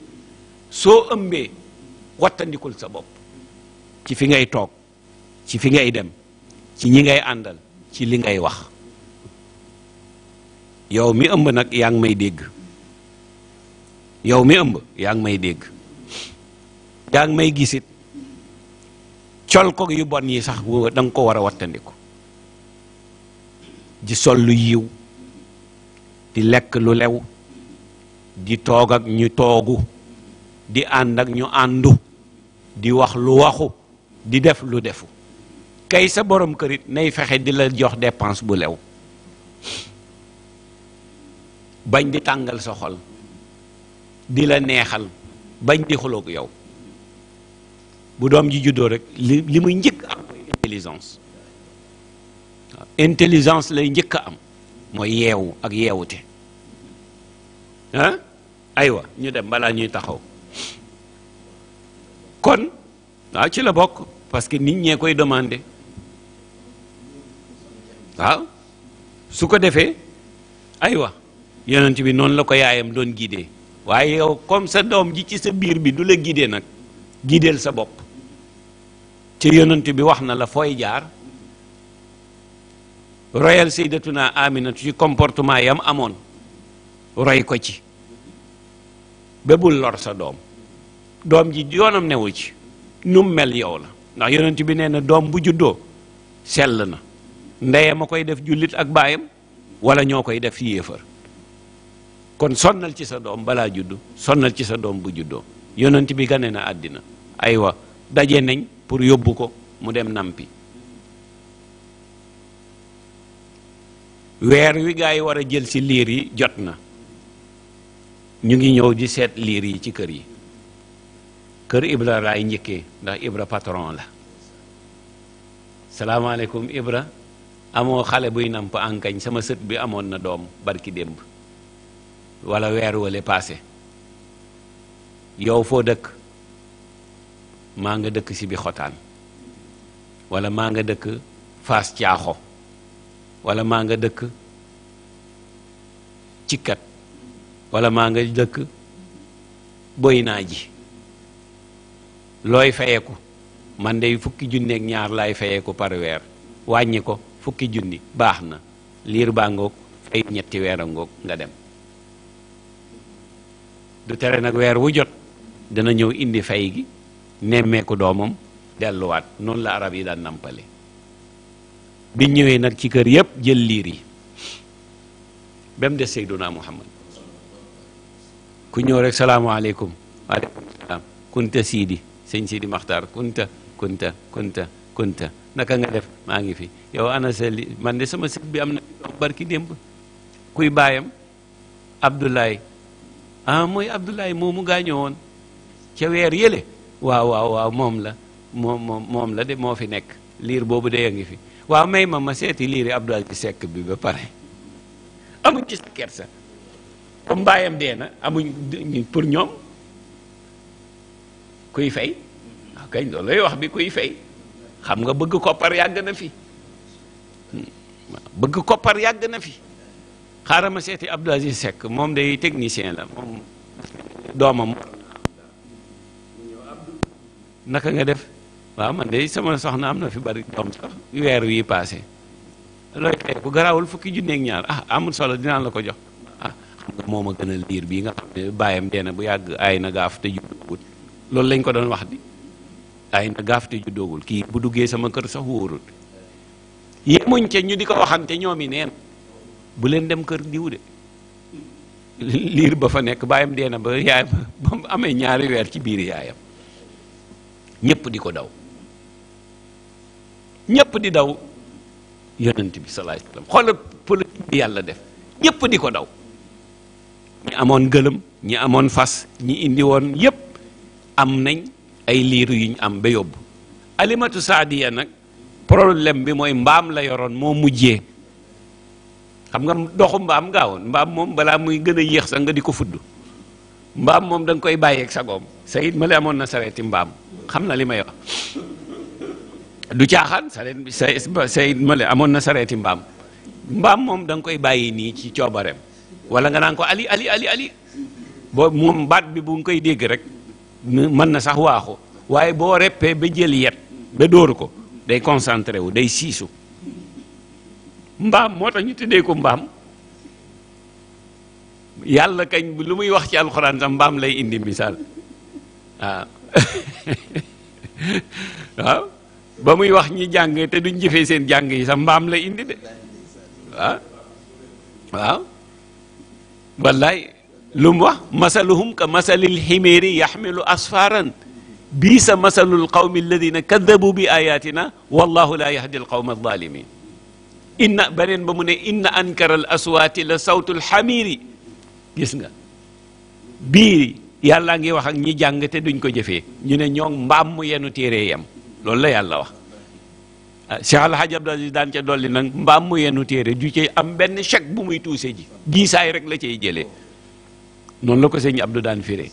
soo ëmbee wattandikul sa bopp ci fi ngay toog ci fi ngay dem ci ñi ngay àndal ci li ngay wax yow mi ëmb nag yaa ngi may dégg yow mi ëmb yaa ngi may dégg yaa ngi may gisit col ko yu bon yi sax da nga ko war a wattandiku di sol lu yiw di lekk lu lew di toog ak ñu toogu di ànd ak ñu àndu di wax lu waxu di def lu defu kay sa borom kërit nay fexe di la jox dépense bu lew bañ di tàngal sa xol di la neexal bañ di ko yow bu doom ji juddoo rek li li muy njëkk am mooy intelligence intelligence lay njëkk a am mooy yeewu ak yeewute ah aywa ñu dem balaa ñuy taxaw kon waaw ci la bokk parce que nit ñee koy demande waaw su ko defee aywa yonent bi noonu la ko yaayam doon guidé waaye yow comme sa doom ji ci sa biir bi du la gidee nag gideel sa bopp ci yonent bi wax na la fooy jaar royal sayyidatuna Aminatu ci comportement yam amoon roy ko ci ba lor sa doom doom ji yoonam newu ci nu mel yow la ndax yonent bi nee na doom bu juddoo sell na ndeyam a koy def jullit ak baayam wala ñoo koy def yéefar kon sonnal ci sa doom balaa juddu sonnal ci sa doom bu juddoo yonent bi gane na àddina aywa daje nañ pour yóbbu ko mu dem nampi weer wi gaa yi war a jël ci liir yi jot na ñu ngi ñëw di seet liir yi ci kër yi kër Ibra laay njëkkee ndax Ibra patron la salaamaaleykum Ibra amoo xale buy namp ankañ sama sët bi amoon na doom barki démb wala weer wale paase yow foo dëkk maa nga dëkk si bi xotaan wala maa nga dëkk faas caaxo walla maa nga dëkk cikkat wala maa nga dëkk boy naa ji looy fayeku man de fukki junni ak ñaar laay fayeku par weer wàññi ko fukki junni baax na liir baa ngoog fay ñetti weer a ngoog nga dem du tere nag weer wu jot dana ñëw indi fay gi nemmeeku doomam delluwaat noonu la arab yi daan nàmpale biñ ñëwee nag ci kër yëpp jël liir yi ba mu des Seydunaa Muhammad ku ñëw rek salaamaaleykum waaleykum salaam kunta siidi sëñ siidi maxtaar kunta kunta kunta kunta naka nga def maa ngi fi yow ana sa man de sama sët bi am na barki démb kuy baayam Abdoulaye Ah, mooy Abdoulaye moomu gaañu woon ca weer yële waaw waaw waaw moom la moom la de moo fi nekk liir boobu de a ngi fi waa may ma ma seeti liiri Abdoulaye ci sekk bi ba pare amuñ ci sa mbaayam dee na amuñ pour ñoom kuy fay waaw ah, kañ loolooy wax bi kuy fay xam nga bëgg koppar yàgg na fi hmm. bëgg koppar yàgg na fi xaaral ma seeti Abdou Aziz Seck moom day technicien la moom doomam naka nga def waaw man de sama soxna am na fi bari doom sax weer wii paase garaawul fukki junneeg ñaar ah amul solo dinaa la ko jox ah xam bii nga xam ne bàyyam na bu yàgg aay na gaaf te loolu lañ ko doon wax di aay na gaaf te juddoogul kii bu duggee sama kër sax wóorul yéemuñ ca ñu di ko waxante ñoom i neen bu leen dem kër diw de liir ba fa nekk baayam dee na ba yaayam ba mu amee ñaari weer ci biir yaayam ñépp di ko daw ñépp di daw yonent bi sallallahu alayhi wasallam xoolal politique bi yàlla def ñëpp di ko daw ñi amoon gëlëm ñi amoon fas ñi indi woon yëpp am nañ ay liir yu am ba yóbbu alimatu saadiya nag problème bi mooy mbaam la yoroon moo mujjee xam nga doxu mbaam gaawoon mbaam moom balaa muy gën a yéex sax nga di ko fudd mbaam moom danga koy bàyyeeg sagoom sayit ma amoon na sareeti mbaam xam na li may wax du caaxaan sareet amoon na sareeti mbaam mbaam moom da nga koy bàyyi nii ci coobareem wala nga naan ko ali ali ali ali boo moom baat bi bu nga koy dégg rek mën na sax waaxu waaye boo reppee ba jël yet ba dóoru ko day concentré wu day siisu mbaam moo tax ñu tuddee ko mbaam yàlla kañ lu muy wax ci alxuraan sax mbaam lay indi misaal ba muy wax ñi jàng te duñ jëfee seen jàng yi sa mbaam lay indi de waaw waaw mu wax masaluhum ka masalil ximéeri yaxmilu asfaaran bii sa masalul qawmi alladina kadabu bi ayatina wallahu la yahdi alqawma alzalimin inna beneen ba mu ne inna ankaral aswaati la sawtul xamiiri gis nga biiri yàllaa ngi wax ak ñi jàng te duñ ko jëfee ñu ne ñoo mbaam mu yenu téere yam loolu la yàlla wax ah, Cheikh Al Hadj Abdou daan ca dolli nag mbaam mu yenu téere du ci am benn chèque bu muy tuuse ji diisaay rek la ciy jëlee noonu la ko sëñ Abdou daan firee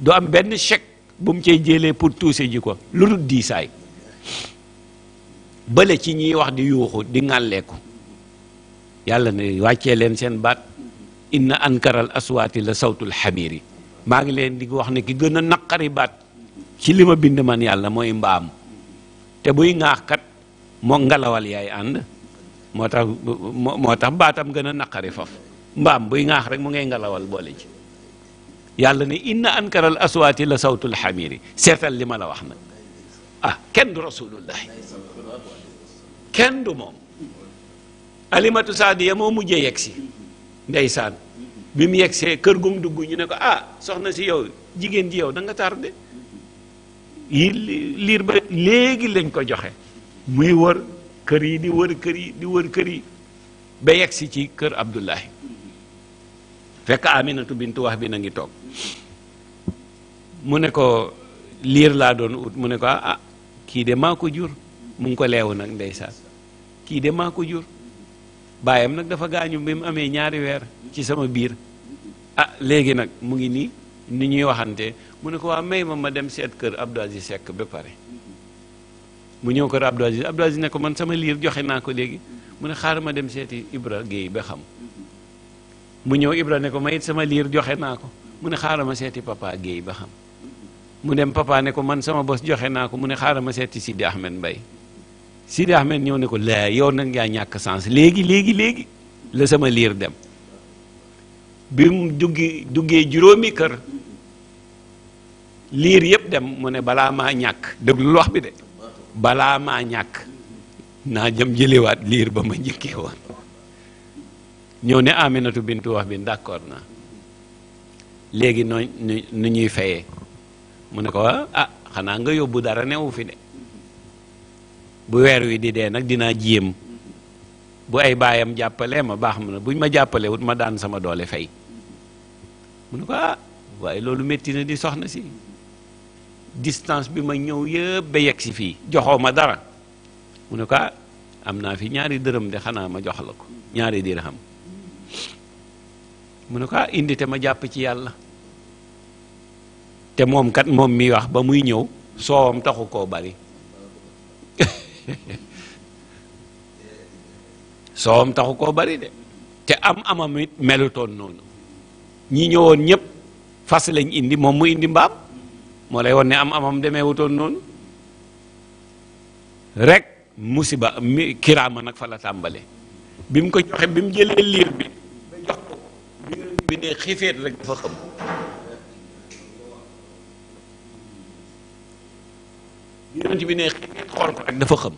du am benn chèque bu mu cay jële pour tuuse ji ko lu dul diisaay bële ci ñiy wax di yuuxu di ŋàlleeku yàlla na wàccee leen seen baat inna ankaral aswaati la sawtul xamiir yi maa ngi leen di wax ne ki gën a naqari baat ci li ma bind man yàlla mooy mbaam te buy ŋaaxkat moo ngalawal yaay ànd moo tax moo tax baatam gën a naqari faf mbaam buy ngaax rek mu ngay ngalawal boole ci yàlla na inna ankaral aswaati la sawtul xamiiri seetal li ma la wax nag ah kenn du rasulullahi kenn du moom alimatu saadiya moo mujjee yegg si ndeysaan bi mu yegg see kër gum dugg ñu ne ko ah soxna si yow jigéen ji yow danga nga tardé yi liir ba léegi lañ ko joxe muy wër kër yi di wër kër yi di wër kër yi ba yegg si ci kër Abdullahi fekk Aminatu bintu wax bi na ngi toog mu ne ko liir laa doon ut mu ne ko ah, ah kii de maa ko jur mu ngi ko leewu nag ndeysaan kii de maa ko jur baayam nag dafa gaañu bi mu amee ñaari weer ci sama biir ah léegi nag mu ngi nii ni ñuy waxante mu ne ko waa may ma ma dem seet kër Abdou Aziz Seck ba pare mu ñëw kër Abdou Aziz Abdou Aziz ne ko man sama liir joxe naa ko léegi mu ne xaaral ma dem seeti Ibra Guèye ba xam mu ñëw Ibra ne ko ma it sama liir joxe naa ko mu ne xaaral ma seeti papa Guèye ba xam mu dem papa ne ko man sama bos joxe naa ko mu ne xaaral ma seeti Sidi Ahmed mbay Sidi Ahmed ñëw ne ko laa yow nag yaa ñàkk sens léegi léegi léegi la sama liir dem bi mu duggi duggee juróomi kër liir yëpp dem mu ne balaa maa ñàkk déglu wax bi de balaa maa ñàkk naa jëm jëliwaat liir ba ma njëkkee woon ñëw ne Aminatu bintu wax bi d'accord na léegi noo nu ñuy fayee mu ne ko ah xanaa nga yóbbu dara newu fi de bu weer wi di dee nag dinaa jéem bu ay baayam jàppalee ma baax ma ne buñ ma jàppalee wut ma daan sama doole fay mu ne ko ah waaye loolu metti na di soxna si distance bi ma ñëw yëpp ba yegg si fii joxoo ma dara mu ne ko ah am naa fi ñaari dërëm de xanaa ma jox la ko ñaari dirham mu ne ko ah indi te ma jàpp ci yàlla te moom kat moom mi wax ba muy ñëw soowam taxu koo bari soowam taxu koo bari de te am amam it melutoon noonu ñi ñëwoon ñëpp fas lañ indi moom mu indi mbaam moo lay won ne am amam demee wutoon noonu rek musiba mi kiraama nag fa la tàmbale bi mu ko joxe bi mu jëlee liir bi ba ne xifeet rek dafa xam yonent bi ne xeet xool ko rek dafa xam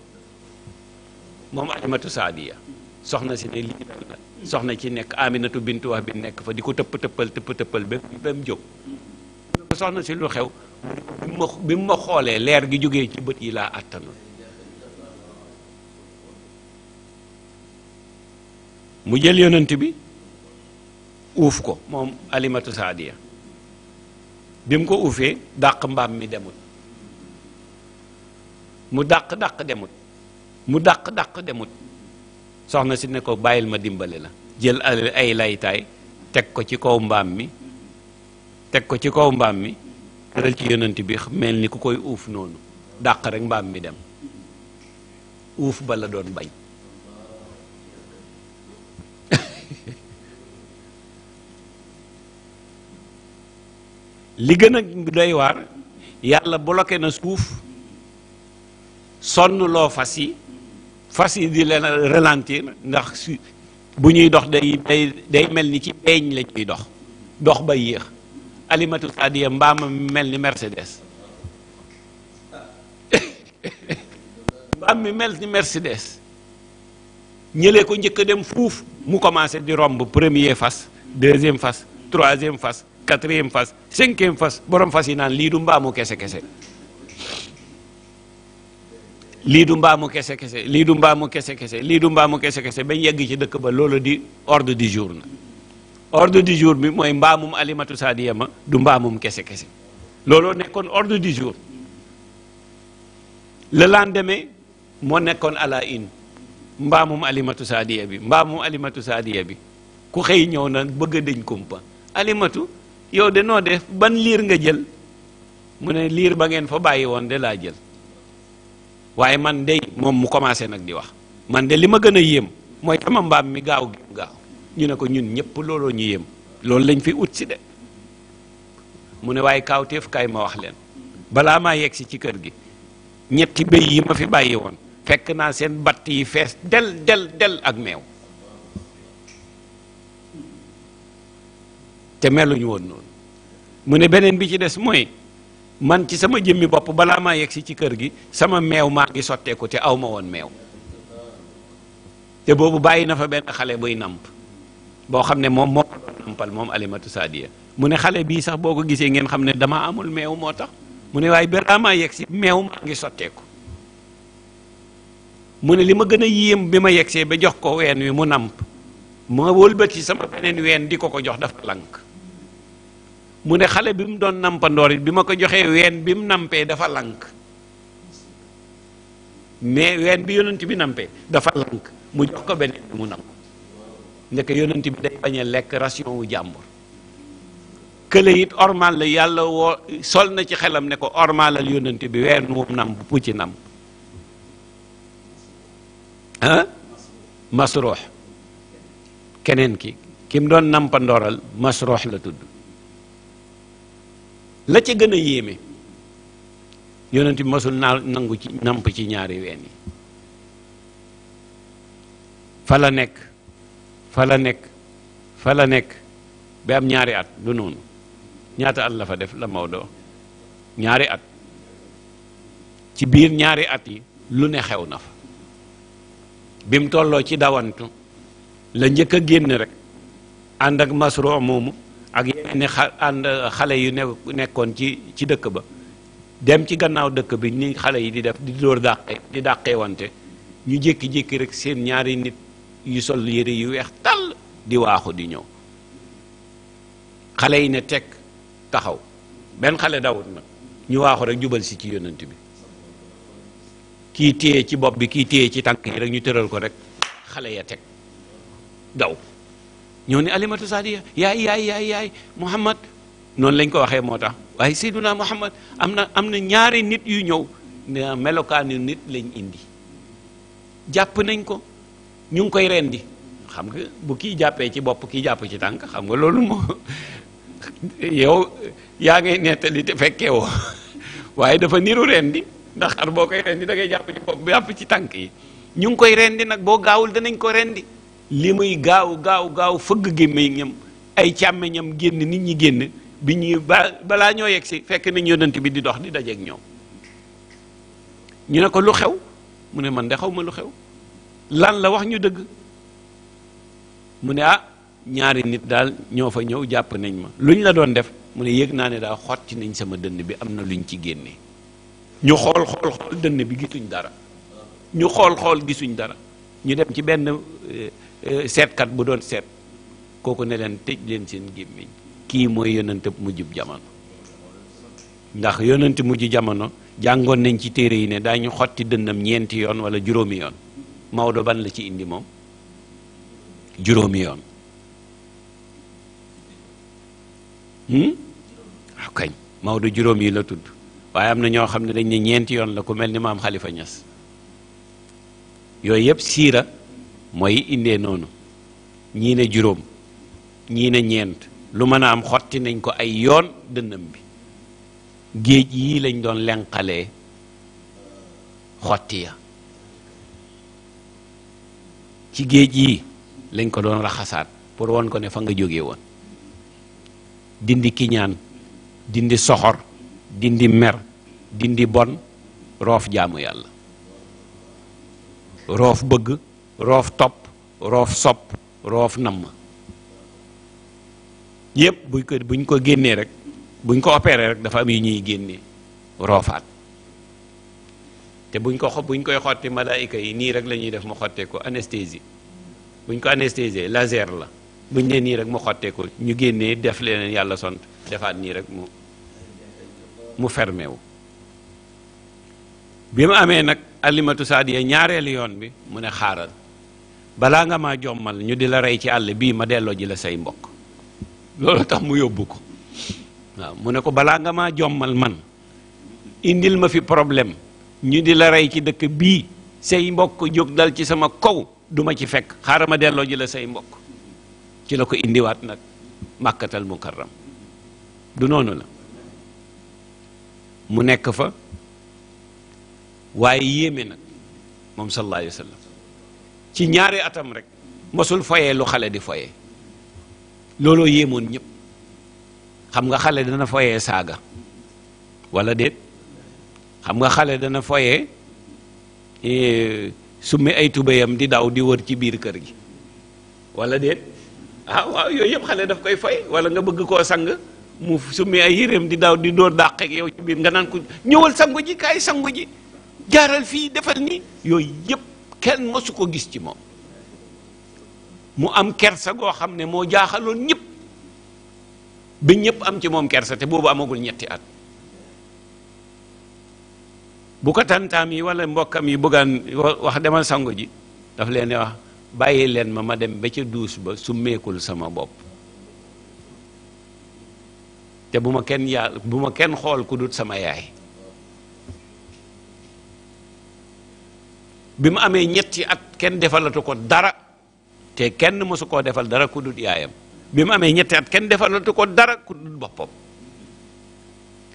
moom alimatu saadiya soxna si ne lii la soxna ci nekk aminatu bintu wax bi nekk fa di ko tëpp tëppal tëpp tëppal ba mu jóg soxna si lu xew bi mu ma xoolee leer gi jógee ci bët yi laa àttanul mu jël yonent bi uuf ko moom alimatu saadiya bi mu ko uufee dàq mbaam mi demul mu dàq dàq demut mu dàq dàq demut soxna si ne ko bàyyil ma dimbali la jël ay laytaay teg ko ci kaw mbaam mi teg ko ci kaw mbaam mi tëral ci yonent bi mel ni ku koy uuf noonu dàq rek mbaam mi dem uuf ba la doon bañ li gën a doy waar yàlla bloqué na suuf sonn loo fas yi fas yi di leen ndax su bu ñuy dox day day day mel ni ci peeñ la dox dox ba yéex alimatu sadiya mbaama mel ni mercedes mbaam mi mel ni mercedes ñëlee ko njëkk dem fuuf mu commencé di romb premier fas deuxième fas troisième fas quatrième fas cinquième fas borom fas yi naan lii du mbaamu kese kese lii du mbaamu kese kese lii du mbaamu kese kese lii du mbaamu kese kese bañ yegg ci dëkk ba loolu di ordre du jour na ordre du jour bi mooy mbaamum alimatu saadiya ma du mbaamum kese kese looloo nekkoon ordre du jour le lendemain moo nekkoon à la une mbaamum alimatu saadiya bi mbaamum alimatu saadiya bi ku xëy ñëw na bëgg a dëñ kumpa alimatu yow de noo def ban liir nga jël mu ne liir ba ngeen fa bàyyi woon de laa jël waaye man de moom mu commencé nag di wax man de li ma gën a yéem mooy tama mbaam mi gaaw gi gaaw ñu ne ko ñun ñëpp looloo ñu yéem loolu lañ fi ut si de mu ne waaye kaawteef teefukaay ma wax leen balaa maa yegg si ci kër gi ñetti béy yi ma fi bàyyi woon fekk naa seen batt yi fees del del del ak meew te meluñu woon noonu mu ne beneen bi ci des mooy man ci sama jëmmi bopp balaa maa yegg si ci kër gi sama meew maa ngi sotteeku te aw ma woon meew te boobu bàyyi na fa benn xale buy namp boo xam ne moom moo ko doon moom alimatu saadiya mu ne xale bii sax boo ko gisee ngeen xam ne damaa amul meew moo tax mu ne waaye balaa maa yegg si meew maa ngi sotteeku mu ne li ma gën a yéem bi ma yegg see ba jox ko ween wi mu namp ma wëlbati sama beneen ween di ko ko jox dafa lank mu ne xale bi mu doon nampandoor it bi ma ko joxee ween bi mu nampee dafa lank mais ween bi yonent bi nampee dafa lank mu jox ko beneen bi mu nangu ndeke yonent bi day bañ lekk ration wu jàmbur kële it ormal la yàlla woo sol na ci xelam ne ko ormalal yonent bi ween wu namp bu ci namp ah keneen ki ki mu doon nampandooral masroox la tudd la ca gën a yéeme yonent masul naa nangu ci namp ci ñaari ween yi fa la nekk fa la nekk fa la nekk ba am ñaari at lu noonu ñaata at la fa def la Maodo ñaari at ci biir ñaari at yi lu ne xew na fa bi mu tolloo ci dawantu la njëkk a génn rek ànd ak masro moomu ak yeneen xale yu ne nekkoon ci ci dëkk ba dem ci gannaaw dëkk bi ni xale yi di def di dóor dàqe di dàqee wante ñu jékki-jékki rek seen ñaari nit yu sol yére yu weex tàll di waaxu di ñëw xale yi ne teg taxaw benn xale dawut nag ñu waaxu rek jubal si ci yonent bi kii téye ci bopp bi kii téye ci tànk yi rek ñu tëral ko rek xale ya teg daw ñoo ni alimatu saadiya yaay yaay yaay yaay Muhammad noonu lañ ko waxee moo tax waaye Seyduna Muhammad am na am na ñaari nit yu ñëw ne melokaanu nit lañ indi jàpp nañ ko ñu ngi koy rendi xam nga bu kii jàppee ci bopp kii jàpp ci tànk xam nga loolu moo yow yaa ngay nettali te fekkee woo waaye dafa niru rendi ndax xar boo koy rendi da ngay jàpp ci bopp jàpp ci tànk yi ñu ngi koy rendi nag boo gaawul danañ ko rendi li muy gaaw gaaw gaaw fëgg gémmiñam ay càmmeñam génn nit ñi génn bi ñuy ba balaa ñoo yegg si fekk nañ yonent bi di dox di dajeek ñoom ñu ne ko lu xew mu ne man de xaw ma lu xew lan la wax ñu dëgg mu ne ah ñaari nit daal ñoo fa ñëw jàpp nañ ma luñ la doon def mu ne yëg naa ne daa xotti nañ sama dënn bi am na luñ ci génne ñu xool xool xool dënn bi gisuñ dara ñu xool xool gisuñ dara ñu dem ci benn eh, Eh, seetkat bu doon seet kooku ne leen tëj leen seen gémmiñ kii mooy yonent mujjub jamono ndax yonent mujj jamono jàngoon nañ ci téere yi ne daañu xotti dënnam ñeenti yoon wala juróomi yoon Maodo ban la ci indi moom juróomi hmm? ah, kañ Maodo juróom yi la tudd waaye am na ñoo xam ne dañ ne ñeenti yoon la ku mel ni maam xalifa ñas yooyu yëpp siira mooy indee noonu ñii ne juróom ñii ne ñeent lu mën a am xotti nañ ko ay yoon dënnam bi géej yii lañ doon lenqalee xotti ya ci géej yii lañ ko doon raxasaat pour won ko ne fa nga jóge woon dindi kiñaan dindi soxor dindi mer dindi bon roof jaamu yàlla roof bëgg roof topp roof sopp roof namm yëpp buñ ko buñ ko génnee rek buñ ko opéré rek dafa am yi ñuy génnee roofaat te buñ ko buñ koy xotti malaayika yi nii rek lañuy def mu xottee ko buñ ko anesthésier laser la buñ ne nii rek mu xottee ñu génnee def leneen yàlla sont defaat nii rek mu fermew bi mu amee nag alimatu saadiya ñaareelu yoon bi mu ne xaaral balaa nga maa jommal ñu di la rey ci àll bii ma delloo ji la say mbokk loolu tax mu yóbbu ko waaw mu ne ko balaa nga maa jommal man indil ma fi problème ñu di la rey ci dëkk bii say mbokk jóg dal ci sama kow duma ci fekk xaaral ma delloo ji la say mbokk ci la ko indiwaat nag màkkatal mukarram du noonu la mu nekk fa waaye yéeme nag moom sallallahu alayhi wa ci ñaari atam rek mosul foyee lu xale di foyee looloo yéemoon ñëpp xam nga xale dana foyee saaga wala déet xam nga xale dana foyee e, summi ay tubéyam di daw di wër ci biir kër gi walla déet ah waaw yooyu yëpp xale daf koy foye wala nga bëgg koo sang mu summi ay yéreem di daw di door dàq yow ci biir nga naan ko ñëwal sangu ji kaay sangu ji jaaral fii defal ni yooyu yëpp kenn mësu ko gis ci moom mu am kersa goo xam ne moo jaaxaloon ñëpp ba ñëpp am ci moom kersa te boobu amagul ñetti at bu ko tantaam yi wala mbokkam yi bëggaan wax demal sango ji daf leen di wax bàyyi leen ma ma dem ba ca duus ba summeekul sama bopp te bu ma kenn yàlla bu ma kenn xool ku dut sama yaay bi mu amee ñetti at kenn defalatu ko dara te kenn mësu koo defal dara ku dut yaayam bi mu amee ñetti at kenn defalatu ko dara ku dut boppam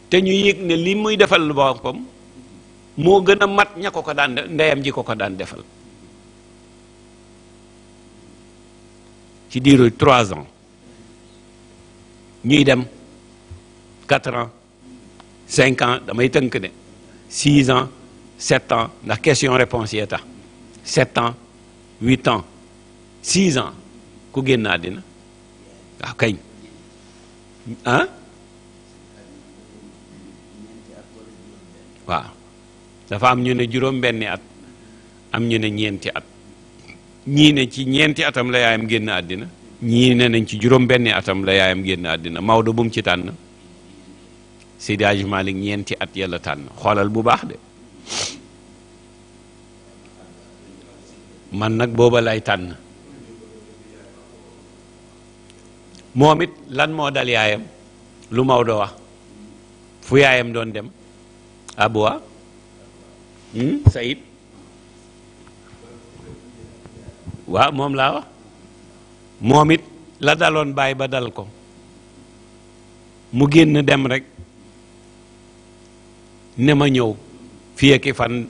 te ñu yëg ne li muy defal boppam moo gën a mat ña ko ko daan ji ko ko daan defal ci diiru trois ans ñuy dem quatre ans cinq ans damay tënk ne six ans sept ans ndax question réponse yee tax sept ans huit ans six ans ku génn àddina waaw kañ ah waaw dafa am ñu ne juróom-benni at am ñu ne ñeenti at ñii ne ci ñeenti atam la yaayam génn àddina ñii ne nañ ci juróom-benni atam la yaayam génn àddina Maodo bu mu ci tànn Seydi Hadji Malick ñeenti at yàlla tànn xoolal bu baax de man nag booba lay tànn moom it lan moo dal yaayam lu Maodo wax fu yaayam doon dem abwa hmm? sayid waaw moom laa wax moom it la daloon baay ba dal ko mu génn dem rek ne ma ñëw fii ak fan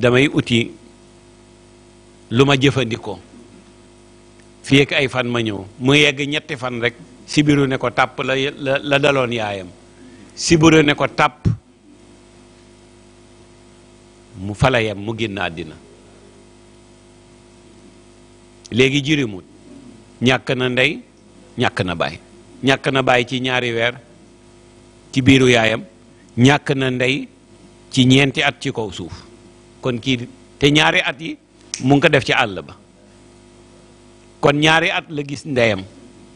damay uti lu ma jëfandikoo fii ay fan ma ñëw mu yegg ñetti fan rek sibiru ne ko tàpp la daloon yaayam sibiru ne ko tàpp mu fala yam mu génn àddina léegi jirimut ñàkk na ndey ñàkk na baay ñàkk na baay ci ñaari weer ci biiru yaayam ñàkk na ndey ci ñeenti at ci kaw suuf kon kii te ñaari at yi mu ngi ko def ci àll ba kon ñaari at la gis ndeyam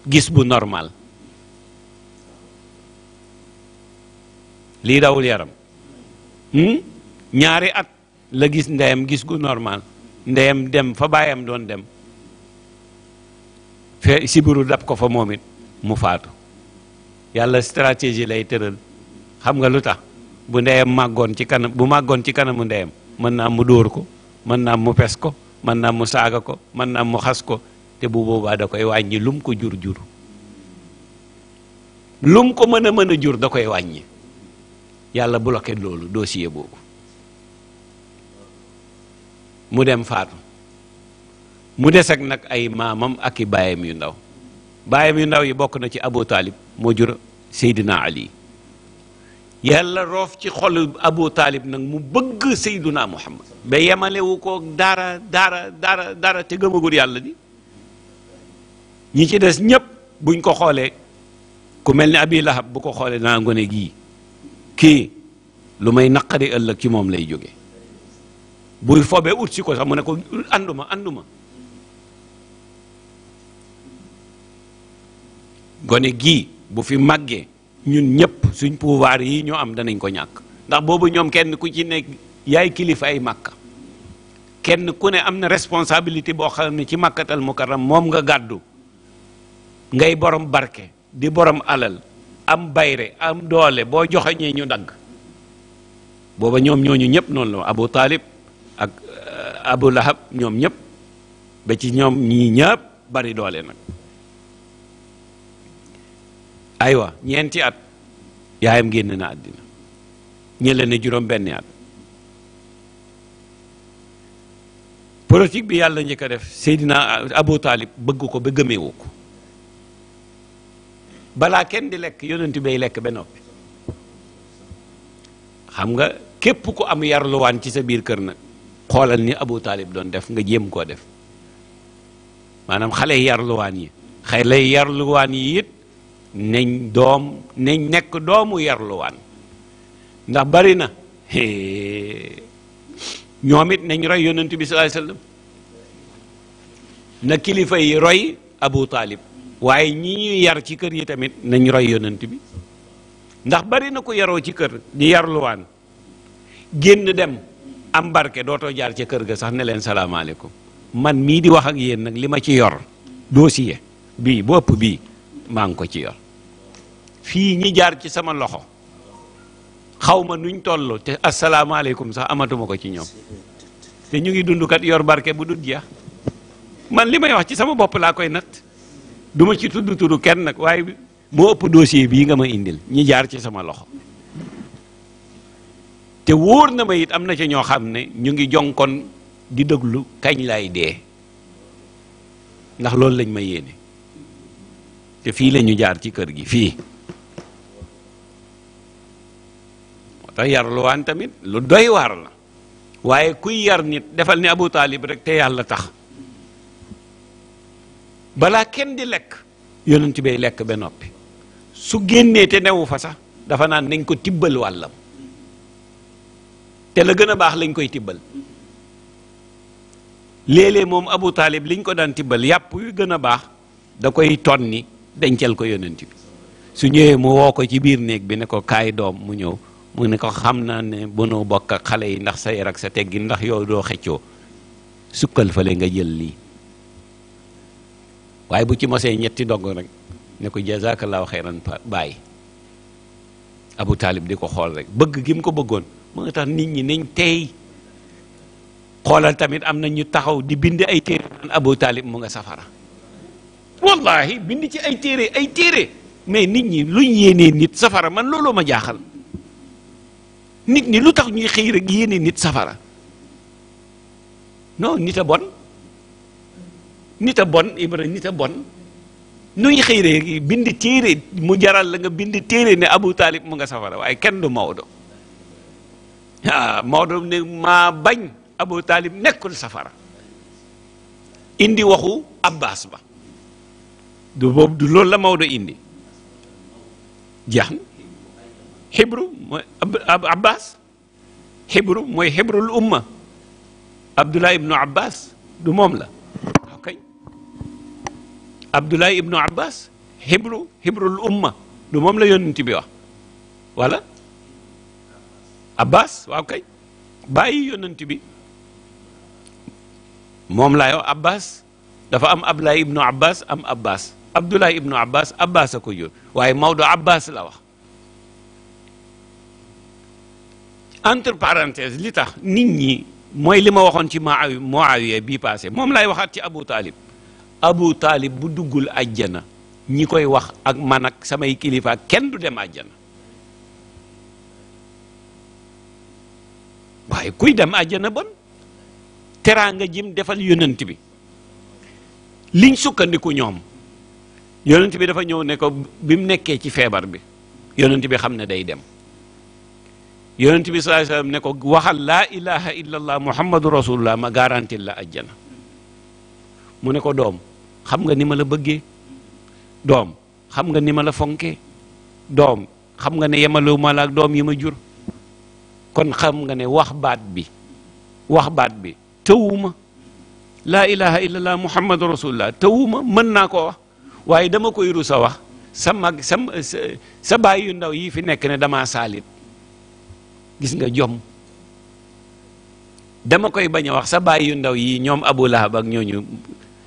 gis bu normal lii dawul yaram hmm? ñaari at la gis ndeyam gis gu normal ndeyam dem fa baayam doon dem fe sibiru dab ko fa moom it mu faatu yàlla stratégie lay tëral xam nga lu tax bu ndeyam màggoon ci kanam bu màggoon ci kanamu ndeyam mën naa mu dóor ko mën naa mu pes ko mën naa mu saaga ko mën naa mu xas ko te bu boobaa da koy wàññi lum ko jur jur lum ko mën a mën a jur da koy wàññi yàlla bloqué loolu dossier boobu mu dem faatu mu des nag ay maamam ak i baayam yu ndaw baayam yu ndaw yi bokk na ci Abu Talib moo jur Seydina Ali yàlla roof ci xol Abu Taalib nag mu bëgg Seyduna Muhammad ba yemalewu ko dara dara dara dara te gëmagul yàlla di ñi ci des ñëpp buñ ko xoolee ku mel ni Abi Lahab bu ko xoolee danaa ngone gii kii lu may naqari ëllëg ci moom lay jóge buy fobee ut si ko sax mu ne ko anduma anduma gone gii bu fi màggee ñun ñëpp suñ pouvoir yi ñu am danañ ko ñàkk ndax boobu ñoom kenn ku ci nekk yaay kilifa ay màkka kenn ku ne am na responsabilité boo xam ne ci màkkatal mukarram moom nga gàddu ngay borom barke di borom alal am bayre am doole boo joxeñee ñu dagg booba ñoom ñooñu ñëpp noonu la Abu Talib ak euh, Abu Lahab ñoom ñëpp ba ci ñoom ñii ñëpp bari doole nag aywa ñeenti at yaayam génn na àddina ñële na juróom benni at politique bi yàlla njëkk a def Seydina Abu Taalib bëgg ko ba gëmeewu ko balaa kenn di lekk yonent bay lekk ba xam nga képp ku am yarluwaan ci sa biir kër nag xoolal ni Abu Taalib doon def nga jéem koo def maanaam xale yarluwaan yi xale yarluwaan yi it nañ doom nañ nekk doomu yarluwaan ndax bari na ñoom it nañ roy yonent bi sallallahu alayhi na kilifa yi roy Abu Talib waaye ñi ñuy yar ci kër yi tamit nañ roy yonent bi ndax bari na ko yaroo ci kër di yarluwaan génn dem am barke dootoo jaar ca kër ga sax ne leen salaamaaleykum man mii di wax ak yéen nag li ma ci yor dossier bii bopp bii maa ngi ko ci yor fii ñi jaar ci sama loxo xaw ma nuñ toll te asalaamaaleykum sax amatuma ko ci ñoom te ñu ngi dundukat yor barke bu dul jeex man li may wax ci sama bopp laa koy natt du ma ci tudd tudd kenn nag waaye moo ëpp dossier bii nga ma indil ñi jaar ci sama loxo te wóor na ma it am na ci ñoo xam ne ñu ngi jonkoon di déglu kañ laay dee ndax loolu lañ ma yéene te fii la ñu jaar ci kër gi fii te yarluwaan tamit lu doy waar la waaye kuy yar nit defal ni Abu Taalib rek te yàlla tax balaa kenn di lekk yonent bay lekk ba noppi su génnee te newu fa sax dafa naan nañ ko tibbal wàllam te la gën a baax lañ koy tibbal léeg-léeg moom Abu Taalib liñ ko daan tibbal yàpp yu gën a baax da koy ton ni dencal ko yonent bi su ñëwee mu woo ko ci biir néeg bi ne ko kaay doom mu ñëw mu ne ko xam naa ne bënoo bokk ak xale yi ndax sa yar sa teggi ndax yow doo xëccoo sukkal fale nga jël lii waaye bu ci mosee ñetti dog rek ne ko jazakallaahu xayran baay abu taalib di ko xool rek bëgg gi mu ko bëggoon mu nga tax nit ñi nañ tey xoolal tamit am na ñu taxaw di bind ay téere naan abu taalib mu nga safara wallahi bind ci ay téere ay téere mais nit ñi luñ yéenee nit safara man looloo ma jaaxal nit ñi lu tax ñuy xëy rek yéene nit safara non nita bon nit a bon Ibra nit a bon nuy xëy bind téere mu jaral la nga bind téere ne Abu Taalib mu nga safara waaye kenn du Maodo ah Maodo ne maa bañ Abu Taalib nekkul safara indi waxu Abbas ba du lool du loolu la Maodo indi jeex na xibru mooy abbas xibru mooy xibrul umma abdullah ibnu abbas du moom la waaw kay abdullah ibnu abbas xibru moom la yonent bi wax wala abbas waaw kay bàyyi yonent bi moom laa yow abbas dafa am abdullah ibnu abbas am abbas abdullah ibnu abbas abbas a ko jur waaye Maodo abbas la wax entre parenthèse li tax nit ñi mooy li ma waxoon ci Muawiya Muawiya bii passé moom laay waxaat ci Abu Talib Abu Talib bu duggul àjjana ñi koy wax ak man ak samay kilifa kenn du dem àjjana waaye kuy dem àjjana bon teraanga jim defal yonent bi liñ sukkandiku ñoom yonent bi dafa ñëw ne ko bi mu nekkee ci feebar bi yonent bi xam ne day dem yoon bi sallallahu ne ko waxal laa ilaha illa allah muhammadu rasulullah ma garanti la ajjana mu ne ko doom xam nga ni ma la bëggee doom xam nga ni ma la fonkee doom xam nga ne yemalewu ma la doom yi ma jur kon xam nga ne wax baat bi wax baat bi tëwuma laa ilaha illallah muhammadu rasulullah tëwuma mën naa ko wax waaye dama koy rusa wax sa mag sa baay yu ndaw yi fi nekk ne dama saalit gis nga jom dama koy bañ a wax sa baay yu ndaw yi ñoom Abu Lahab ak ñooñu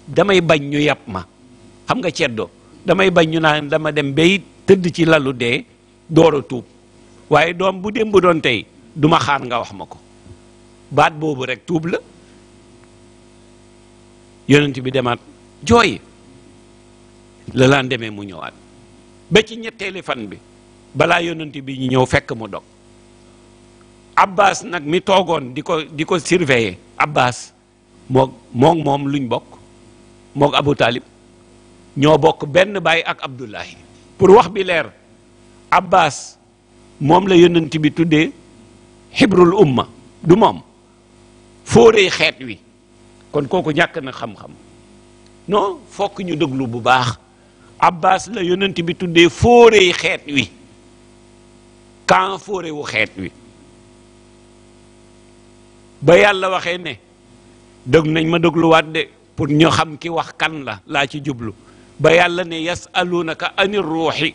damay bañ ñu yàpp ma xam nga ceddo damay bañ ñu naan dama dem bay tëdd ci lalu de door a tuub waaye doom bu dem bu doon tey duma ma xaar nga wax ma ko baat boobu rek tuub la yonent bi demaat jooy la laan demee mu ñëwaat ba ci ñetteeli fan bi balaa yonent bi ñu ñëw fekk mu dog abbas nag mi toogoon di ko di ko surveiller abbas moog moom luñ bokk moog abou talib ñoo bokk benn baay ak abdullahi pour wax bi leer abbas moom la yonent bi tuddee xibrul umma du moom fóoree xeet wi kon kooku ñàkk na xam-xam non fokk ñu déglu bu baax abbas la yonent bi tuddee fóoree xeet wi kan fóore xeet wi ba yàlla waxee ne dëgg nañ ma dégluwaat de pour ñu xam ki wax kan la laa ci jublu ba yàlla ne yasaluunaka ani ruuxi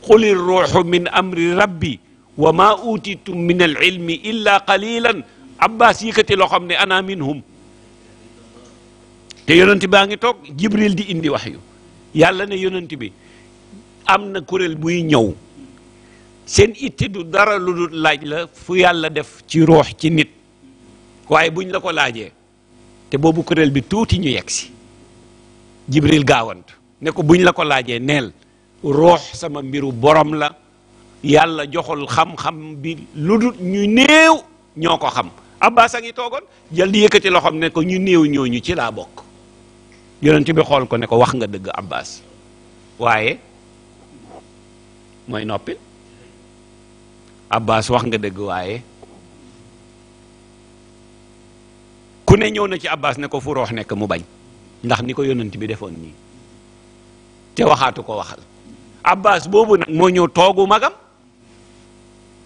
quli ruuxu min amri rabbi wa maa utitum min al ilmi illa qalilan abbas yëkkati loxoom ne ana minhum te yonent baa ngi toog jibril di indi wax yàlla ne yonent bi am na kuréel buy ñëw seen itti du dara lu dul laaj la fu yàlla def ci ruux ci nit waaye buñ la ko laajee te boobu kuréel bi tuuti ñu yegg si jibril gaawant ne ko buñ la ko laajee neel roox sama mbiru borom la yàlla joxul xam-xam bi lu dul ñu néew ñoo ko xam abbas a ngi toogoon jël di yëkkati loxoom ne ko ñu néew ñooñu ci laa bokk yonent bi xool ko ne ko wax nga dëgg abbas waaye mooy noppil abbas wax nga dëgg waaye bu ne ñëw na ci Abbas ne ko fu roox nekk mu bañ ndax ni ko yonent bi defoon nii te waxaatu ko waxal Abbas boobu nag moo ñëw toogu magam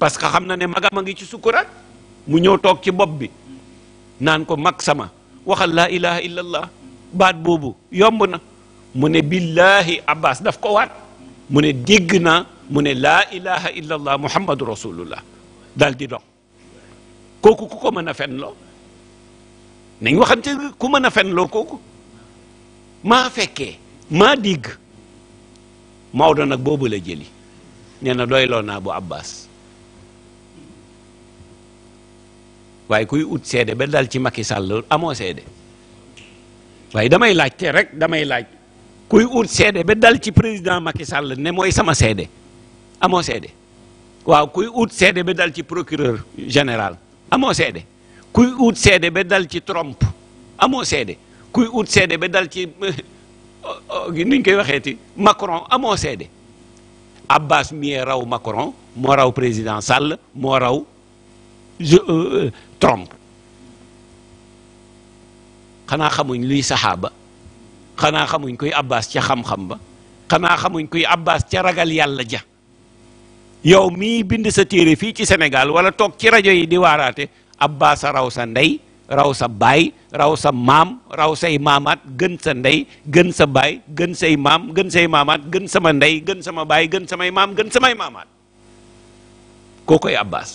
parce que xam na ne magam a ngi ci sukkuraat mu ñëw toog ci bopp bi naan ko mag sama waxal laa ilaha illallah baat boobu yomb na mu ne billahi Abbas daf ko waat mu ne digg na mu ne la laa ilaha mu muhammadu rasulullah daal di dox kooku ku ko mën a fen loo nañ waxante ku mën a fen loo ko maa fekkee maa digg Maodo nag boobu la jëli nee na doyloo naa bu Abbas waaye kuy ut seede ba dal ci Macky Sall amoo waaye damay laajte rek damay laaj kuy ut seede ba ci président Macky Sall ne mooy sama seede amoo seede waaw kuy ut seede ba dal ci procureur général amoo seede kuy ut seede ba dal ci trompe amoo seede kuy ut seede ba dal ci oh, oh, nuñ koy ti Macron amoo seede Abbas mii raw Macron moo raw président Sall moo raw euh, euh, Trump xanaa xamuñ luy saxaaba xanaa xamuñ kuy Abbas ca xam-xam ba xanaa xamuñ kuy Abbas ca ragal yàlla ja yow mii bind sa téere fii ci Sénégal wala toog ci rajo yi di waaraate abba sa raw sa ndey raw sa baay raw sa maam raw say maamat gën sa ndey gën sa baay gën say maam gën say maamaat gën sama ndey gën sama baay gën samay maam gën samay maamaat koo koy abbas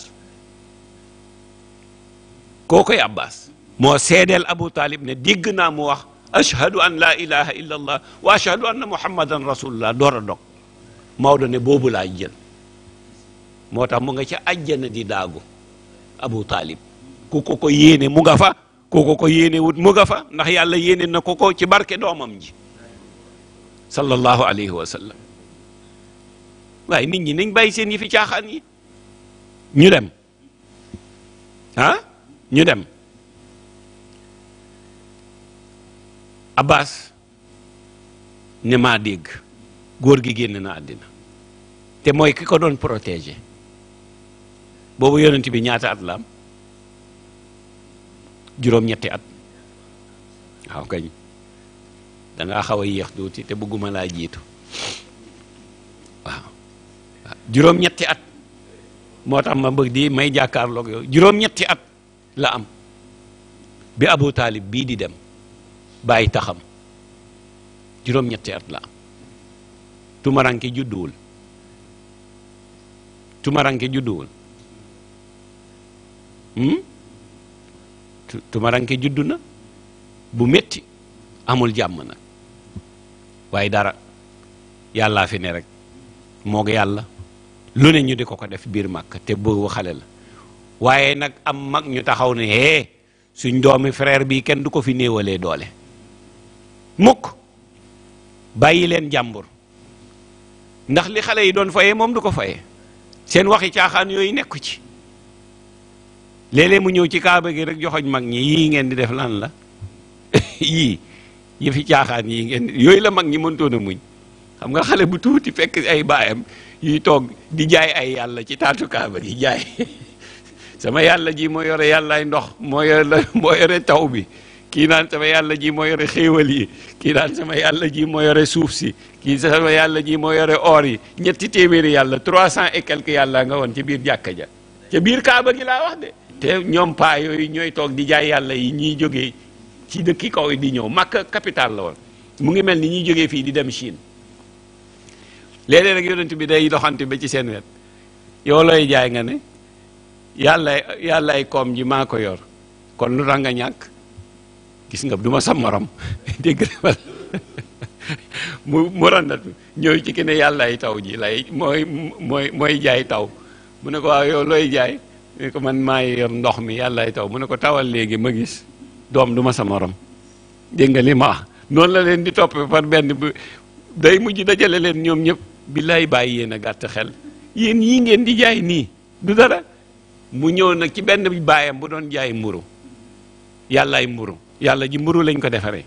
koo koy abbas moo seedeel abu taalib ne dégg naa mu wax ashhadu an laa ilaha illa allah wa ashhadu anna muhammadan rasulullah door a dog Maodo ne boobu laa moo tax mu nga ca àjjana di daagu abu taalib ku ko ko yéene mu nga fa ku ko ko yéene wut mu fa ndax yàlla yéene na ko ko ci barke doomam ji sallallahu alayhi wa sallam waaye nit ñi nañ bay seen yi fi caaxaan yi ñu dem ñu dem Abbas ne maa dégg góor gi génn na àddina te mooy ki ko doon protéger boobu yonent bi ñaata at la juróom-ñetti at waaw kañ dangaa xaw a yéex tuuti te bëgguma laa jiitu waaw juróom-ñetti at moo tax ma bëgg di may jàkkaarloog yow juróom-ñetti at la am bi Abu Taalib bii di dem bàyyi taxam juróom-ñetti at la am tumaranke judduwul hmm? tumaranke juddu na bu metti amul jàmm nag waaye dara yàllaa fi ne rek moog yàlla lu ne ñu di ko ko def biir màkk te boobu xale la waaye nag am mag ñu taxaw na hee suñ doomi freer bi kenn du ko fi néewalee doole mukk bàyyi leen jàmbur ndax li xale yi doon fayee moom du ko fayee seen waxi caaxaan yooyu nekku ci léeg-léeg mu ñëw ci kaaba gi rek joxoñ mag ñi yii ngeen di def lan la yii yëfi caaxaan yii ngeen yooyu la mag ñi mëntoon a muñ xam nga xale bu tuuti fekk ay baayam yuy toog di jaay ay yàlla ci taatu kaaba gi jaay sama yàlla ji moo yore yàllaay ndox moo yore la moo taw bi kii naan sama yàlla ji moo yore xéewal yi kii naan sama yàlla ji moo yore suuf si kii sama yàlla ji moo yore or yi ñetti téeméeri yàlla trois cent et quelques yàlla nga woon ci biir jàkka ja te ñoom paa yooyu ñooy toog di jaay yàlla yi ñiy jógee ci dëkki kaw yi di ñëw Makka capital la woon mu ngi mel ni ñuy jóge fii di dem Chine léeg-léeg rek yonent bi day doxante ba ci seen wet yow looy jaay nga ne yàlla yàlla ay koom ji maa ko yor kon lu tax ñàkk gis nga duma sam sa morom dégg mu mu ñëw ci ki ne yàlla taw ji lay mooy mooy jaay taw mu ne ko waaw yow looy jaay ko man ndox mi yàllaay taw mu ne ko tawal léegi ma gis doom du ma sa morom dégg nga li noonu la leen di topp benn bu day mujj dajale leen ñoom ñëpp bàyyi yéen a gàtt xel yéen yii ngeen di jaay nii du dara mu ñëw nag ci benn baayam bu doon jaay mburu yàllaay mburu yàlla ji mburu lañ ko defaree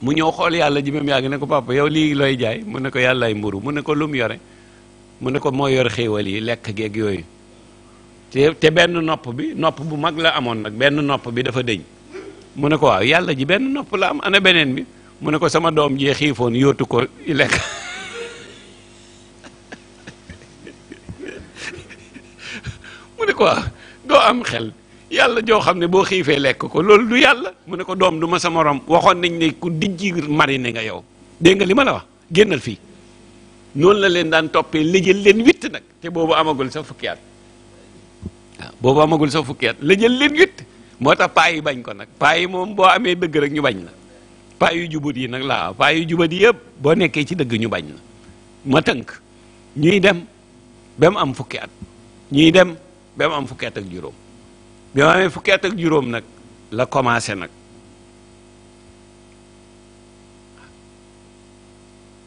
mu ñëw xool yàlla ji même yàgg ne ko papa yow lii looy jaay mu ne ko yàllaay mburu mu ne ko lu mu yore mu ne ko moo yor xéewal yi lekk geeg yooyu te te benn nopp bi nopp bu mag la amoon nag benn nopp bi dafa dëñ mu ne ko waaw yàlla ji benn nopp la am ana beneen bi mu ne ko sama doom jee xiifoon yootu ko lekk mu ne ko doo am xel yàlla joo xam ne boo xiifee lekk ko loolu yàlla mu ne ko doom du ma sa moroom waxoon nañ ne ku dijji marine nga yow dégg nga li ma la wax génnal fii noonu la leen daan toppee léjal leen witt nag te boobu amagul sa fukki at boobu amagul sax fukki at la jël leen witt moo tax paa yi bañ ko nag paa yi moom boo amee dëgg rek ñu bañ la paa yu jubut yi nag la paa yu jubut yi yëpp boo nekkee ci dëgg ñu bañ la ma tënk ñuy dem ba am fukki at ñuy dem ba am fukki at ak juróom bi ma amee fukki at ak juróom nag la commencé nag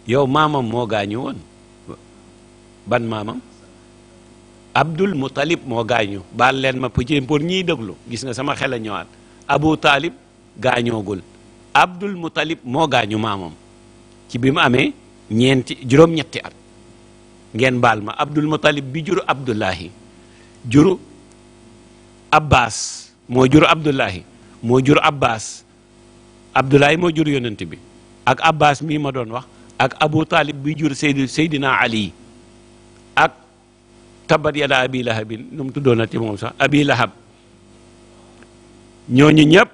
yow maamam moo gaañu woon ban maamam Abdul Muttalib moo gaañu baal leen ma pour ñiy déglu gis nga sama xel a ñëwaat Abu Talib gaañoogul Abdul Muttalib moo gaañu maamam ci bi mu amee ñeenti juróom at ngeen baal ma Abdul Muttalib bi jur Abdullahi jur Abbas moo jur Abdullahi moo jur Abbas Abdullahi moo jur yonent bi ak Abbas mii ma doon wax ak Abu Talib bi jur Seydi Seydina Ali tabbat yadaa abi lahabin nu mu tuddoonati moom sax abi lahab ñooñu ñëpp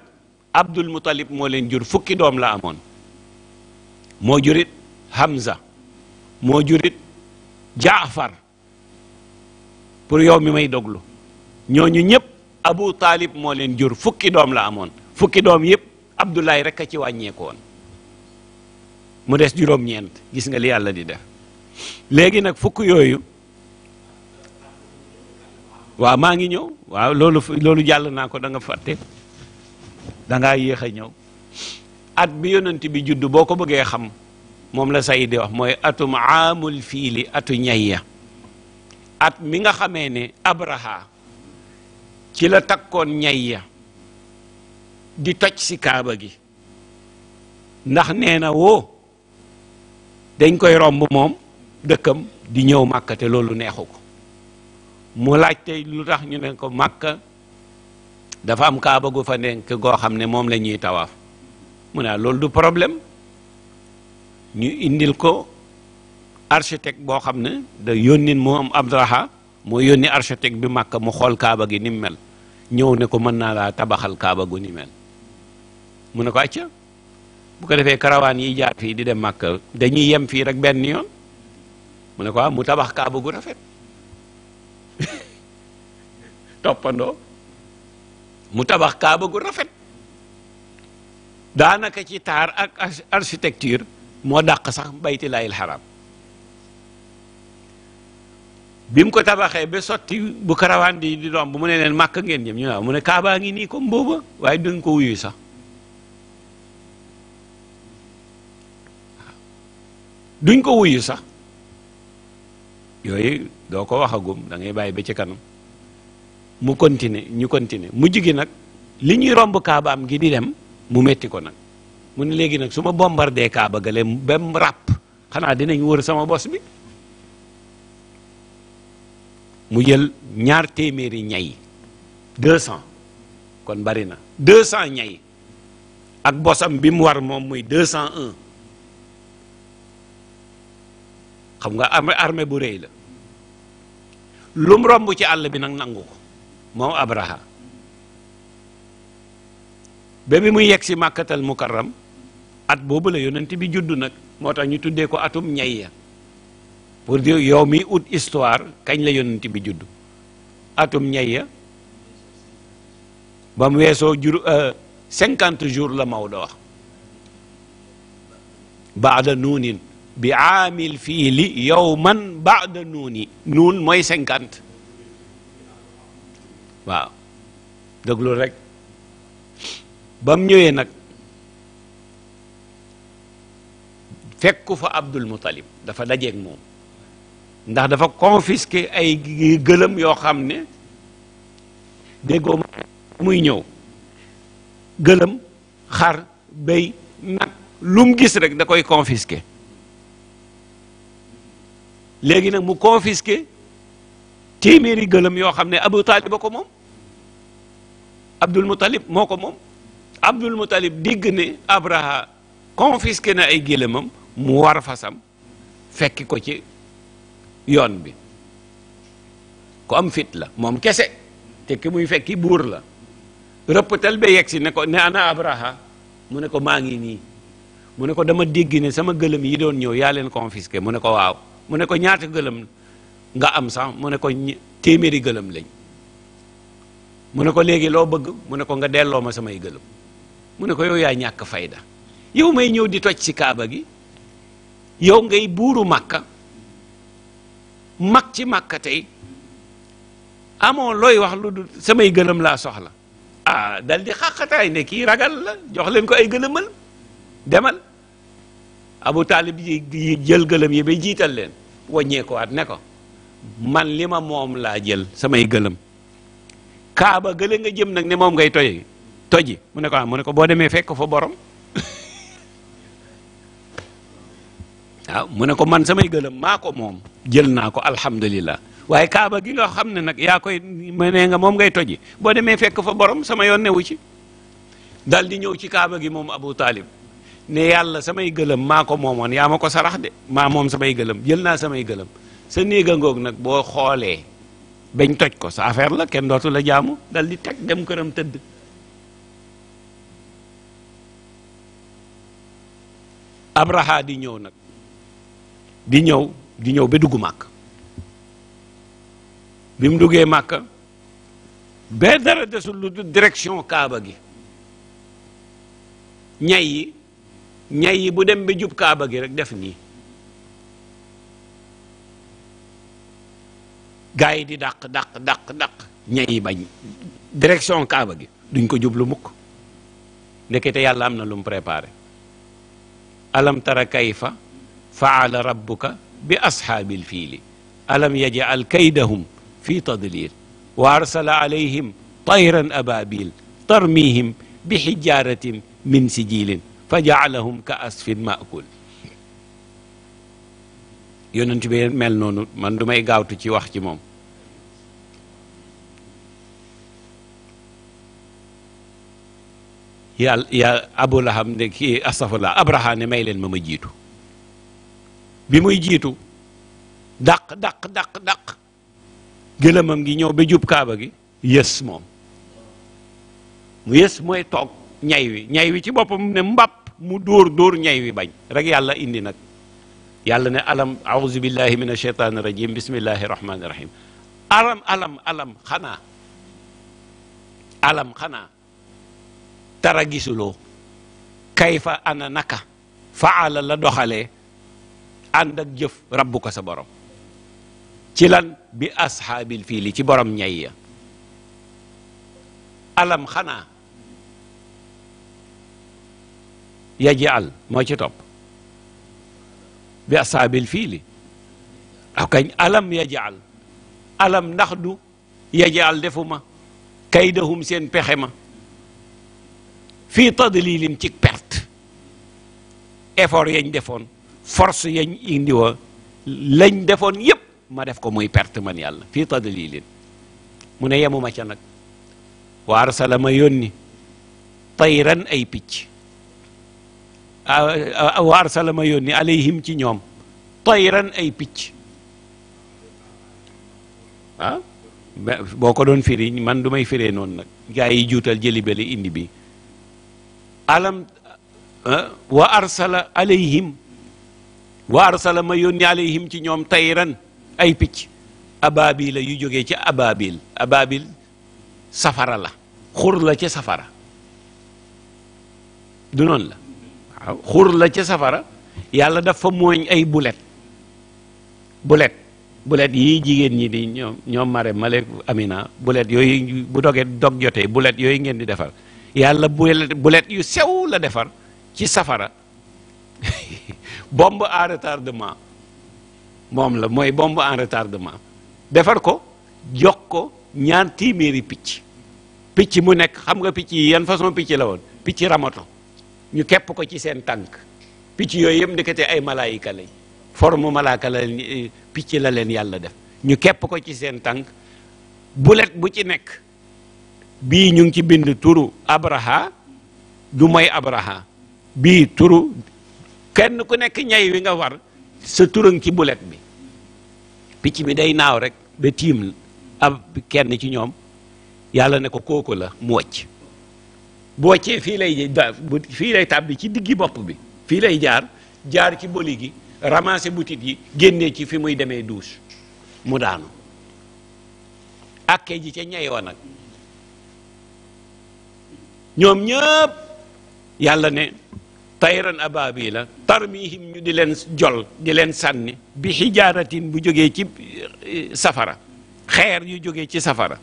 abdul mutalib moo leen jur fukki doom la amoon moo jurit hamza moo jurit jaafar pour yow mi may doglu ñooñu ñëpp abu taalib moo leen jur fukki doom la amoon fukki doom yëpp abdullahi rek a ci wàññeeku woon mu des juróom-ñeent gis nga li yàlla di def léegi nag fukk yooyu waaw maa ngi ñëw waaw loolu loolu jàll naa ko danga fàtte danga yéex a ñëw at bi yonent bi judd boo ko bëggee xam moom la sayid di wax mooy atum aamul fiili atu ñayya at mi nga xamee ne abraha ci la takkoon ñayya di toj si kaaba gi ndax nee na woo dañ koy romb moom dëkkam di ñëw màkkate loolu neexu ko mu laaj tey lu tax ñu ne ko màkka dafa am kaaba gu fa nenk goo xam ne moom la ñuy tawaaf mu ne ah, loolu du problème ñu indil ko architecte boo xam ne da yónni moo am Abdraha moo yónni architecte bi màkka mu xool kaaba gi ni mel ñëw ne ko mën naa laa tabaxal kaaba gu ni mel mu ne ko acca bu ko defee karawaan yi jaar fii di dem màkka dañuy yem fii rek benn yoon mu ne ko ah, mu tabax kaaba gu rafet toppandoo mu tabax kaaba gu rafet daanaka ci taar ak architecture moo dàq sax baytilaayil xaraam bi mu ko tabaxee ba sotti bu karawaan di di doom bu mu ne leen màkk ngeen ñëm ñu naan mu ne kaabaa ngi nii ko booba waaye duñ ko wuyu sax duñ ko wuyu sax yooyu doo ko waxagum da ngay bàyyi ba ci kanam mu continuer ñu continuer mu gi nag li ñuy romb kaaba am gi di dem mu metti ko nag mun léegi nag su ma bombardé kaaba gale ba mu ràpp xanaa dinañ wër sama bos bi mu jël ñaar téeméeri ñay deux cent kon bari na deux cent ñay ak bosam bi mu war moom muy deux cent un xam nga armée armée bu rëy la lum romb ci àll bi nag nangu ko moom Abraha ba bi muy yegg si màkkatal mukarram at boobu la yonent bi judd nag moo tax ñu tuddee ko atum ñay ya pour dire yow mi ut histoire kañ la yonent bi juddu atum ñay ya ba mu weesoo jur euh, cinquante jours la Maodo wax baada nuunin bi aamil fiili yowman baada nuuni nuun mooy cinquante waaw déglul rek ba mu ñëwee nag fekku fa Abdul Muttalib dafa dajeeg moom ndax dafa confisqué ay gëlëm yoo xam ne déggoo muy ñëw gëlëm xar béy nag lu mu gis rek da koy confisqué léegi nag mu confisqué téeméeri gëlëm yoo xam ne Abu Talib a ko moom Abdul Muttalib moo ko moom Abdul Muttalib digg ne Abraha confisqué na ay gëlëmam mu war fasam fekki ko ci yoon bi ku am fit la moom kese te ki muy fekki buur la rëpptal ba yegg si ne ko ne ana Abraha mu ne ko maa ngi nii mu ne ko dama dégg ne sama gëlëm yi doon ñëw yaa leen confisqué mu ne ko waaw mu ne ko ñaata gëlëm nga am sax mu ne ko téeméeri gëlëm lañ mu ne ko léegi loo bëgg mu ne ko nga delloo ma samay gëlëm mu ne ko yow yaa ñàkk fayda yow may ñëw di toj ci kaaba gi yow ngay buuru màkka mag ci màkka tey amoo looy wax lu dul samay gëlëm laa soxla ah dal di xàqataay ne kii ragal la jox leen ko ay gëlëmal demal abu taalib yi jël gëlëm yi ba jiital leen wàññeekuwaat ne ko man li ma moom laa jël samay gëlëm kaaba gële nga jëm nag ne moom ngay toy toji mu ne ko ah mu ne ko boo demee fekk fa borom waaw ah, mu ne ko man samay gëlëm maa ko moom jël naa ko alhamdulillah waaye kaaba gi nga xam ne nag yaa koy ma nee nga moom ngay toji boo demee fekk fa borom sama yoon newu ci dal di ñëw ci kaaba gi moom abu taalib ne yàlla samay gëlëm maa ko moomoon yaa ma ko sarax de maa moom samay gëlëm jël naa samay gëlëm sa néega ngoog nag boo xoolee bañ toj ko sa affaire la kenn dootu la jaamu dal di teg dem këram tëdd abraha di ñëw nag di ñëw di ñëw ba dugg màkk bi mu duggee màkk ba dara desul lu du direction kaaba gi ñay yi ñay yi bu dem ba jub kaaba gi rek def nii gars yi di dàq dàq dàq dàq ñay yi bañ direction kaaba gi duñ ko jublu mukk ndekete yàlla am na lu mu préparé alam tara kayfa faala rabbuka bi ashaabil fiili alam yaj'al kaydahum fi tadlil wa arsala alayhim tayran ababil tarmihim bi xijaratin min sijilin fa jaalahum ka asfin maakul yonent bi mel noonu man du gaawtu ci wax ci moom ya yàlla abu lahab ne kii astafurlah abraha ne may leen ma ma jiitu bi muy jiitu dàq dàq dàq dàq gëlëmam gi ñëw ba jub kaaba gi yës moom mu yës mooy toog ñay wi ñay wi ci boppam ne mbàpp mu dóor dóor ñay wi bañ rek yàlla indi nag yàlla ne alam auzu billahi min asheytaani rajim bismillahi rahmaani rahim alam alam alam xanaa alam xanaa tara gisuloo kayfa ana naka faala la doxalee ànd ak jëf rabbuka sa borom ci lan bi ashaabil fiili ci borom ñay alam xanaa yajal moo ci top bi asaabil fiili aw kañ alam yajal alam ndax du yajal defuma kaydahum seen pexe ma fii tadlilin ci pert efor yañ defoon force yañ indi woon lañ defoon yëpp ma def ko muy perte man yàlla fii tadlilin mu ne yemuma ca nag wa arsala ma tayran ay picc wa arsala ma yónni alayhim ci ñoom tayran ay picc ah boo ko doon firi man du may firee noonu nag gaa yi juutal jëli indi bi alam ah, wa arsala alayhim wa arsala ma yónni ci ñoom tayran ay picc ababila yu joge ci ababil ababil safara la xur la ci safara du noonu la waaw xur la ca safara yàlla fa mooñ ay bulet bulet bulet yii jigéen ñi di ñoom ñoom mare maleek amina bulet yooyu bu dogee dog jotee bulet yooyu ngeen di defar yàlla bulet bulet yu sew la defar ci safara bomb à retardement moom la mooy bombe en retardement defar ko jox ko ñaar téeméeri picc picc mu nekk xam nga picc yi yan façon picc la woon picc ramoto ñu kepp ko ci seen tànk picc yooyu yëpp ndekete ay malaayika lañ forme malaaka la eh, picc la leen yàlla def ñu kepp ko ci seen tànk bulet bu ci nekk bii ñu ngi ci bind turu abraha du mooy abraha bii turu kenn ku nekk ñay wi nga war sa turan ci bulet bi picc bi day naaw rek ba tiim ab kenn ci ñoom yàlla ne ko kooku la mu wacc boo wàccee fii lay fii lay tàbbi ci diggi bopp bi fii lay jaar jaar ci boli gi ramasser butit yi génnee ci fi muy demee douche mu daanu àkkee ji ca wa nag ñoom ñëpp yàlla ne tayran abaabila tarmihim ñu di leen jol di leen sànni bi xijaaratin bu jógee ci eh, safara xeer yu jógee ci safara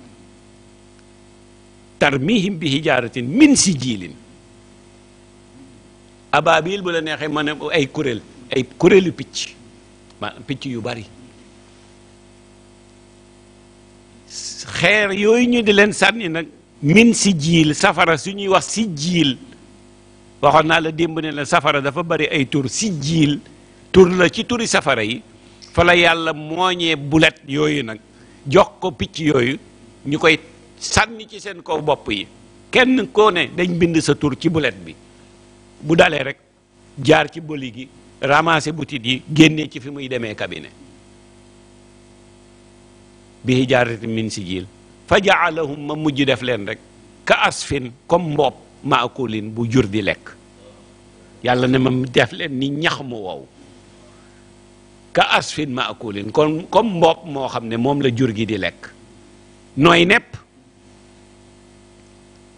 tarmihim bi hijaaratin min si sijilin ababil bu la neexee ma ay kuréel ay kuréelu picc maanaam picc yu bari xeer yooyu ñu di leen sànni nag min si jiil safara su ñuy wax si jiil waxoon naa la démb ne la safara dafa bari ay tur si jiil tur la ci turi safara yi fa la yàlla mooñee bulet yooyu nag jox ko picc yooyu ñu koy sànni ci seen kow bopp yi kenn koo ne dañ bind sa tur ci bulet bi bu dalee rek jaar ci boli gi ramasser butit yi génnee ci fi muy demee cabinet bi hijaarati min sijil fa jaalahum ma mujj def leen rek ka asfin comme mboob maakulin bu jur di lekk yàlla ne ma def leen ni ñax mu wow ka asfin maakulin kon comme mboob moo xam ne moom la jur gi di lekk nooy nepp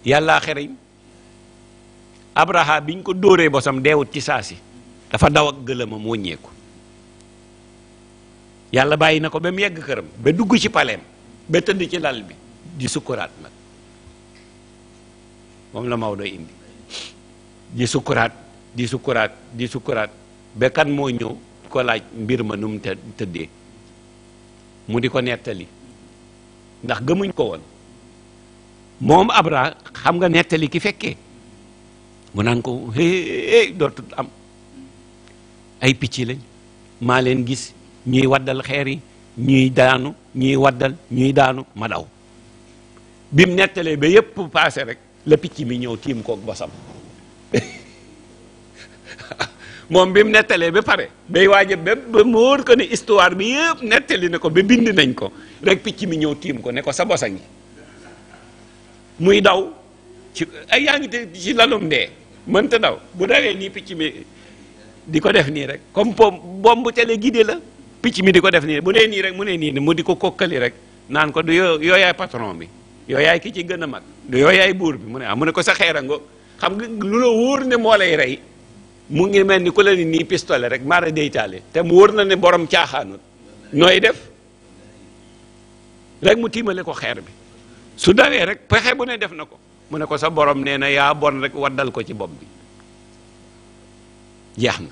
yàllaa xereñ abraha biñ ko dóoree bosam deewut ci saa si dafa daw ak gëlëmam wëññeeku yàlla bàyyi na ko ba mu yegg këram ba dugg ci paleem ba tëdd ci lal bi di sukkuraat nag moom la Maodo indi di sukkuraat di sukkuraat di sukkuraat ba kan moo ñëw ko laaj mbir ma nu mu tëddee mu di ko nettali ndax gëmuñ ko woon moom abra xam nga nettali ki fekke mu naan ko hé dootul am ay picc lañ maa leen gis ñuy waddal xeer yi ñuy daanu ñuy waddal ñuy daanu ma daw bi mu nettalee ba yépp paase rek la picc mi ñëw tiim koog bosam moom bi mu nettalee ba pare bay waaje ba ba mu wóor ko ne histoire bi yëpp nettali na ko be bind nañ ko rek picc mi ñëw tiim ko ne ko sa bosa ngi muy daw ci ay yaa ngi te ci lalum mën mënta daw bu dawee nii picc mi di ko def nii rek comme pom bombu téléguidé la picc mi di ko def nii bu nii rek mu ne nii mu di ko kokkali rek naan ko du yoo yooyaay patron bi yooyaay ki ci gën a mag du yooyaay buur bi mu ne ah, mu ne ko sa xeerango xam lu la wóor ne moo lay rey mu ngi mel ni ku la ni nii pistolet rek mara deytaale te mu wóor na ne borom caaxaanut nooy def rek mu tiimale ko xeer bi su dawee rek pexe bu ne def na ko mu ne ko sa borom nee na yaa bon rek waddal ko ci bopp bi jeex na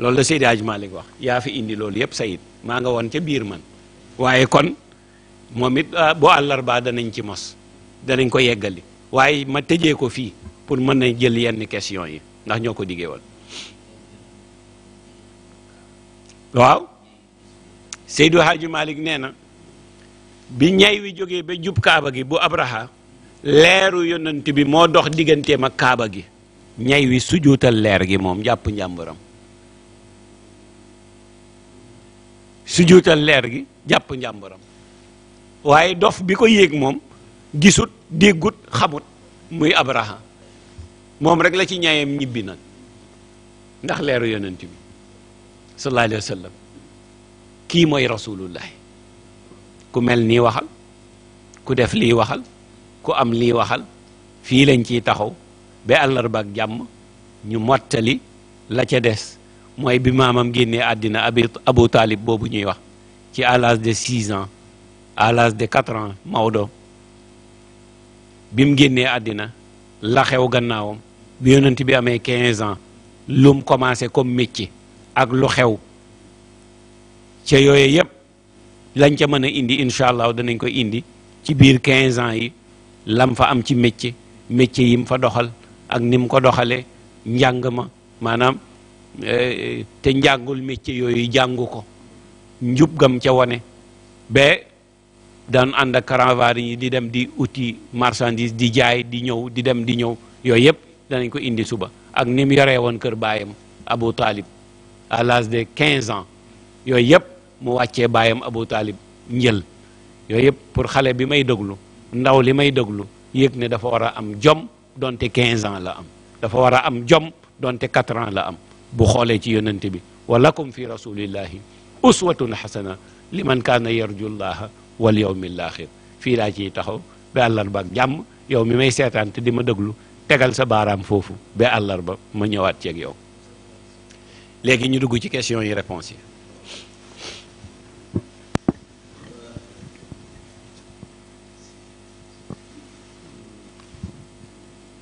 loolu la Seydi Hadj Malick wax yaa fi indi loolu yëpp sayit maa nga woon ca biir man waaye kon moom it ah, boo àllarbaa danañ ci mos danañ ko yeggali waaye ma tëjee ko fii pour mën na jël yenn question yi ndax ñoo ko diggee woon waaw Seydi Hadj nee na bi ñay wi jógee ba jub kaaba gi bu abraha leeru yonent bi moo dox digganteem ak kaaba gi ñay wi sujootal leer gi moom jàpp njàmburam sujootal leer gi jàpp njàmburam waaye dof bi ko yéeg moom gisut déggut xamut muy abraha moom rek la ci ñayam ñibbi nag ndax leeru yonent bi sallallahu alayhi kii mooy rasulullahi ku mel nii waxal ku def lii waxal ku am lii waxal fii lañ ciy taxaw ba àllarba jàmm ñu mottali la ca des mooy bi maamam génne àddina abi Abu Talib boobu ñuy wax ci à l'âge de six ans à l'âge de quatre ans Maodo bi mu génnee àddina la xew gannaawam bi yonent bi amee quinze ans lum commencé comme métier ak lu xew ca yooye yépp lañ ca mën indi incha allah danañ ko indi ci biir quinze ans yi lam fa am ci métier métier yi mu fa doxal ak ni mu ko doxalee njàng ma maanaam eh, te njàngul métier yooyu jàngu ko njub gam ca wane ba daan ànd ak caravane di dem di uti marchandise di jaay di ñëw di dem di ñëw yooyu yëpp danañ ko indi suba ak ni mu yoree woon kër baayam Abu Talib à l'âge de quinze ans yooyu yëpp mu wàccee baayam Abu Taalib njël yooyu yëpp pour xale bi may déglu ndaw li may déglu yëg ne dafa war a am jom donte 15 ans la am dafa war a am jom donte 4 ans la am bu xoolee ci yonent bi wa lakum fi rasulillahi uswatun xasana man kaana yarju llaha wal yawmi laaxir fii laa ciy taxaw ba ak jàmm yow mi may seetaan te di ma déglu tegal sa baaraam foofu ba àllarba ma ñëwaat ceeg yow léegi ñu dugg ci questions yi réponses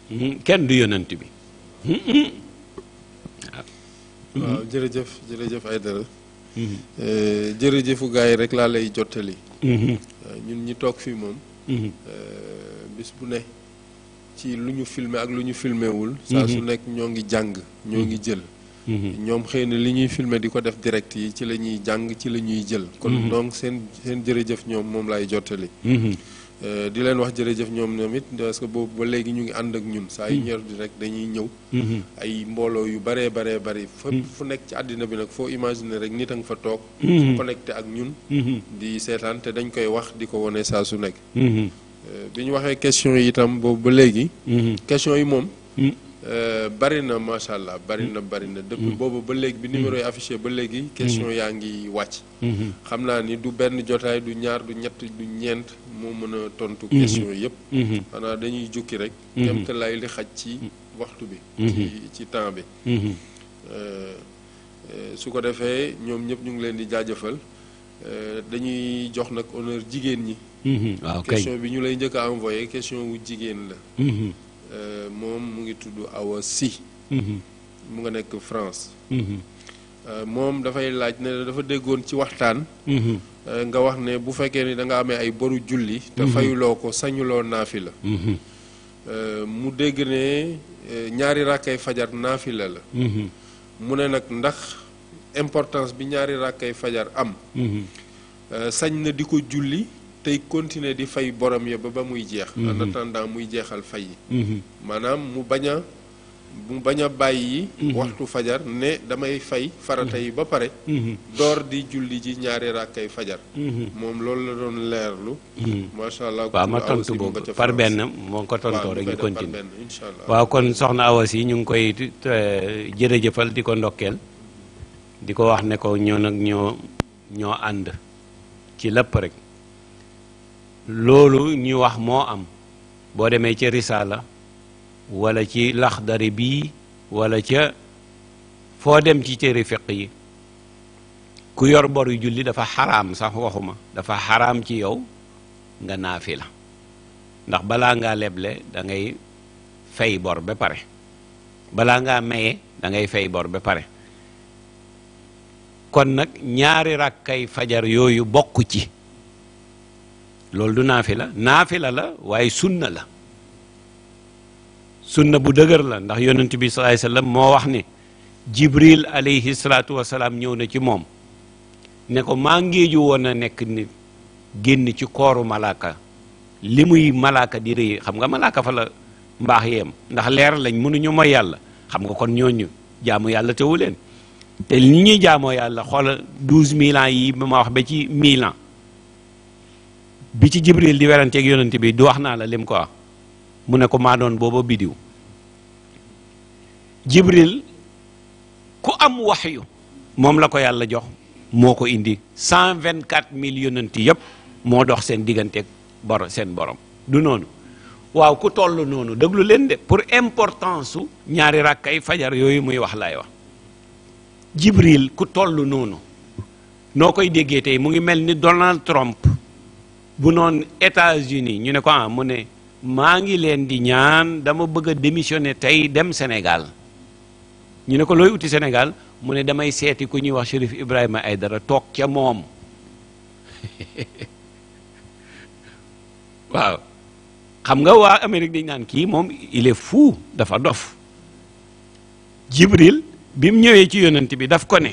Hmm, kenn du yonent bi hmm, hmm. waaw jërëjëf jërëjëf Aidara eh, jërëjëfu gars yi rek laa lay jottali eh, ñun ñi toog fii moom eh, bis bu ne ci lu ñu filmé ak lu ñu filméwul saa su nekk ñoo ngi jàng ñoo ngi jël ñoom xëy na li ñuy filmé di ko def direct yi ci la ñuy jàng ci la ñuy jël kon donc seen seen jërëjëf ñoom moom laay jottali Euh, di leen wax jërëjëf ñoom ñoom it boobu ba léegi ñu ngi ànd ak ñun saa yu hmm. ñor di rek dañuy ñëw hmm. ay mbooloo yu baree baree bari fépp hmm. fu nekk ci àddina bi nag foo imaginer rek nit a nga fa toog connecté ak ñun di seetaan te dañ koy wax di ko wone saa su nekk euh, bi ñu waxee question yi itam boobu ba léegi question yi moom Euh, bari na macha allah bari na bari na. depuis mm-hmm. boobu ba léegi bi mm-hmm. numéro yi affiché ba léegi. Mm-hmm. question yaa ngi wàcc. xam naa ni du benn jotaay du ñaar du ñett du ñeent moo mën a tontu. question yëpp. xanaa dañuy jukki rek. dem te lay li xaj ci waxtu bi. ci ci temps bi. Euh, euh, su ko defee ñoom ñëpp ñu ngi leen di jaajëfal dañuy jox nag honneur jigéen ñi. waaw ah, kay question bi ñu lay njëkk a envoyé question wu jigéen la. Euh, moom mu ngi tudd Awa Si mhm. mu nga nekk France mhm. euh, moom dafay laaj ne dafa déggoon ci waxtaan mhm. euh, nga wax ne bu fekkee ni da nga amee ay boru julli te fayuloo ko sañuloo naafi la mu dégg ne ñaari ràkkay fajar naafi la la mu ne nag ndax importance bi ñaari ràkkay fajar am sañ na di ko julli tey continuer di fay borom ya ba ba muy jeex mhm. en attendant muy jeexal fay yi mhm. maanaam mu bañ a mu bañ a bàyyi mhm. waxtu fajar ne damay fay farata yi ba pare door di julli ji ñaari rakkay fajar moom loolu la doon leerlu macha allah waaw ma tontu boobu par benn moo ko tontoo rek ñu continue waaw kon soxna Awa Sy ñu ngi koy jërëjëfal di ko ndokkeel di ko wax ne ko ñoo nag ñoo ñoo ànd ci lépp rek loolu ñu wax moo am boo demee ca risaala walla ci laxdari bii walla ca foo dem ci téere fiq yi ku yor bor yu julli dafa xaraam sax waxuma dafa xaraam ci yow nga la ndax balaa ngaa leble da ngay fay bor ba pare balaa ngaa maye dangay ngay fay bor ba pare kon nag ñaari rakkay fajar yooyu bokk ci loolu du naafila naafila la waaye sunna la sunna bu dëgër la ndax yonent bi sallallahu alayhi wasallam moo wax ni jibril alayhi salaatu wasalaam ñëw na ci moom ne ko maa ngeeju woon a nekk nit génn ci kooru malaaka li muy malaaka di rëy xam nga malaaka fa la mbaax yem ndax leer lañ mënuñu mooy yàlla xam nga kon ñooñu jaamu yàlla tewu leen te li ñuy jaamoo yàlla xoola douze mille ans yi ma wax ba ci mille bi ci jibril di weranteeg yonent bi du wax naa la lim ko wax mu ne ko maadoon doon booba jibril ku am waxyu moom la ko yàlla jox moo ko indi cent vingt quatre mille yëpp moo dox seen digganteeg bor seen borom du noonu waaw ku toll noonu déglu leen de pour importance su ñaari ay fajar yooyu muy wax laay wax jibril ku toll noonu noo koy déggee tey mu ngi mel ni Donald Trump bu noon États-Unis ñu ne ko ah mu ne maa ngi leen di ñaan dama bëgg a démissionner tey dem Sénégal ñu ne ko looy uti senegal mu ne damay seeti ku ñuy wax Chérif Ibrahima ay dara toog ca moom waaw xam nga waa Amérique dañ naan kii moom ile fu dafa dof Jibril bi ñëwee ci yonent bi daf ko ne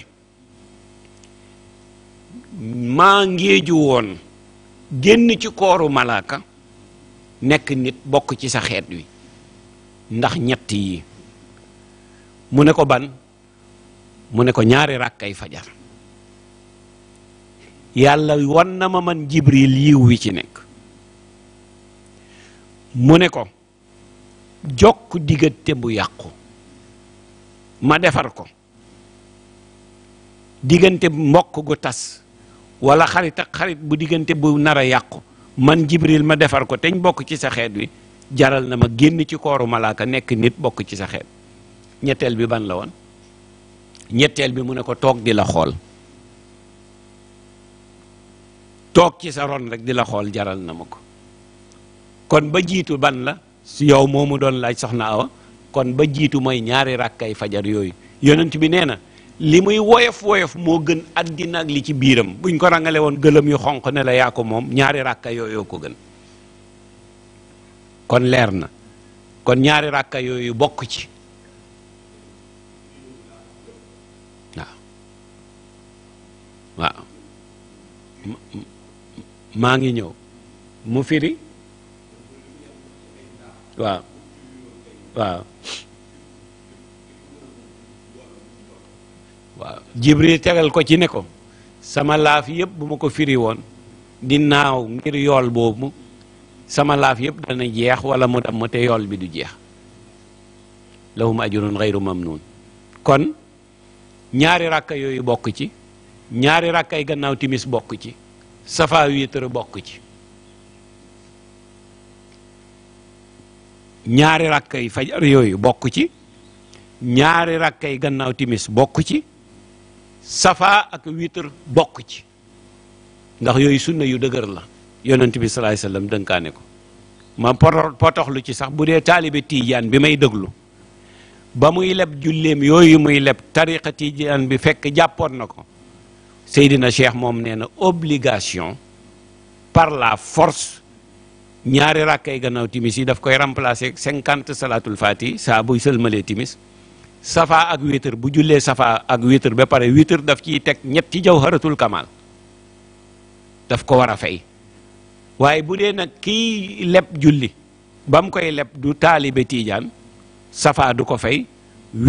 maa ngeeju woon génn ci kooru malaaka nekk nit bokk ci sa xeet wi ndax ñett yi mu ne ko ban mu ne ko ñaari ràkk ay fajar yàlla wan na ma man jibril yiw wi ci nekk mu ne ko jokk diggante bu yàqu ma defar ko diggante mbokk gu tas wala xarita ak xarit bu diggante bu nar a yàqu man jibril ma defar ko teñ bokk ci sa xeet wi jaral na ma génn ci kooru malaaka nekk nit bokk ci sa xeet ñetteel bi ban la woon ñetteel bi mu ne ko toog di la xool toog ci sa ron rek di la xool jaral na ma ko kon ba jiitu ban la si yow moomu doon laaj soxna awa kon ba jiitu mooy ñaari ràkk ay fajar yooyu yonent bi nee na li muy woyof woyof moo gën àddina ak li ci biiram buñ ko rangale woon gëlëm yu xonq ne la yaa ko moom ñaari ràkka yooyu ko gën kon leer na kon ñaari ràkka yooyu bokk ci waaw waaw maa ngi ñëw mu firi waaw waaw waaw jibril tegal ko ci ne ko sama laaf yëpp bu ma ko firi woon di naaw ngir yool boobu sama laaf yëpp dana jeex wala mu damm te yool bi du jeex lahum ajrun ghayru mamnun kon ñaari rakka yooyu bokk ci ñaari rakkay gannaaw timis bokk ci safa witr bokk ci ñaari rakkay fajar yooyu bokk ci ñaari rakkay gannaaw timis bokk ci safa ak witr bokk ci ndax yooyu sunna yu dëgër la yonent bi salaay ko ma ci sax bu dee taalibe tiijaan bi may déglu ba muy leb julleem yooyu muy leb tariqa bi fekk jàppoon na ko Seydina Cheikh moom nee na obligation par la force ñaari rakkay gannaaw timis yi daf koy remplacer cinquante salatul fati saa buy sëlmalee timis safa ak witr bu jullee safa ak witr ba pare witr daf ciy teg ñetti jaw jawharatul kamal daf ko war a fay waaye bu dee nag kii leb julli bam mu koy leb du taalibe tiijaan safa du ko fay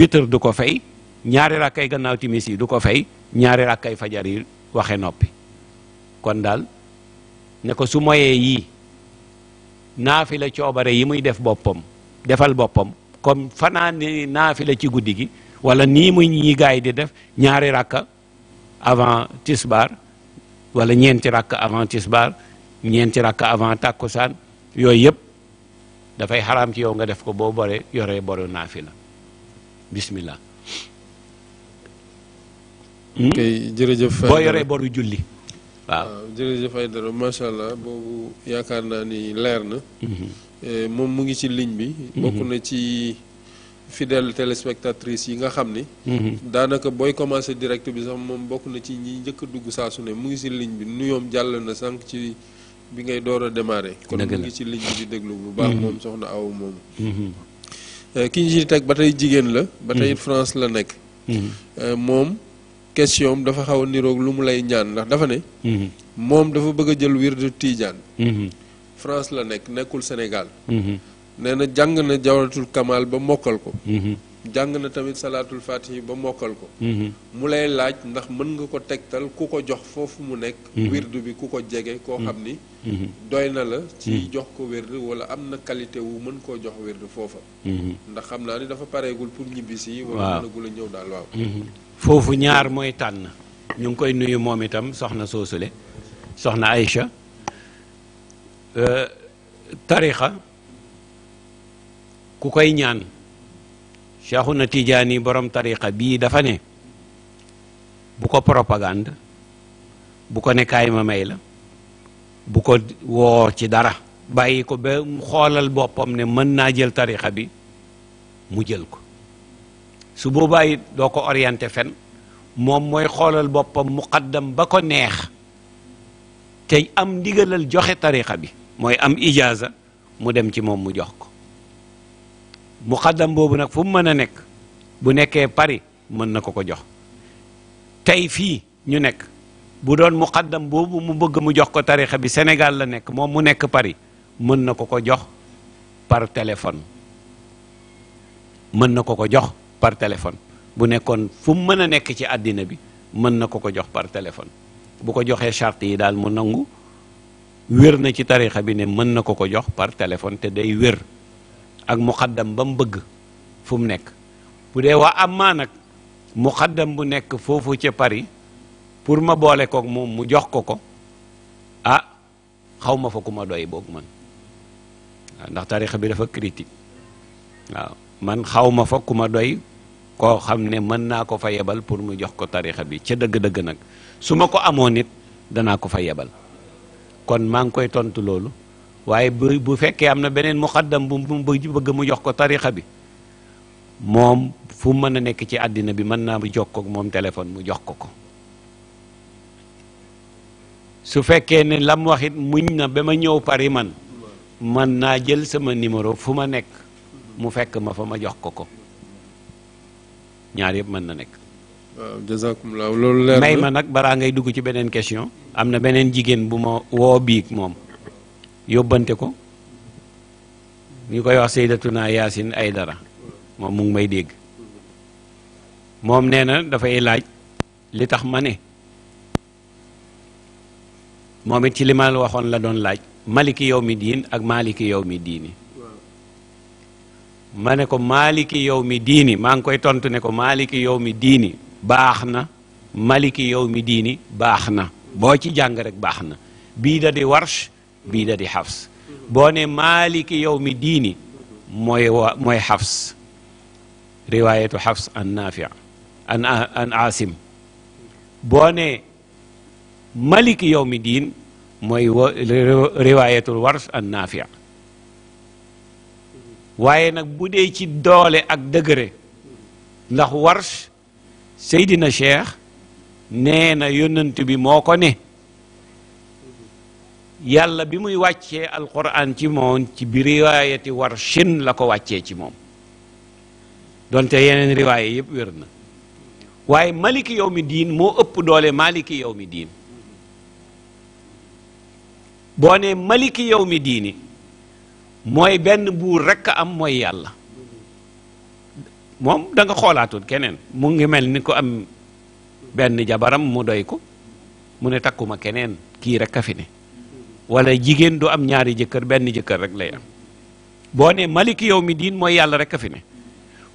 witr du ko fay ñaari rakkay gannaaw timis yi du ko fay ñaari rakkay fajar yi waxe noppi kon daal ne ko su moyee yii naafila coobare yi muy def boppam defal boppam comme fanaan naafila ci guddi gi wala nii mu ñi gars yi di def ñaari rakka avant tisbaar wala ñeenti rakka avant tisbaar ñeenti rakka avant tàkkusaan yooyu yëpp dafay xaraam ci yow nga def ko boo bore yore boru naafila bismillah hmm? kay jërëjëf boo yoree boru julli waaw boobu yaakaar naa ni leer na mhm. Euh, moom mu ngi ci ligne bi. Mhm. bokk na ci fidèle téléspectatrice yi nga xam ni. Mhm. daanaka booy commencé direct bi sax moom bokk na ci ñi njëkk dugg saa ne mu ngi ci ligne bi nuyoom jàll na sànq ci bi ngay door a démarrer. kon mu ngi ci ligne bi di déglu bu baax mhm. moom soxna aw moom. Euh, ki ñu ci teg ba tey jigéen la. ba tey France la nekk. Euh, moom question dafa xaw a niroog lu mu lay ñaan ndax dafa ne. moom dafa bëgg a jël wirdu Tiijaan. France la nekk nekkul Sénégal mhm. nee na jàng na jawaratul kamal ba mokkal ko mhm. jàng na tamit salaatul fatih ba mokkal ko mhm. mu lay laaj ndax mën nga ko tegtal ku ko jox foofu mu nekk wirdu bi ku ko jege koo xam ni doy na la ci jox ko wirdu wala am na qualité wu mën koo jox wirdu foofa ndax xam naa ni dafa pareegul pour ñibbisi wala mënagul a ñëw daal waaw foofu ñaar mooy tànn ñu ngi koy nuyu moom itam soxna soosule soxna Aïcha Euh, tarixa ku koy ñaan Cheikhuna Tijaani borom tarixa bii dafa ne bu ko propagande bu ko ne kaay ma may la bu ko woo ci dara bàyyi ko ba xoolal boppam ne mën naa jël tarixa bi mu jël ko su boobaa it doo ko orienté fen moom mooy xoolal boppam muqaddam ba ko neex te am ndigalal joxe tarixa bi mooy am ijaaza mu dem ci moom mu jox ko muqaddam boobu nag fu mu mën a nekk bu nekkee pari mën na ko ko jox tey fii ñu nekk bu doon muqaddam boobu mu bëgg mu jox ko tarixa bi senegal la nekk moom mu nekk pari mën na ko ko jox par téléphone mën na ko ko jox par téléphone bu nekkoon fu mu mën a nekk ci àddina bi mën na ko ko jox par téléphone bu ko joxee charte yi daal mu nangu wér na ci tarixa bi ne mën na ko ko jox par téléphone te day wér ak muqaddam ba mu bëgg fu mu nekk bu dee waa ammaa nag muqaddam bu nekk foofu ca Paris pour ma boole kook moom mu jox ko ko ah xaw ma fa ku ma doy boog man ndax tarixa bi dafa critique waaw man xaw ma ma doy koo xam ne mën naa ko fa yebal pour mu jox ko tarixa bi ca dëgg-dëgg nag su ma ko amoon nit danaa ko fa yebal kon maa ngi koy tontu loolu waaye bu bu fekkee am na beneen muqaddam bu mu bëgg mu jox ko tarixa bi moom fu mën a nekk ci àddina bi mën naa jokkook moom téléphone mu jox ko ko su fekkee ne lam waxit muñ na ba ma ñëw Paris man mën naa jël sama numéro fu ma nekk mu fekk ma fa ma jox ko ko ñaar yëpp mën na nekk waaw jazakumullah loolu may ma nag baraa ngay dugg ci beneen question am na beneen jigéen bu ma woo biig moom yóbbante ko ñu koy wax Seydatuna Yaasin Aydara moom mu ngi may dégg moom nee na dafay laaj li tax ma ne moom ci li ma waxoon la doon laaj maliki yow mi diin ak maliki yow mi diini ma ne ko maliki yow mi diini maa ngi koy tontu ne ko maliki yow mi diini baax na maliki yow mi diini baax na boo ci jàng rek baax na bii da di warsh bii da di xafs boo ne maliki yow mi diini mooy wa mooy xafs riwaayatu xafs an naafi an an asim boo ne maliki yow mi diin mooy riwaayatul warsh an naafi waaye nag bu dee ci doole ak dëgëre ndax warsh Seydina Cheikh nee na yonent bi moo ko ne yàlla bi muy wàccee alquran ci moom ci bi riwaayati Warshin la ko wàccee ci moom donte yeneen riwaaye yëpp wér na waaye maliki yow diin moo ëpp doole maliki yow mi diin boo ne maliki yow mi diini mooy benn buur rekk a am mooy yàlla moom da nga xoolaatoon keneen mu ngi mel ni ko am benn jabaram mu doy ko mu ne takkuma keneen kii rek a fi ne wala jigéen du am ñaari jëkkër benn jëkkër rek lay am boo ne maliki yow mi diin mooy yàlla rek a fi ne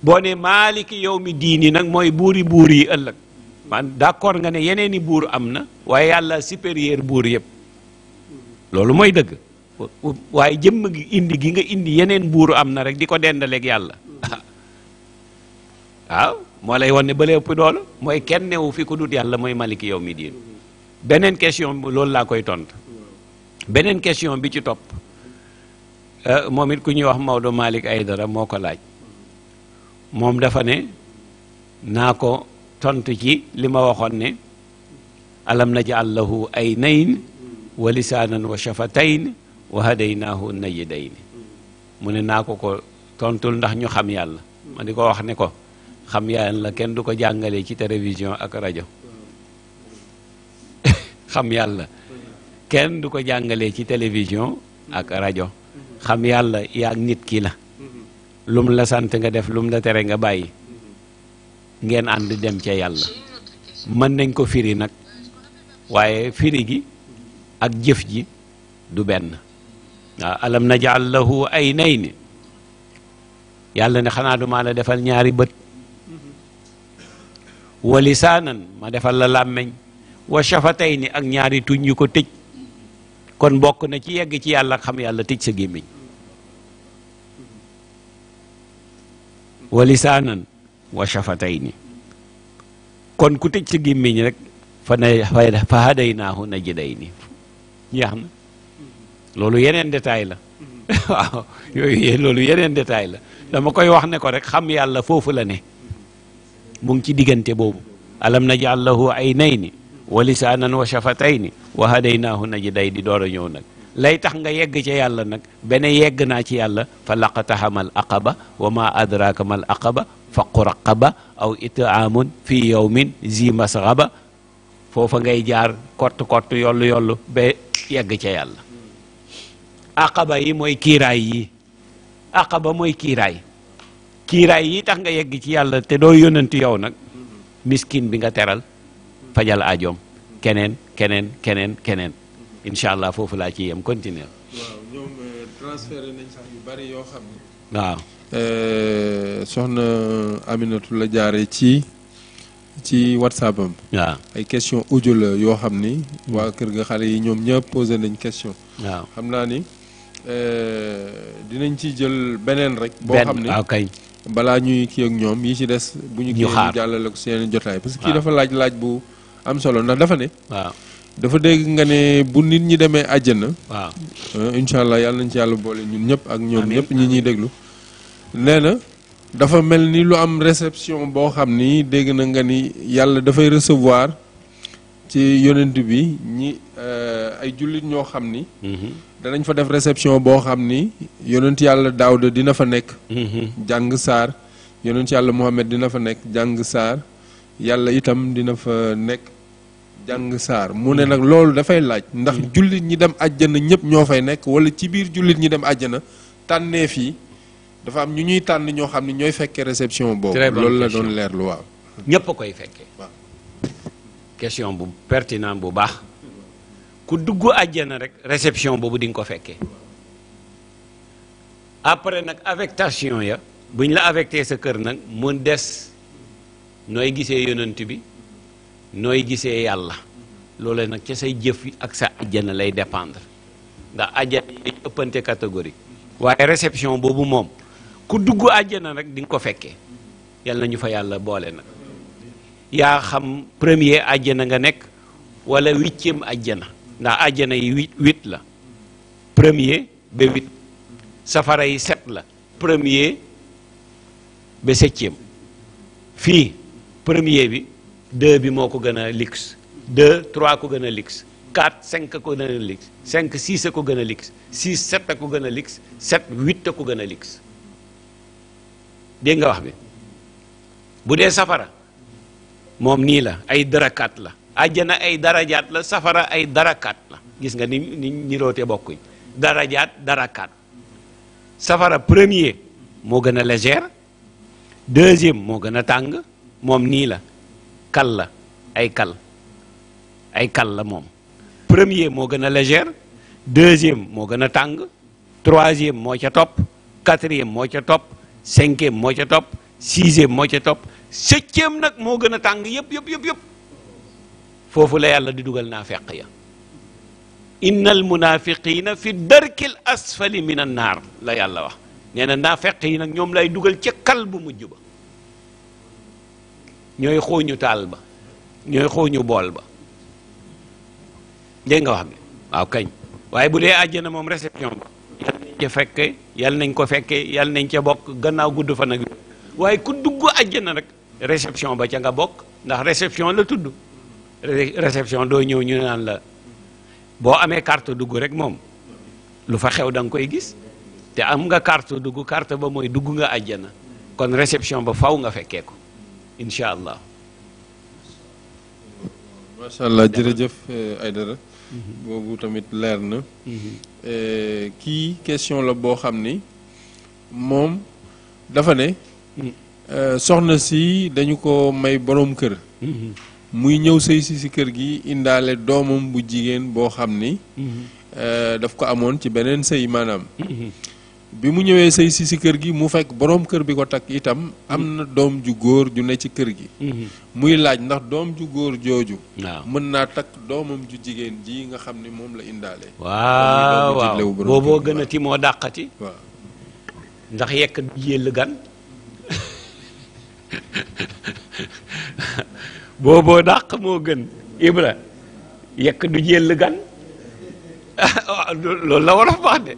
boo ne maliki yow mi diin yi nag mooy buuri buur yi ëllëg man d'accord nga ne yeneeni buur am na waaye yàlla supérieur buur yépp loolu mooy dëgg waaye jëmm gi indi gi nga indi yeneen buur am na rek di ko dendaleek yàlla waaw moo lay wone ne ba doolu mooy kenn newu fi ku dut yàlla mooy malik yow mi diin beneen question loolu laa koy tontu beneen question bi ci topp euh, moom it ku ñuy wax Maodo ay dara moo ko laaj moom dafa ne naa ko tontu ci li ma waxoon ne alam naj'al lahu aynayn wa lisaanan wa shafatayn wa hadaynaahu najidayn mu ne naa ko ko tontul ndax ñu xam yàlla ma di ko wax ne ko xam yàlla la kenn du ko jàngalee ci télévision ak rajo xam yàlla kenn du ko jàngalee ci télévision ak rajo xam yàlla yaa nit ki la lum la sant nga def lum la tere nga bàyyi ngeen ànd dem ca yàlla mën nañ ko firi nag waaye firi gi ak jëf ji du benn waaw alam najal lahu aynayni yàlla ne xanaa duma la defal ñaari bët wa lisaanan ma defal la làmmeñ wa ni ak ñaari tuñ yu ko tëj kon bokk na ci yegg ci yàlla xam yàlla tëj sa gémmiñ wa lisaanan wa kon ku tëj sa gémmiñ rek fa na fa hadaynaahu najdayni jeex na loolu yeneen détail la waaw loolu yeneen détail la dama koy wax ne ko rek xam yàlla foofu la ne mu ci diggante boobu alam najal lahu aynayni wa lisaanan wa shafatayni wa naji day di door a ñëw nag lay tax nga yegg ca yàlla nag bene yegg naa ci yàlla fa laqatahamal aqaba wa ma adraka mal aqaba faqu raqaba aw itaamun fi yawmin zi masghaba foofa ngay jaar kott kott yollu yollu ba yegg ca yàlla aqaba yi mooy kiiraay yi aqaba mooy kiiraay kiiraay yi tax nga yegg ci yàlla te doo yónnantu yow nag miskin bi nga teral fajal ajoom keneen keneen keneen keneen incha allah foofu laa ci yem continuer euh, bari yoo xam ne euh, soxna Aminatu la jaare ci ci whatsapp am ay question audio la yoo xam ni waa kër nga xale yi ñoom ñëpp posé nañ question waaw xam naa ni euh, dinañ ci jël beneen rek boo xam ni balaa ñuy kii ak ñoom yi ci des. bu ñu kii ñu jàllale ko seen jotaay. parce que kii dafa laaj laaj bu am solo ndax dafa ne. dafa dégg nga ne bu nit ñi demee àjjana. waaw euh, incha allah yàlla nañ ci yàlla boole ñun ñëpp ak ñoom ñëpp ñi ñuy déglu. nee na dafa mel ni lu am réception boo xam ni dégg na nga ni yàlla dafay recevoir ci yonent bi ñi euh, ay jullit ñoo xam ni. Mm-hmm. danañ fa def réception boo xam ni yonent yàlla Daawda dina fa nekk mhm. jàng saar yonent yàlla Muhammad dina fa nekk jàng saar yàlla itam dina fa nekk jàng saar mu ne nag loolu dafay laaj ndax mhm. jullit ñi dem àjjana ñëpp ñoo fay nekk wala ci biir jullit ñi dem àjjana tànneef fii dafa am ñu ñuy tànn ñoo xam ne ñooy fekkee réception boobu loolu la doon leer lu waaw ñëpp koy fekkee question bu pertinent bu baax ku dugg àjjana rek réception boobu di nga ko fekkee après nag affectation ya bu ñu la affecté sa kër nag mu des nooy gisee yonent bi nooy gisee yàlla loole nag ca say jëf ak sa àjjana lay dépendre ndax àjjana yi ëppante catégorie waaye réception boobu moom ku dugg àjjana rek di nga ko fekkee yàlla nañu fa yàlla boole nag yaa xam premier àjjana nga nekk wala huitième àjjana ndax àjjana yi huit huit la premier ba huit safara yi sept la premier ba septième fii premier bi deux bi moo ko gën a luxe deux trois ko gën a lix quatre cinq ko gën a luxe cinq six ko gën a luxe six sept ko gën a luxe sept huit ko gën a luxe dénga wax bi bu dee safara moom nii la ay dërakaat la àjjana ay darajaat la safara ay darakaat la gis nga ni ni ñiroote bokkuñ darajaat darakaat safara premier moo gën a leger deuxième moo gën a tàng moom nii la kal la ay kal ay kal la moom premier moo gën a légère deuxième moo gën a tàng troisième moo ca topp quatrième moo ca topp cinquième moo ca topp sixième moo ca topp septième nag moo gën a tàng yëpp yëpp yëpp yëpp foofu la yàlla di dugal naafeq ya inna al munafiqina fi darki l asfali min an naar la yàlla wax nee na naafeq yi nag ñoom lay dugal ca kal bu mujj ba ñooy xooñu taal ba ñooy xooñu bool ba dégg nga wax bi waaw kañ waaye bu dee àjjana moom réception ba yal nañ ca fekke yal nañ ko fekke yal nañ ca bokk gannaaw gudd fa nag waaye ku dugg àjjana rek réception ba ca nga bokk ndax réception la tudd réception doo ñëw ñu naan la boo amee carte dugg rek moom lu fa xew da nga koy gis te am nga carte dugg carte ba mooy dugg nga àjjana kon réception ba faw nga fekkee ko incha allah. macha allah jërëjëf eh, Aydara boobu tamit leer na eh, kii question la boo xam ni moom dafa ne mm-hmm. eh, soxna si dañu ko may boroom kër mm-hmm. muy ñëw sëy si si kër gi indaale doomam bu jigéen boo xam ni mhm. euh, daf ko amoon ci beneen sëy maanaam mhm. bi mu ñëwee sëy si si kër gi mu fekk boroom kër bi ko takk itam am na doom ju góor ju ne ci kër gi mhm. muy laaj ndax doom ju góor jooju mën naa takk doomam ju jigéen ji nga xam ni moom la indaale waaw waaw booboo gën a ti moo dàqati ndax yekk du yëll gan booboo dàq moo gën ibra yekk du jël gan loolu la wolof wax de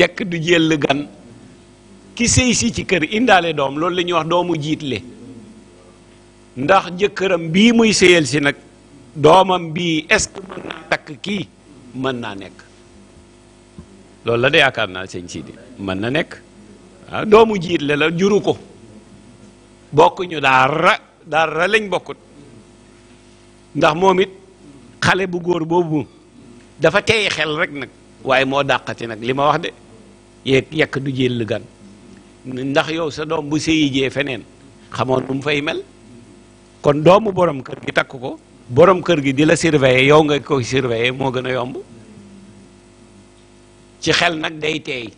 yekk du jël gan ki sëy si ci kër indaale doom loolu lañuy wax doomu jiitle ndax jëkkëram bii muy sëyal si nag doomam bii est-ce mën naa takk kii mën naa nekk loolu la de yaakaar naa sëñ Sidi mën na nekk ah, doomu jiitle la juru ko bokkuñu dara dara lañ bokkut ndax moom it xale bu góor boobu dafa teey xel rek nag waaye moo dàqati nag li ma wax de yeeg yekk du jël gan ndax yow sa doom bu sëyi jee feneen xamoon nu mu fay mel kon doomu boroom kër gi takk ko borom kër gi di la surveiller yow nga koy surveiller moo gën a yomb ci xel nag day teey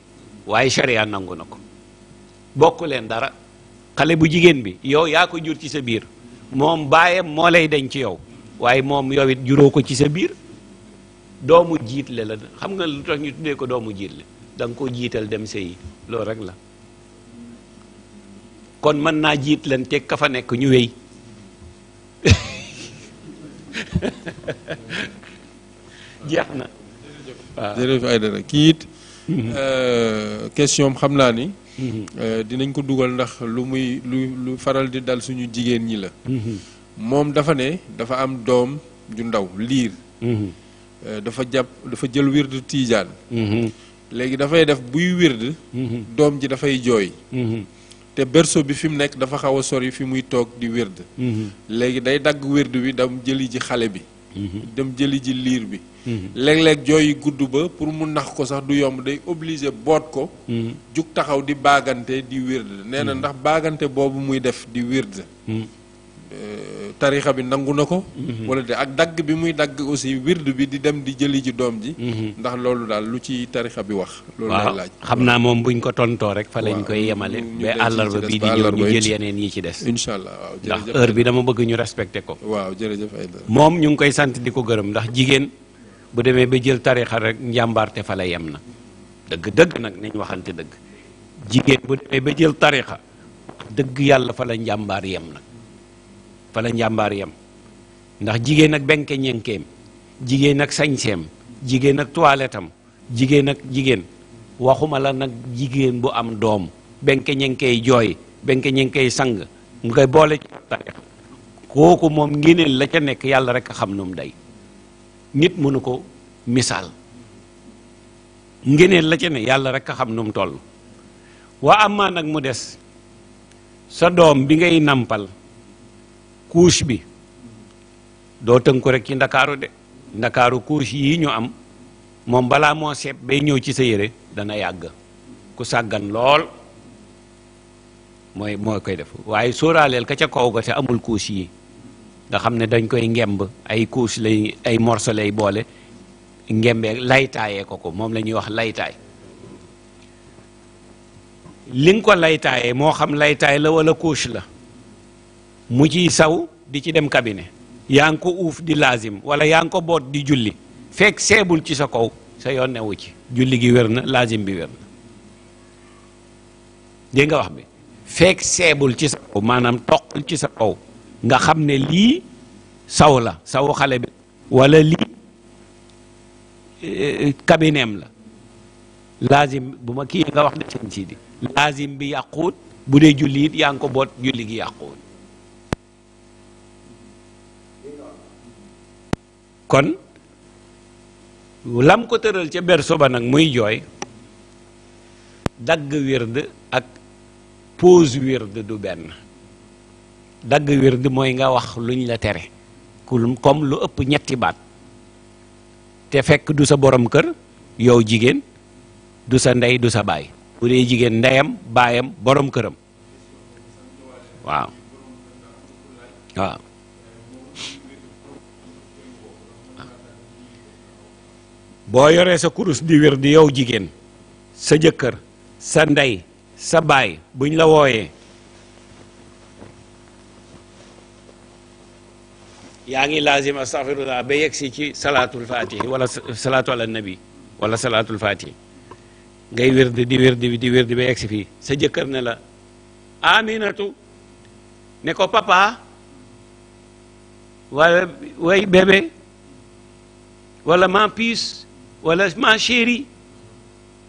waaye sharia nangu na ko bokk leen dara xale bu jigéen bi yow yaa ko jur ci sa biir moom baayam moo lay deñ ci yow waaye moom yowit it ko ci sa biir doomu jiitle la xam nga lu tax ñu tuddee ko doomu jiitle danga nga ko jiital dem sëyi loolu rek la kon mën naa jiit leen ka fa nekk ñu wéy jeex na waaw jërëjëf Aïdara kii it mhm. euh, question am xam naa ni mhm. euh, dinañ ko dugal ndax lu muy lu lu faral di dal suñu jigéen ñi la mhm. moom dafa ne dafa am doom ju ndaw liir mhm. euh, dafa jàpp dafa jël wirdu tiijaan mhm. léegi dafay def buy wird mhm. doom ji dafay jooy te berceau bi fi mu nekk dafa xaw a sori fi muy toog di wird léegi day dagg wird wi dam jëli ji xale bi dem jëli ji liir bi léeg-léeg jooy yi gudd ba pour mu nax ko sax du yomb day obligé boot ko jug taxaw di baagante di wird nee na ndax baagante boobu muy def di wird Euh, tarixa bi nangu na ko mhm. wala de ak dagg bi muy dagg aussi wird bi di dem di jëli ji doom ji mhm. ndax loolu daal lu ci tarixa bi wax loolu lay laaj xam naa moom bu buñ ko tontoo rek fa lañ koy yemale ba àllarba bi di ñëw ñu jël yeneen yi ci des incha allah ndax heure bi dama bëgg ñu respecté ko waaw jërëjëf moom ñu ngi koy sant di ko gërëm ndax jigéen bu demee ba jël tarixa rek njàmbaarte fa la yem na dëgg dëgg nag nañ waxante dëgg jigéen bu demee ba jël tarixa dëgg yàlla fa la njàmbaar yem nag fa njàmbaar yam ndax jigéen ak benke ñenkeem jigéen ak sañseem jigéen ak toilettam jigéen ak jigéen waxuma la nag jigéen bu am doom benke ñenkey jooy benke ñenkey sang mu koy boole kooku moom ngéneel la ca nekk yàlla rek a xam nu day nit mënu ko misaal ngéneel la ca ne yàlla rek a xam nu mu waa am maa nag mu des sa doom bi ngay nàmpal couche bi doo tënku rek ci ndakaaru de ndakaaru couche yii ñu am moom balaa moo seeb bay ñëw ci sa yére dana yàgg ku sàggan lool mooy moo koy def waaye sóoraaleel ka ca kaw ga te amul couche yi nga xam ne dañ koy ngemb ay couche lay ay morceau lay boole ngembee laytaayee ko ko moom la ñuy wax laytaay li ko laytaayee moo xam laytaay la walla couche la mu ciy saw di ci dem cabinet yaa ngi ko uuf di laazim wala yaa ngi ko boot di julli fekk seebul ci sa kaw sa yoon newu ci julli gi wér na laazim bi wér na dégg nga wax bi fekk seebul ci sa kaw maanaam toqul ci sa kaw nga xam ne lii saw la sawu xale bi wala lii kabineem e, la laazim bu ma kii nga wax de seen siidi laazim bi yàquut bu dee julli it yaa ngi ko boot julli gi yàquut kon lam ko tëral ca berso ba nag muy jooy dagg wird ak pause wird du benn dagg wird mooy nga wax luñ la tere kulum comme lu ëpp ñetti baat te fekk du sa boroom kër yow jigéen du sa ndey du sa baay bu dee jigéen ndeyam baayam boroom këram waaw waaw boo yoree sa kurus di wér di yow jigéen sa jëkkër sa ndey sa baay buñ la wooyee yaa ngi laazim astaghfirullah ba yegg si ci salaatul fatihi wala salaatu ala nabi wala salaatul fatihi ngay wér di di wér di di wér sa jëkkër na la aminatu ne ko papa wala way bébé wala ma piis wala ma chérie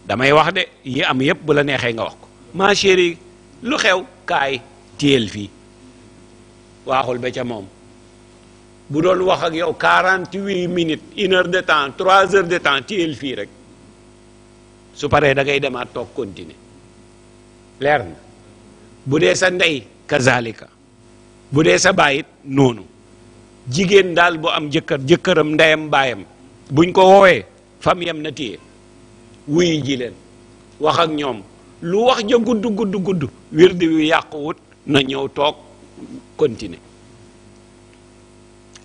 damay wax de yi am yëpp bu la neexee nga wax ko ma chérie lu xew kaay téyel fii waaxul ba ca moom bu doon wax ak yow 48 minutes une heure de temps trois heures de temps téyel fii rek su paree da ngay demaat toog continuer leer na bu dee sa ndey kazalika bu dee sa baayit noonu jigéen daal bu am jëkkër jëkkëram ndeyam baayam buñ ko woowee fam yam na téye wuyu ji leen wax ak ñoom lu wax ja gudd gudd gudd wird wi yàquwut na ñëw toog continuer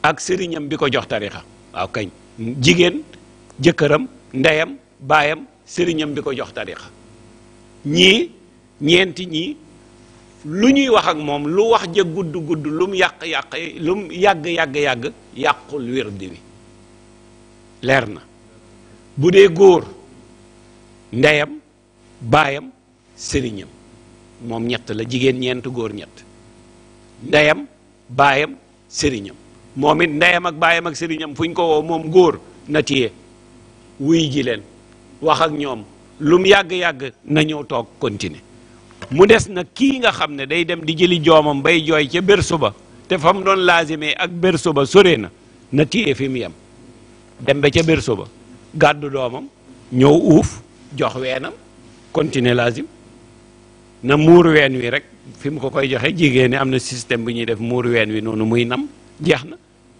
ak sëriñam bi ko jox tarixa waaw kañ jigéen jëkkëram ndeyam baayam sëriñam bi ko jox tarixa ñii ñeenti ñii lu ñuy wax ak moom lu wax ja gudd gudd lu yàq yàq lu yàgg yàgg yàgg yàqul wird wi leer na bu dee góor ndeyam baayam sëriñam moom ñett la jigéen ñeent góor ñett ndeyam baayam sëriñam moom it ndeyam ak baayam ak sëriñam fu ñu ko woo moom góor na wuy ji leen wax ak ñoom lum yàgg-yàgg na ñëw toog continuer mu des na kii nga xam ne day dem di jëli joomam bay jooy ca berso ba te fa mu doon laazimee ak berso ba sore na na fi mu yem dem ba ca berso ba gàddu doomam ñëw uuf jox weenam continuer lazim na muur ween wi rek fi mu ko koy joxe jigéen ñi am na système bu ñuy def muur ween wi noonu muy nam jeex na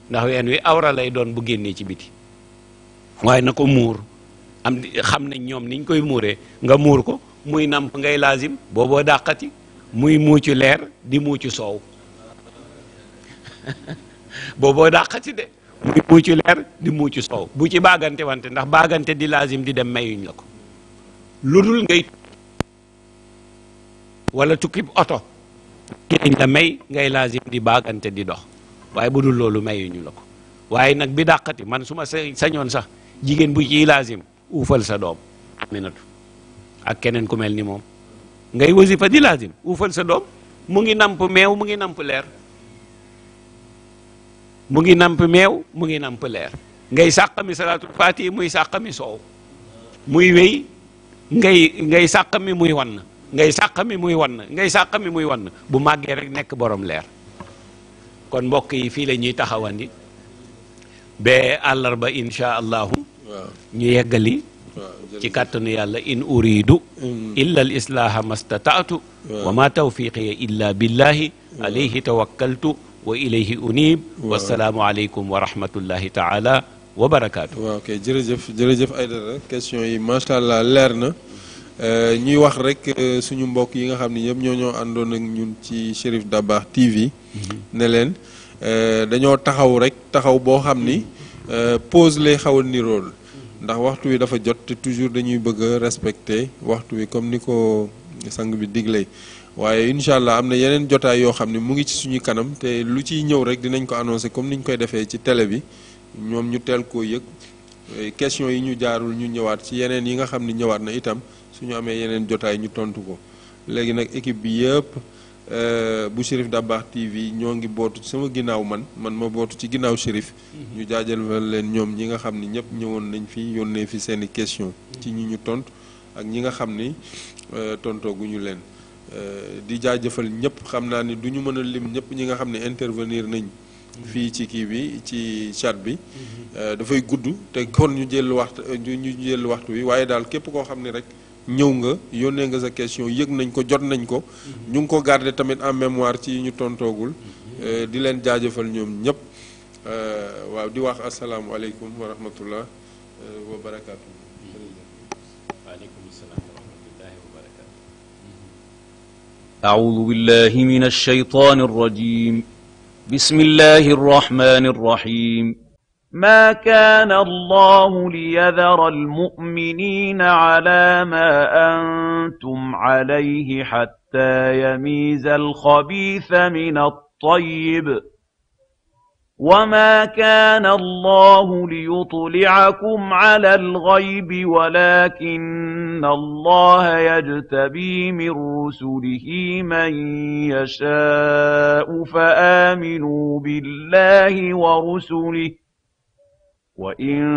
ndax ween wi awra doon bu génnee ci biti waaye na ko muur xam na ñoom niñ koy muuree nga muur ko muy namp ngay lazim booboo dàqati muy muucu leer di muucu soow booboo dàqati de muy muucu leer di muucu soow bu ci baagante wante ndax baagante di laazim di dem mayuñ la ko lu dul ngay wala tukkib oto géeñ la may ngay laazim di baagante di dox waaye bu dul loolu mayuñu la ko waaye nag bi dàqati man suma ma sañoon sax jigéen bu ciy laazim uufal sa doom aminatu ak keneen ku mel ni moom ngay wasifa di uufal sa doom mu ngi namp meew mu ngi namp leer mu ngi namp meew mu ngi namp leer ngay sàqami salaatul faati muy sàqami soow muy wéy ngay ngay sàqami muy wann ngay sàqami muy wann ngay sàqami muy wann bu màggee rek nekk borom leer kon mbokk yi fii la ñuy taxawandi ba àllarba insha allahu ñu yeggali ci kàttanu yàlla in uridu mm. illa al islaaha mastataatu wa ma tawfiqiya illa billahi alayhi tawakkaltu wa ilayhi unib wasalaamu wa rahmatullahi taala wa barakaatu. waaw kay jërëjëf jërëjëf Aïdara question yi macha allah leer na euh, ñuy wax rek euh, suñu mbokk yi nga xam ni ñëpp ñoo ñoo àndoon ak ñun ci Cherif Dabakh TV. Mhm. ne leen euh, dañoo taxaw rek taxaw boo xam ni pose lay xaw a nirool ndax waxtu wi dafa jot te toujours dañuy bëgg a waxtu wi comme ni ko sang bi digley waaye incha allah am na yeneen jotaay yoo xam ne mu ngi ci suñu kanam te lu ciy ñëw rek dinañ ko annoncé comme niñ koy defee ci tele bi ñoom ñu teel koo yëg eh, question yi ñu jaarul ñu ñëwaat ci yeneen yi nga xam ne ñëwaat na itam suñu amee yeneen jotaay ñu tontu ko léegi nag équipe bi yëpp eh, bu Chérif Dabakh TV ñoo ngi bootu sama ginnaaw man man ma bootu ci ginnaaw Chérif. Mm-hmm. ñu jaajëfal leen ñoom ñi nga xam ni ñëpp ñëwoon nañ fi yónnee fi seeni i question ci ñi ñu tontu ak ñi nga xam ni eh, tontooguñu leen. Euh, di jaajëfal ñëpp xam naa ni duñu ñu mën a lim ñëpp ñi nga xam ne intervenir nañ fii ci kii bi ci chat bi euh, dafay gudd te kon ñu jël waxtu ñu jël waxtu wi waaye daal képp koo xam ne rek ñëw nga yónnee nga sa question yëg nañ ko jot nañ ko mhm. ñu ngi ko garder tamit en mémoire ci ñu tontoogul mhm. euh, di leen jaajëfal ñoom ñëpp waaw di wax asalaamualeykum wa rahmatullah wa barakaatu. أعوذ بالله من الشيطان الرجيم بسم الله الرحمن الرحيم ما كان الله ليذر المؤمنين على ما أنتم عليه حتى يميز الخبيث من الطيب وما كان الله ليطلعكم على الغيب ولكن الله يجتبي من رسله من يشاء فآمنوا بالله ورسله وإن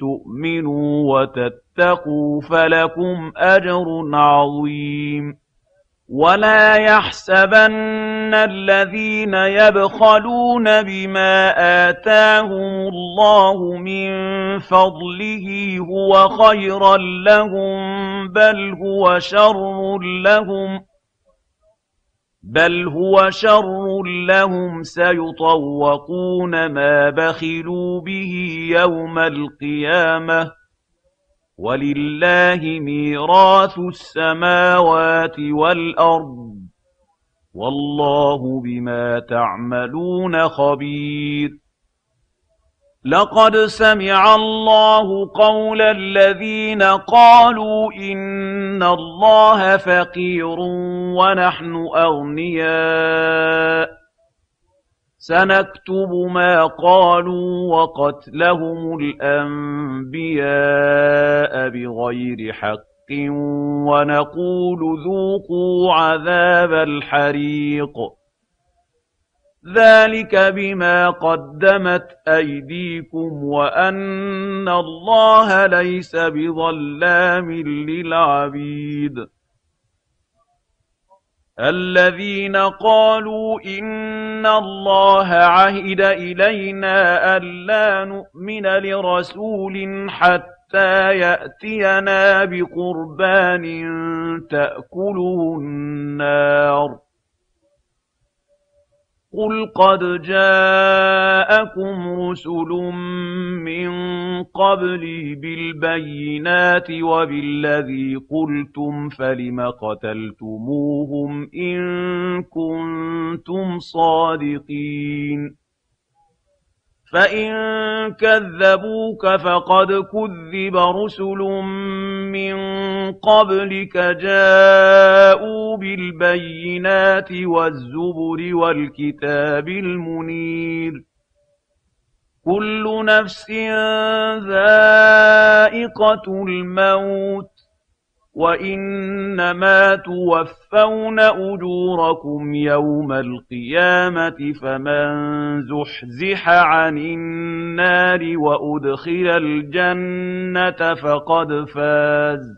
تؤمنوا وتتقوا فلكم أجر عظيم ولا يحسبن الذين يبخلون بما آتاهم الله من فضله هو خيرا لهم بل هو شر لهم بل هو شر لهم سيطوقون ما بخلوا به يوم القيامة ولله ميراث السماوات والأرض والله بما تعملون خبير لقد سمع الله قول الذين قالوا إن الله فقير ونحن أغنياء سنكتب ما قالوا وقتلهم الأنبياء بغير حق ونقول ذوقوا عذاب الحريق ذلك بما قدمت أيديكم وأن الله ليس بظلام للعبيد الذين قالوا إن الله عهد إلينا ألا نؤمن لرسول حتى يأتينا بقربان تأكله النار قل قد جاءكم رسل من قبلي بالبينات وبالذي قلتم فلم قتلتموهم إن كنتم صادقين فإن كذبوك فقد كذب رسل من قبلك جاءوا بالبينات والزبر والكتاب المنير كل نفس ذائقة الموت وإنما توفون أجوركم يوم القيامة فمن زحزح عن النار وأدخل الجنة فقد فاز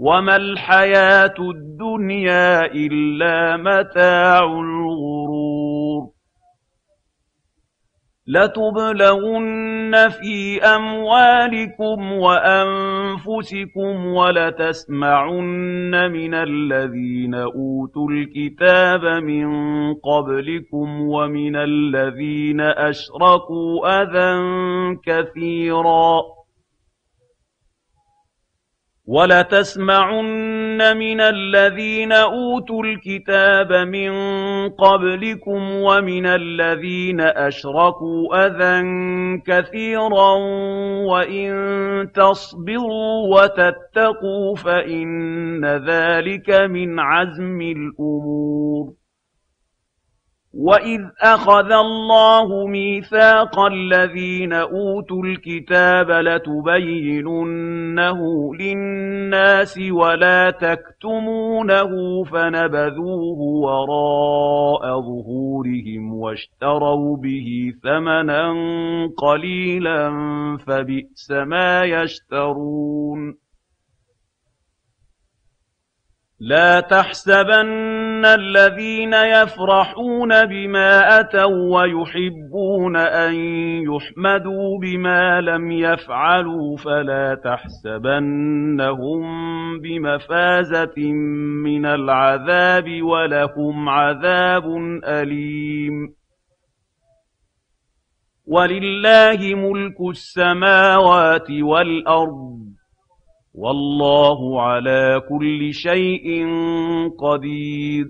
وما الحياة الدنيا إلا متاع الغرور لتبلغن في أموالكم وأنفسكم ولتسمعن من الذين أوتوا الكتاب من قبلكم ومن الذين أشركوا أذى كثيراً وَلَتَسْمَعُنَّ مِنَ الَّذِينَ أُوتُوا الْكِتَابَ مِنْ قَبْلِكُمْ وَمِنَ الَّذِينَ أَشْرَكُوا أَذًى كَثِيرًا وَإِنْ تَصْبِرُوا وَتَتَّقُوا فَإِنَّ ذَلِكَ مِنْ عَزْمِ الْأُمُورِ وَإِذْ أَخَذَ اللَّهُ مِيثَاقَ الَّذِينَ أُوتُوا الْكِتَابَ لَتُبَيِّنُنَّهُ لِلنَّاسِ وَلَا تَكْتُمُونَهُ فَنَبَذُوهُ وَرَاءَ ظُهُورِهِمْ وَاشْتَرَوْا بِهِ ثَمَنًا قَلِيلًا فَبِئْسَ مَا يَشْتَرُونَ لا تحسبن الذين يفرحون بما أتوا ويحبون أن يحمدوا بما لم يفعلوا فلا تحسبنهم بمفازة من العذاب ولهم عذاب أليم ولله ملك السماوات والأرض والله على كل شيء قدير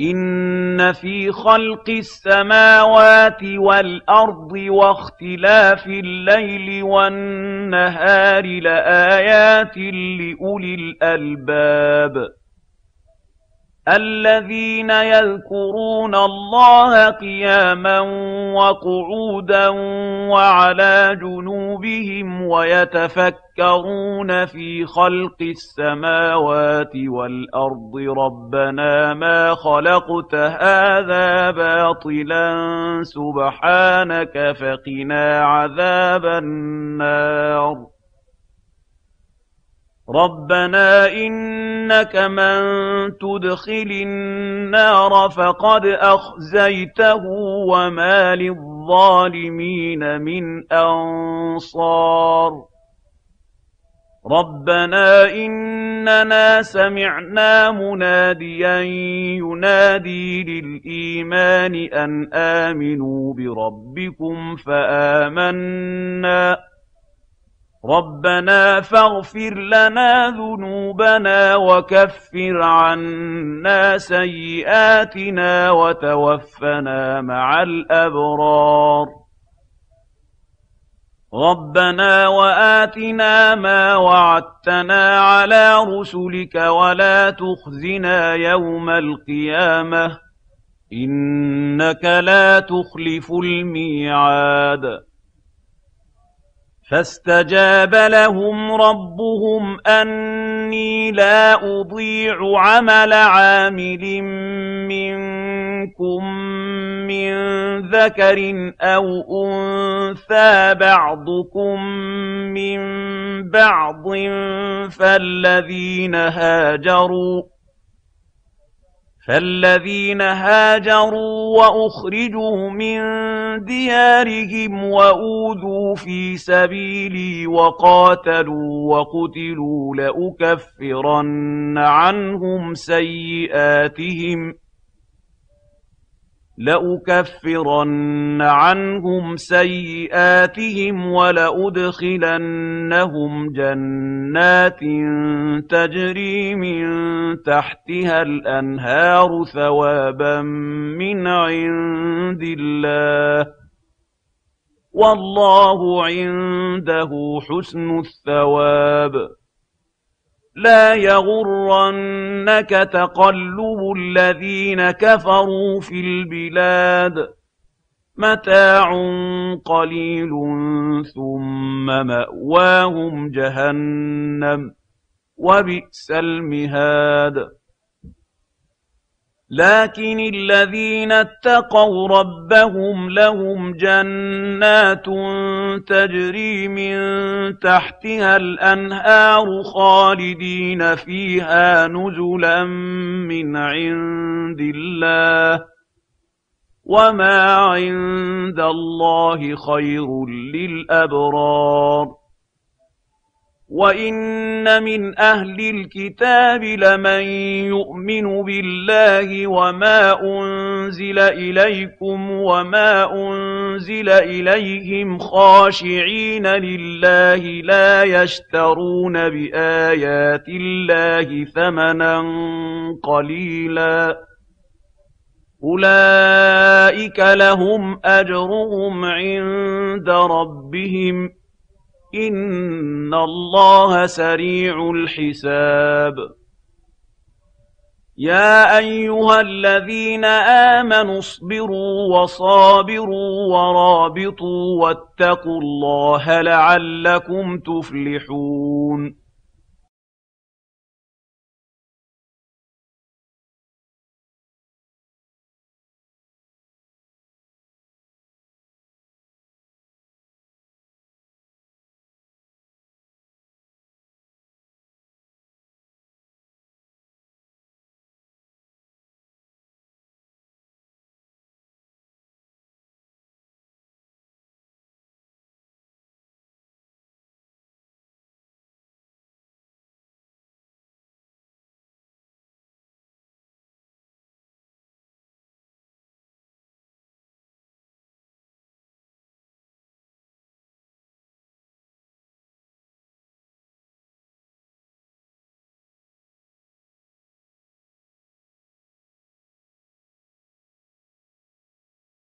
إن في خلق السماوات والأرض واختلاف الليل والنهار لآيات لأولي الألباب الذين يذكرون الله قياما وقعودا وعلى جنوبهم ويتفكرون في خلق السماوات والأرض ربنا ما خلقت هذا باطلا سبحانك فقنا عذاب النار ربنا إنك من تدخل النار فقد أخزيته وما للظالمين من أنصار ربنا إننا سمعنا مناديا ينادي للإيمان أن آمنوا بربكم فآمنا ربنا فاغفر لنا ذنوبنا وكفر عنا سيئاتنا وتوفنا مع الأبرار ربنا وآتنا ما وعدتنا على رسلك ولا تخزنا يوم القيامة إنك لا تخلف الميعاد فاستجاب لهم ربهم أني لا أضيع عمل عامل منكم من ذكر أو أنثى بعضكم من بعض فالذين هاجروا فالذين هاجروا وأخرجوا من ديارهم وأوذوا في سبيلي وقاتلوا وقتلوا لأكفرن عنهم سيئاتهم ۖ لأكفرن عنهم سيئاتهم ولأدخلنهم جنات تجري من تحتها الأنهار ثوابا من عند الله والله عنده حسن الثواب لا يغرنك تقلب الذين كفروا في البلاد متاع قليل ثم مأواهم جهنم وبئس المهاد لكن الذين اتقوا ربهم لهم جنات تجري من تحتها الأنهار خالدين فيها نزلا من عند الله وما عند الله خير للأبرار وَإِنَّ مِنْ أَهْلِ الْكِتَابِ لَمَنْ يُؤْمِنُ بِاللَّهِ وَمَا أُنْزِلَ إِلَيْكُمْ وَمَا أُنْزِلَ إِلَيْهِمْ خَاشِعِينَ لِلَّهِ لَا يَشْتَرُونَ بِآيَاتِ اللَّهِ ثَمَنًا قَلِيلًا أُولَئِكَ لَهُمْ أَجْرُهُمْ عِندَ رَبِّهِمْ إن الله سريع الحساب يا أيها الذين آمنوا اصبروا وصابروا ورابطوا واتقوا الله لعلكم تفلحون